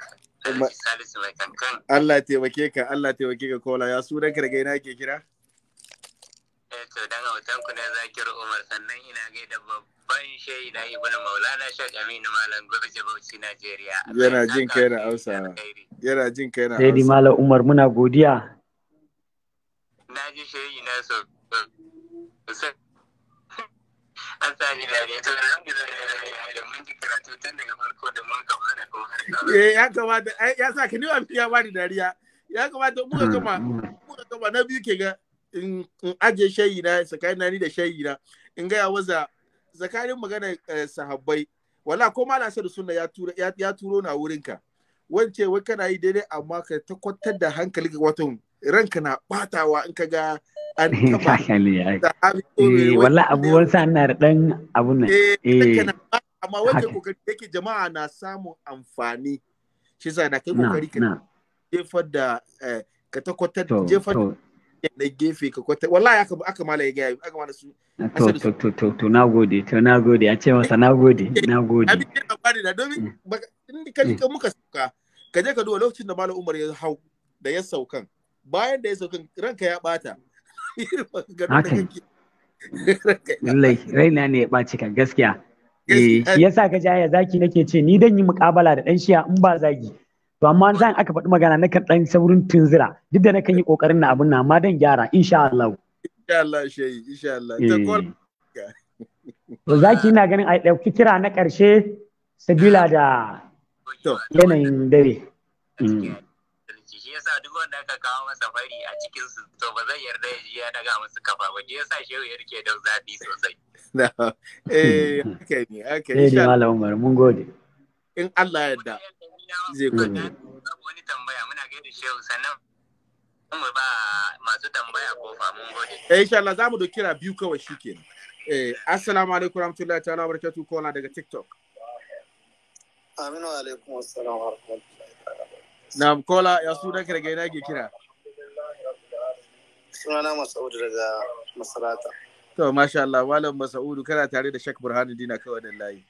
salisu mai kankan Allah taimake ka Allah taimake ka kola ya sunan ka daga ina ke kira Eh, to dan autan ku na Zakir Umar sannan ina gaida babban shaida Maulana Aminu Yana jin kai na Hausa. Yana jin kai na Hausa. Malam Umar Na ji shehi na so. An sa ni da ne to da mun ji karatu daga farko da mun da kuma eh, ya kamata ya sa ka ni wa fiya ba da dariya. Ya kamata muka kama, mm. muka kama.' na biyu ke ga in aje shayi na tsakanin ni da shayi na in gaya waza tsakanin magana eh, sahabbai wala ko mala sai sunna ya turo ya turo na wurinka wance wai kana yi daidai amma ka ta kwantar da hankali ga watan ranka na batawa in ka ga an taba eh wala abubuwan sa na da dan abun nan eh, eh. amma wance kokari yake jama'a na samun amfani shi sa na kai kokari ka jefar da eh, ka ta jefar da gefe ka kwata wallahi aka aka mala ya ga aka mala su to to to to na gode to na gode a ce masa na gode eh, na gode abin da ba da domin mm. in ka ji mm. muka sauka ka je ka duba lokacin da malam Umar ya hau da ya saukan bayan da ya saukan ranka ya bata haka lallai raina ne ya ɓaci ka gaskiya eh shi yasa ka jaya zaki nake ce ni dan yi muƙabala da dan shiya in ba zagi to amma zan aka faɗi magana na kan ɗan saurin tunzira duk da na kan yi ƙoƙarin na abin na amma dan gyara insha Allah insha Allah shehi insha Allah eh. to zaki ina ganin ai ɗauki kira na ƙarshe sabila da yanayin dare mm. shi yasa duk wanda aka kawo masa fari a cikin su to ba zai yarda ya ji ya daga masu kafa ba shi yasa shehu ya rike don zafi sosai eh haka ne haka ne eh, insha Allah mun gode in Allah ya yarda zai kudi wani tambaya muna gaida shehu sannan mu ba masu tambaya kofa mun gode eh insha Allah zamu do kira biyu kawai shikenan eh assalamu alaikum warahmatullahi ta'ala barakatuh kola daga tiktok aminu alaikum assalam warahmatullahi na'am kola ya su da kirge na ke kira sunana masaudu daga masarata to masha Allah malam masaudu kana tare da shek burhanuddin kawai da layi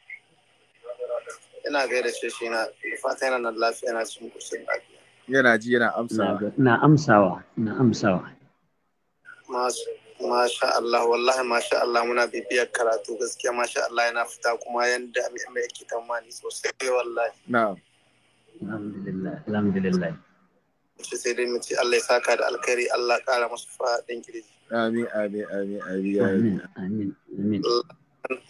ina gaida shi shi na fata yana nan lafiya na cikin kusur lafiya yana ji yana amsawa na amsawa na amsawa masha Allah wallahi masha Allah muna bibiyar karatu gaskiya masha Allah yana fita kuma yanda mai yake tamani sosai wallahi na'am alhamdulillah alhamdulillah ce sai dai mace Allah ya saka da alkhairi Allah kara masu fadin kirji amin amin amin amin amin amin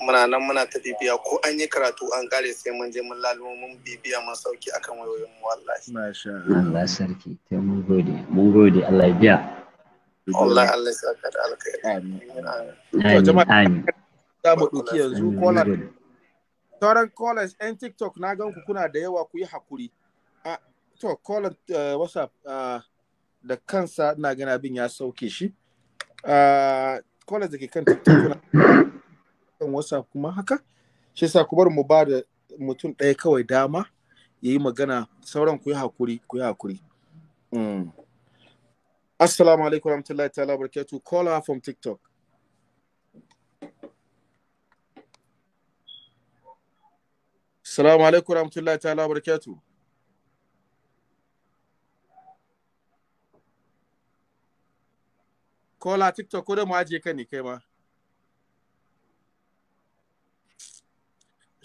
muna nan muna ta bibiya ko an yi karatu an kare sai mun je mun lalumo mun bibiya mun sauki akan wayoyin mu wallahi masha Allah Allah sarki sai mun gode mun gode Allah ya biya wallahi Allah ya saka da alkhairi amin amin za mu duki yanzu kola sauran callers yan tiktok na gan ku kuna da yawa ku yi hakuri to caller eh, whatsapp eh, da kansa ina gana bin ya sauke shi eh, callers da ke kan tiktok kan whatsapp kuma haka shi sa ku bar mu ba da mutum ɗaya kawai dama ya yi magana sauran ku yi hakuri ku yi hakuri mm. assalamu alaikum warahmatullahi ta'ala barakatuh her from tiktok Assalamu alaikum warahmatullahi ta'ala barakatu. Kola TikTok ko da mu ajiye ka ne kai ma.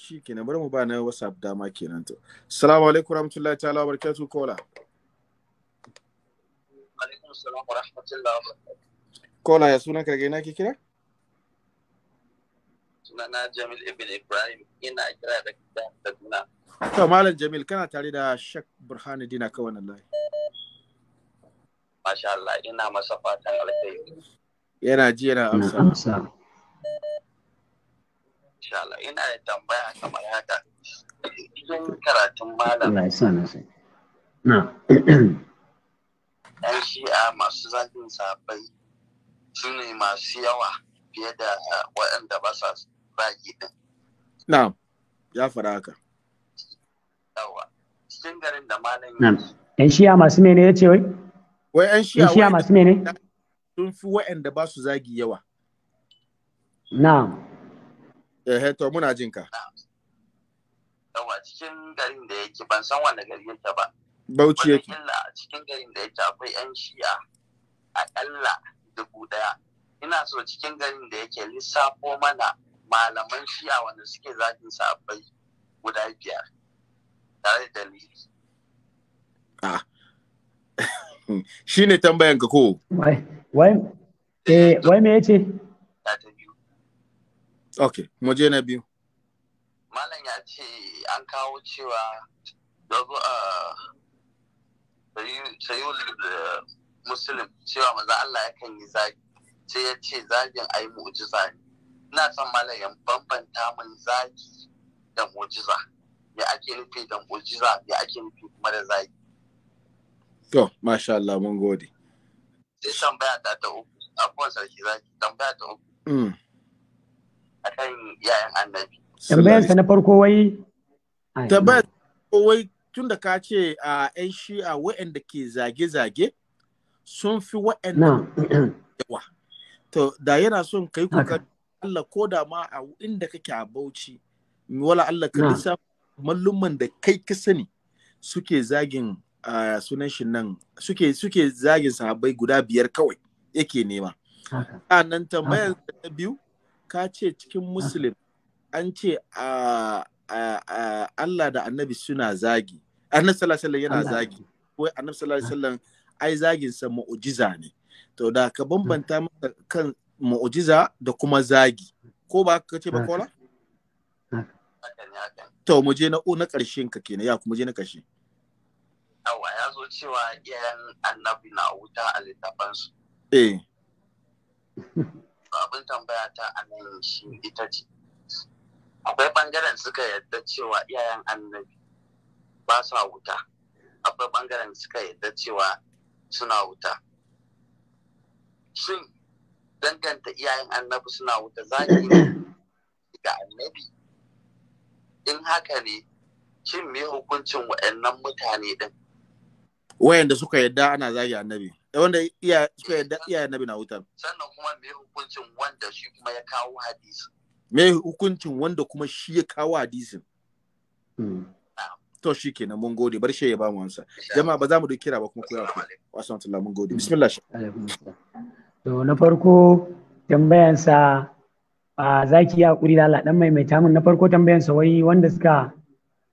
shi ke kenan bari mu ba na whatsapp dama ke nan to Salamu alaikum warahmatullahi ta'ala barakatuh kola alaikum assalam wa rahmatullahi wa barakatuh kola ya suna karge na ke kira sunana Jamil Ibn Ibrahim ina kira da Kaduna. To Malam Jamil kana tare da Shek Burhani Dina kawai wannan lai. Masha Allah ina masa fatan alkhairi. Yana ji yana amsa. insha Allah ina da tambaya kamar haka cikin karatun malam Allah ya sa na sai na ɗan a masu zagin sabai su ne masu yawa fiye da waɗanda ba sa zagi din na ya fara haka yawa cikin garin da malam yan shi'a masu mene ya ce wai wai yan shi'a masu mene sun fi waɗanda ba su zagi yawa na'am eh to muna jin ka yawa cikin garin da yake ban san wanda gari yake ba bauchi yake illa cikin garin da yake akwai yan shi'a akalla dubu ɗaya ina so cikin garin da yake lissafo mana malaman shiya wanda suke zagin sabai guda biyar tare da dalili ah shine tambayan ka ko wai wai eh wai me yace ok mu je na biyu malam ya ce an kawo cewa a ah, sayul eh, muslim cewa maza Allah ya kan yi zagi sai ya ce zagin ayi mu'jiza ne ina son malam ya bambanta min zagi da mu'jiza me ake nufi da mu'jiza me ake nufi kuma da zagi to masha Allah mun gode sai tambaya ta ta uku abuwan sarki zagi tambaya ta uku mm. akan yayan annabi na farko wai tambayar wai tun da ka ce a yan shi'a waɗanda ke zage-zage sun fi waɗanda yawa to da yana son kai kuka Allah ko da ma a inda kake a Bauchi wala Allah ka lisa malluman da kai ka sani suke zagin sunan shi nan suke zagin sahabbai guda biyar kawai yake nema. Sannan tambayar da biyu ka ce cikin ah. musulun, an ce a Allah da annabi suna zagi annabi sallallahu alaihi yana zagi ko annabi sallallahu alaihi ah. ai zagin sa mu'jiza ne to da ka bambanta hmm. maka kan mu'jiza da kuma zagi ko ba ka ce ba ah. kola to mu je na na karshen ka kenan ya kuma je na karshe yawa ya zo cewa yan annabi na wuta a littafansu eh abin tambaya ta a nan shi ita ce akwai bangaren suka yadda cewa iyayen annabi ba sa wuta akwai bangaren suka yadda cewa suna wuta shin danganta iyayen annabi suna wuta za ne ga annabi in haka ne shin me hukuncin wa'annan mutane din wayanda suka yadda ana zagi annabi wanda iya suka yadda iya nabi na wutar sannan kuma me hukuncin wanda shi kuma ya kawo hadisi me hukuncin wanda kuma shi ya kawo hadisin hmm. to shi kenan mun gode bar shi ya ba mu ansa jama'a ba za mu duk kira ba kuma koya ku wasu Allah mun gode hmm. bismillah to na farko tambayansa a zaki ya kuri da Allah dan maimaita tamun na farko tambayansa wai wanda suka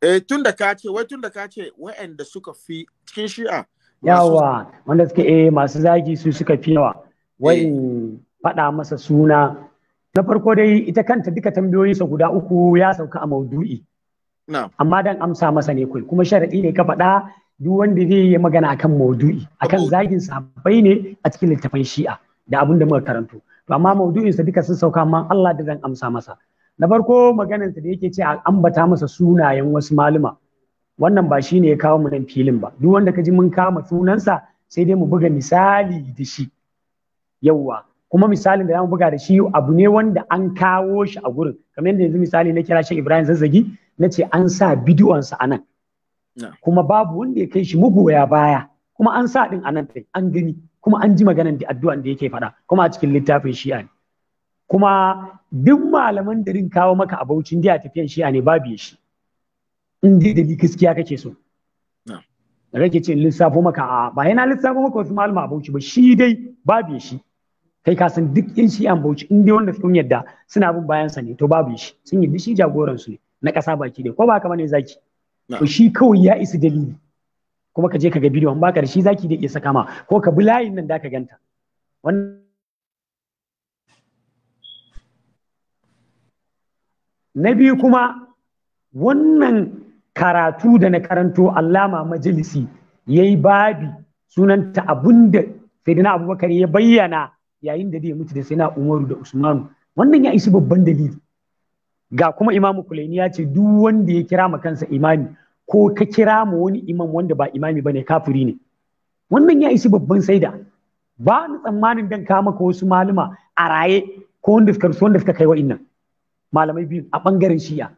eh tun da ka ce wai tun da ka ce wa'anda suka fi cikin shi'a yawa wanda suke eh masu zagi su suka fi yawa wai eh. faɗa masa suna na farko dai ita kanta duka sa guda uku ya sauka a maudu'i amma dan amsa masa ne kai kuma sharaɗi ne ka faɗa duk wanda zai yi magana akan maudu'i akan zagin sabai ne a cikin littafin shi'a da abin da muka karanto to amma maudu'insa duka sun sauka amma Allah da zan amsa masa na farko maganarsa da yake ce a ambata masa sunayen wasu maluma wannan ba shine ya kawo mu nan filin ba duk wanda ka ji mun kama sunansa sai dai mu buga misali da shi yawwa kuma misalin da za mu buga da shi abu ne wanda an kawo shi a gurin kamar yadda yanzu misali na kira shi Ibrahim Zazzagi na ce an sa bidiyonsa a nan kuma babu wanda ya kai shi goya baya kuma an sa din a nan an gani kuma an ji maganan da addu'an da yake faɗa kuma a cikin littafin shi'a ne kuma duk malaman da rin kawo maka abaucin da tafiyan shi'a ne babu shi in dai da gaskiya kake so rage ce lissafo maka a ba yana lissafo maka wasu malama a bauchi ba shi dai babu shi kai ka san duk in shi an bauchi in wanda sun yadda suna bin bayan sa ne to babu shi sun yadda shi jagoran su ne na ƙasa baki dai ko ba haka bane zaki to shi kawai ya isa dalili kuma ka je ka ga an ba da shi zaki da iya saka ma ko ka bi layin nan da ka ganta na biyu kuma wannan karatu da na karanto allama majalisi ya yi babi sunanta abun da sayyidina abubakar ya bayyana yayin da zai mutu da saina umaru da usmanu wannan ya isi babban dalili ga kuma imamu kulaini ya ce duk wanda ya kira ma kansa imami ko ka kira ma wani imam wanda ba imami ba ne kafiri ne wannan ya isi babban saida ba ni tsammanin dan ka maka wasu malama a raye ko wanda suka wanda suka kai wa'innan malamai biyu a ɓangaren shi'a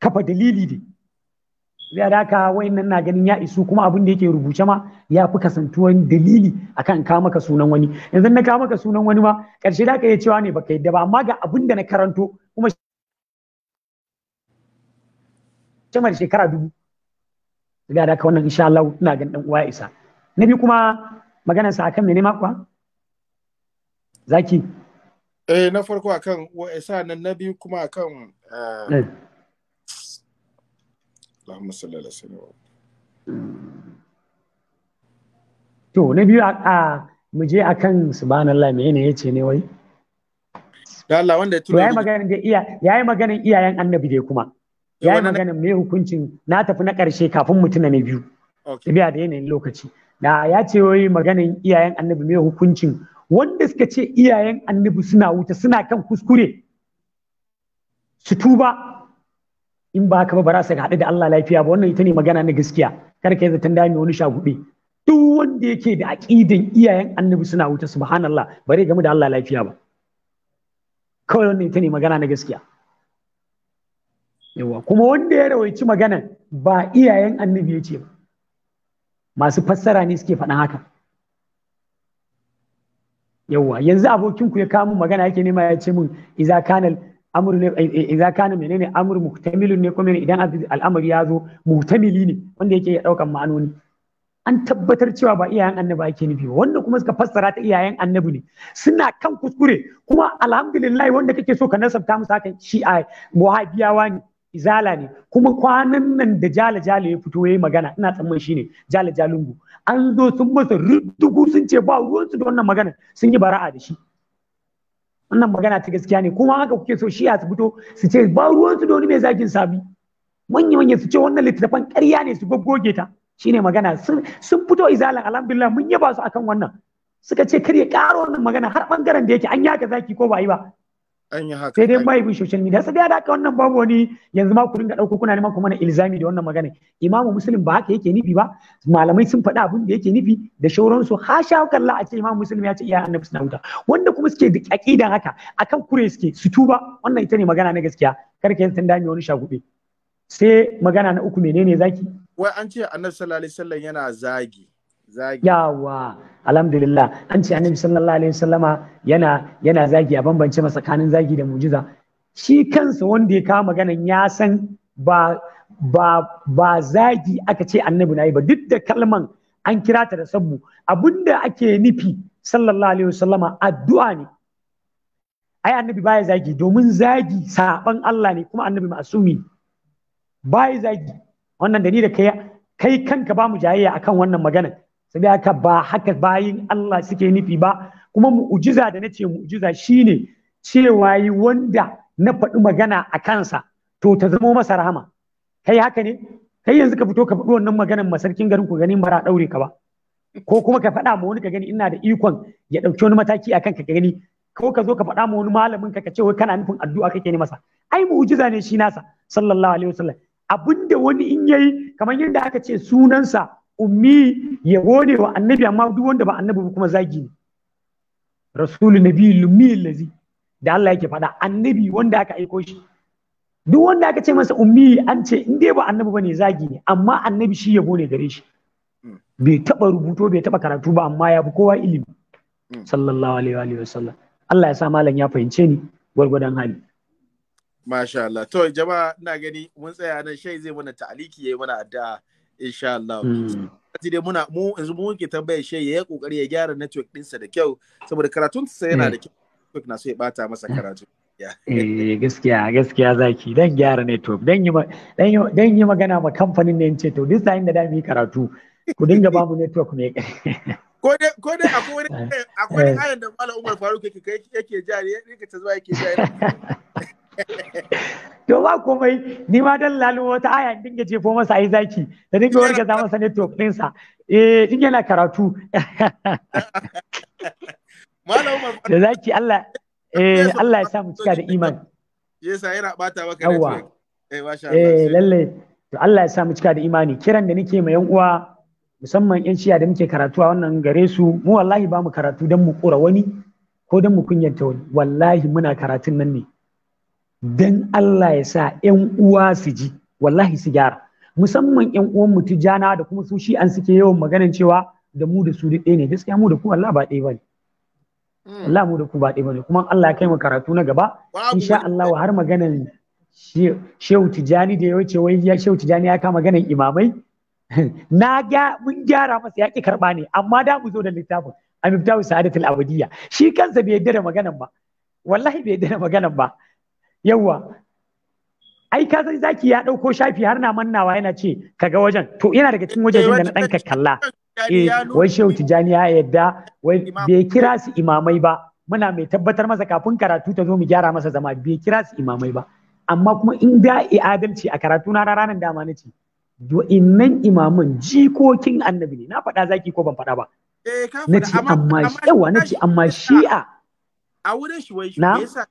kafa dalili ne ya da haka wayannan na ganin ya isu kuma abin da yake rubuce ma ya fi kasantuwar dalili akan ka maka sunan wani yanzu na ka maka sunan wani ma karshe da ka yi cewa ne baka yadda ba amma ga abin da na karanto kuma ne shekara dubu ga da haka wannan insha Allah ina ganin dan uwa isa na bi kuma maganar sa akan mene kuwa zaki eh na farko akan isa nan na biyu kuma akan eh, eh. Allahumma salli ala sayyidina To na biyu a mu je akan subhanallah me ne yace ne wai? Da Allah wanda ya tura Yayi maganin da iya yayi maganin iyayen annabi dai kuma. Yayi maganin me hukuncin na tafi na karshe kafin mutuna na biyu. biya da yanayin lokaci. Da ya ce wai maganin iyayen annabi me hukuncin wanda suka ce iyayen annabi suna wuta suna kan kuskure su tuba in ba haka ba ba za su haɗu da Allah lafiya ba wannan ita ne magana na gaskiya kar ka yi zaton dami wani gube duk wanda yake da aqidan iyayen annabi suna wuta subhanallah bare game da Allah lafiya ba kawai wannan ita ne magana na gaskiya yawa kuma wanda ya rawaici magana ba iyayen annabi ya ce ba masu fassara ne suke faɗan haka yawa yanzu abokinku ya kawo magana yake nema ya ce min iza kanal amur ne eh, eh, idza kana menene amur muhtamilun ne kuma idan al'amari ya zo muhtamili ne wanda yake ya daukan ma'anoni an tabbatar cewa ba iyayen annabi ake nufi wanda kuma suka fassara ta iyayen annabi ne suna kan kuskure kuma alhamdulillah wanda kake so ka nasabta musu hakan shi a wahabiyawa ne izala ne kuma kwanan nan da jala jala ya fito yayi magana ina tsamman shi jale jala jalungu an zo sun masa ruddugu sun ce ba ruwansu da wannan magana sun yi bara'a da shi wannan magana ta gaskiya ne kuma haka kuke so shi a su fito su ce ba ruwansu su doni mai zagin sami manya manya su ce wannan littattafan ƙarya ne su goggoge ta shine magana sun fito izalan alhamdulillah mun yaba su akan wannan suka ce kar ya ƙara wannan magana har bangaren da yake an yaka zaki ko ba yi ba sai dai bai bin social media sai da haka wannan babu wani yanzu ma ku dinga dauko kuna neman ku mana ilzami da wannan magana imamu muslim ba haka yake nufi ba malamai sun faɗa abin da yake nufi da shauransu hasha kalla a ce imamu muslim ya ce iya annabi suna huta wanda kuma suke da aqidan haka akan kure suke su tuba wannan ita ne magana na gaskiya kar ka yantan dami wani shagube sai magana na uku menene zaki wai an ce annabi sallallahu alaihi wasallam yana zagi yawa alhamdulillah an ce annabi sallallahu alaihi wasallama yana yana zagi a bambance tsakanin zagi da mujiza shi kansa wanda ya kawo maganan ya san ba zagi aka ce annabi na yi ba duk da kalman an kira ta da sabbu abinda ake nufi sallallahu alaihi wasallama addu'a ne ai annabi baya zagi domin zagi saban Allah ne kuma annabi ma'asumi baya zagi wannan da ni da kai kai kanka ba mu jayayya akan wannan maganan sabi haka ba haka bayin Allah suke nufi ba kuma mu'jiza da nace mu'jiza shine cewa yi wanda na faɗi magana a kansa to ta zamo masa rahama kai haka ne kai yanzu ka fito ka faɗi wannan maganar masarkin garin ku gani mara daure ka ba ko kuma ka faɗa ma wani ka gani ina da ikon ya ɗauki wani mataki akan ka gani ko ka zo ka faɗa ma wani malamin ka ka ce wai kana nufin addu'a kake ne masa ai mu'jiza ne shi nasa sallallahu alaihi wasallam abinda wani in yayi kamar yadda aka ce sunansa ummi ya gode wa annabi amma duk wanda ba annabi kuma zagi ne rasulun nabi lummi lazi da Allah yake faɗa annabi wanda aka aiko shi duk wanda aka ce masa ummi an ce in dai ba annabi bane zagi ne amma annabi shi ya gode gare shi hmm. bai taba rubuto bai taba karatu ba amma ya fi kowa ilimi hmm. sallallahu alaihi wa sallam Allah ya sa malam ya fahimce ni gwargwadon hali Masha Allah. To jama'a ina gani mun tsaya nan shai zai mana ta'aliki yi mana addu'a insha Allah kaji hmm. dai muna mu yanzu mu ke tambaya shi ya kokari ya gyara network dinsa da kyau saboda karatun sa yana hmm. da kyau network na so ya bata masa hmm. karatu eh gaskiya gaskiya zaki dan gyara network dan yi dan yi magana ma kamfanin ne ce to duk sa'in da da mu yi karatu ku dinga babu network mai ko dai ko dai akwai wani akwai eh. ayan da Malam Umar Faruk yake yake jari yake ta zuwa yake jari to ba komai ni ma dan lalu wata aya in dinga jefo masa ai zaki da dinga warga za masa din sa eh din yana karatu da zaki Allah eh Allah ya sa mu cika da iman yasa yana bata maka network eh masha Allah eh lalle to Allah ya sa mu cika da imani kiran da nake mai yan uwa musamman yan shiya da muke karatu a wannan gare su mu wallahi ba mu karatu dan mu kura wani ko dan mu kunyanta wani wallahi muna karatun nan ne dan Allah ya sa ƴan uwa su ji wallahi su gyara musamman ƴan uwan mu tijana da kuma su shi an suke yawan maganan cewa da mu da su duk ɗaya ne gaskiya mu da ku Allah ba ɗaya bane hmm. Allah mu da ku ba ɗaya bane kuma Allah ya kai mu karatu na gaba insha Allah har maganan Shehu Tijani da ya wuce wai ya Shehu Tijani ya kama maganan imamai na ga mun gyara masa ya ki karɓa ne amma da mu zo da littafin a miftahu sa'adatul abadiyya shi kansa bai yarda da maganan ba wallahi bai yarda da maganan ba yawwa ai ka san zaki ya dauko shafi har na mannawa yana ce kaga wajen to yana daga cikin wajen eh, da na danka kalla eh wai shehu tijani ya yadda wai bai kira su imamai ba muna mai tabbatar masa kafin karatu ta zo mu gyara masa zama bai kira su imamai ba amma kuma in da adalci a karatu na ranar dama na ce innan imaman jikokin annabi ne na faɗa zaki ko ban faɗa ba eh, ka amma na amma shi'a a wurin shi wai shi yasa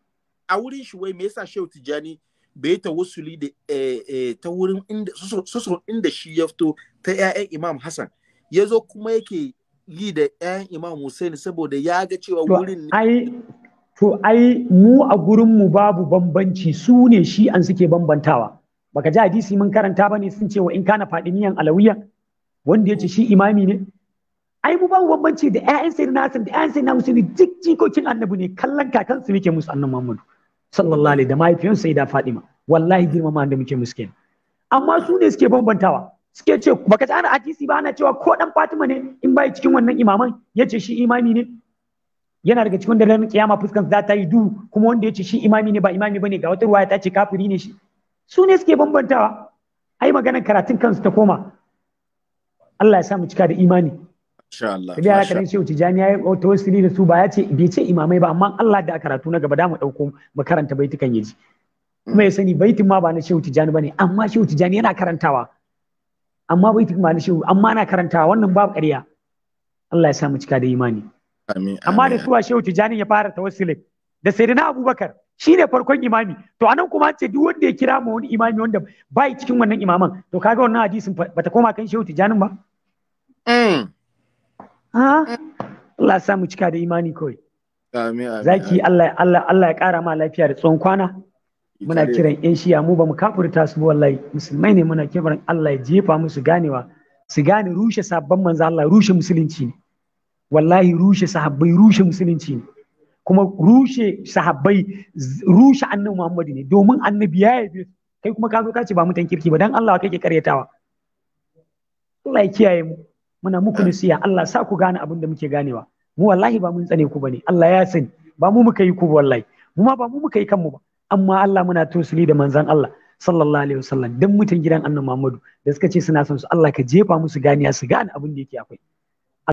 a wurin shi wai me yasa Shehu Tijjani bai ta wasuli da eh, eh, ta wurin inda inda shi ya fito ta 'ya'yan Imam Hassan ya zo kuma yake yi da 'ya'yan Imam Hussein saboda ya ga cewa wurin ai to ai mu a gurin mu babu bambanci su ne shi an suke bambantawa baka ji hadisi mun karanta bane sun ce wa in kana fadimiyan alawiya wanda yace shi imami ne ai mu babu bambanci da 'ya'yan sayyidina Hassan da 'ya'yan sayyidina Hussein duk jikokin annabi ne kallon kakansu muke musu annabi Muhammadu sallallahu alaihi da mahaifiyan da Fatima wallahi girmama da muke muskin. amma su ne suke bambantawa suke ce baka ta ana hadisi ba ana cewa ko dan Fatima ne in bai cikin wannan imaman yace shi imami ne yana daga cikin na kiyama fuskan za ta yi du kuma wanda yace shi imami ne ba imami bane ga wata ruwaya ta ce kafiri ne shi su ne suke bambantawa ai maganar karatun kansu ta koma Allah ya sa mu cika da imani Insha Allah. Tabi haka nan Shehu Tijani yayi tawassuli da su ba ya ce bai ce imamai ba amma Allah da karatu na gaba da mu dauko mu karanta baitukan yaji. Kuma ya sani baitin ma ba na Shehu Tijani bane amma Shehu Tijani yana karantawa. Amma baitin ma na Shehu amma na karantawa wannan babu ƙarya. Allah ya sa mu cika da imani. Amin. Amma da suwa Shehu Tijani ya fara tawassuli da Sayyidina Abubakar shi ne farkon imami to anan kuma ce duk wanda ya kira mu wani imami wanda bai cikin wannan imaman to kaga wannan hadisin bata koma kan Shehu Tijanin ba. Mm. Eh. Allah ya samu cika da imani kawai zaki Allah Allah Allah ya kara ma lafiya da tsawon kwana muna kiran yan shiya mu bamu kafurta su wallahi musulmai ne muna kiran Allah ya jefa musu ganewa su gane rushe sabon manzo Allah rushe musulunci ne wallahi rushe sahabbai rushe musulunci ne kuma rushe sahabbai rushe annabi Muhammadu ne domin annabi ya yabe kai kuma ka zo ka ce ba mutan kirki ba dan Allah kake karyatawa Allah ya kiyaye mu muna muku nasiha Allah sa ku gane abin da muke ganewa mu wallahi ba mun tsane ku bane Allah ya sani ba mu muka yi ku wallahi mu ma ba mu muka yi kanmu ba amma Allah muna tosili da manzan Allah sallallahu alaihi wasallam dan mutan gidan annabi Muhammadu da suka ce suna son su Allah ka jefa musu ganiya su gane abin da yake akwai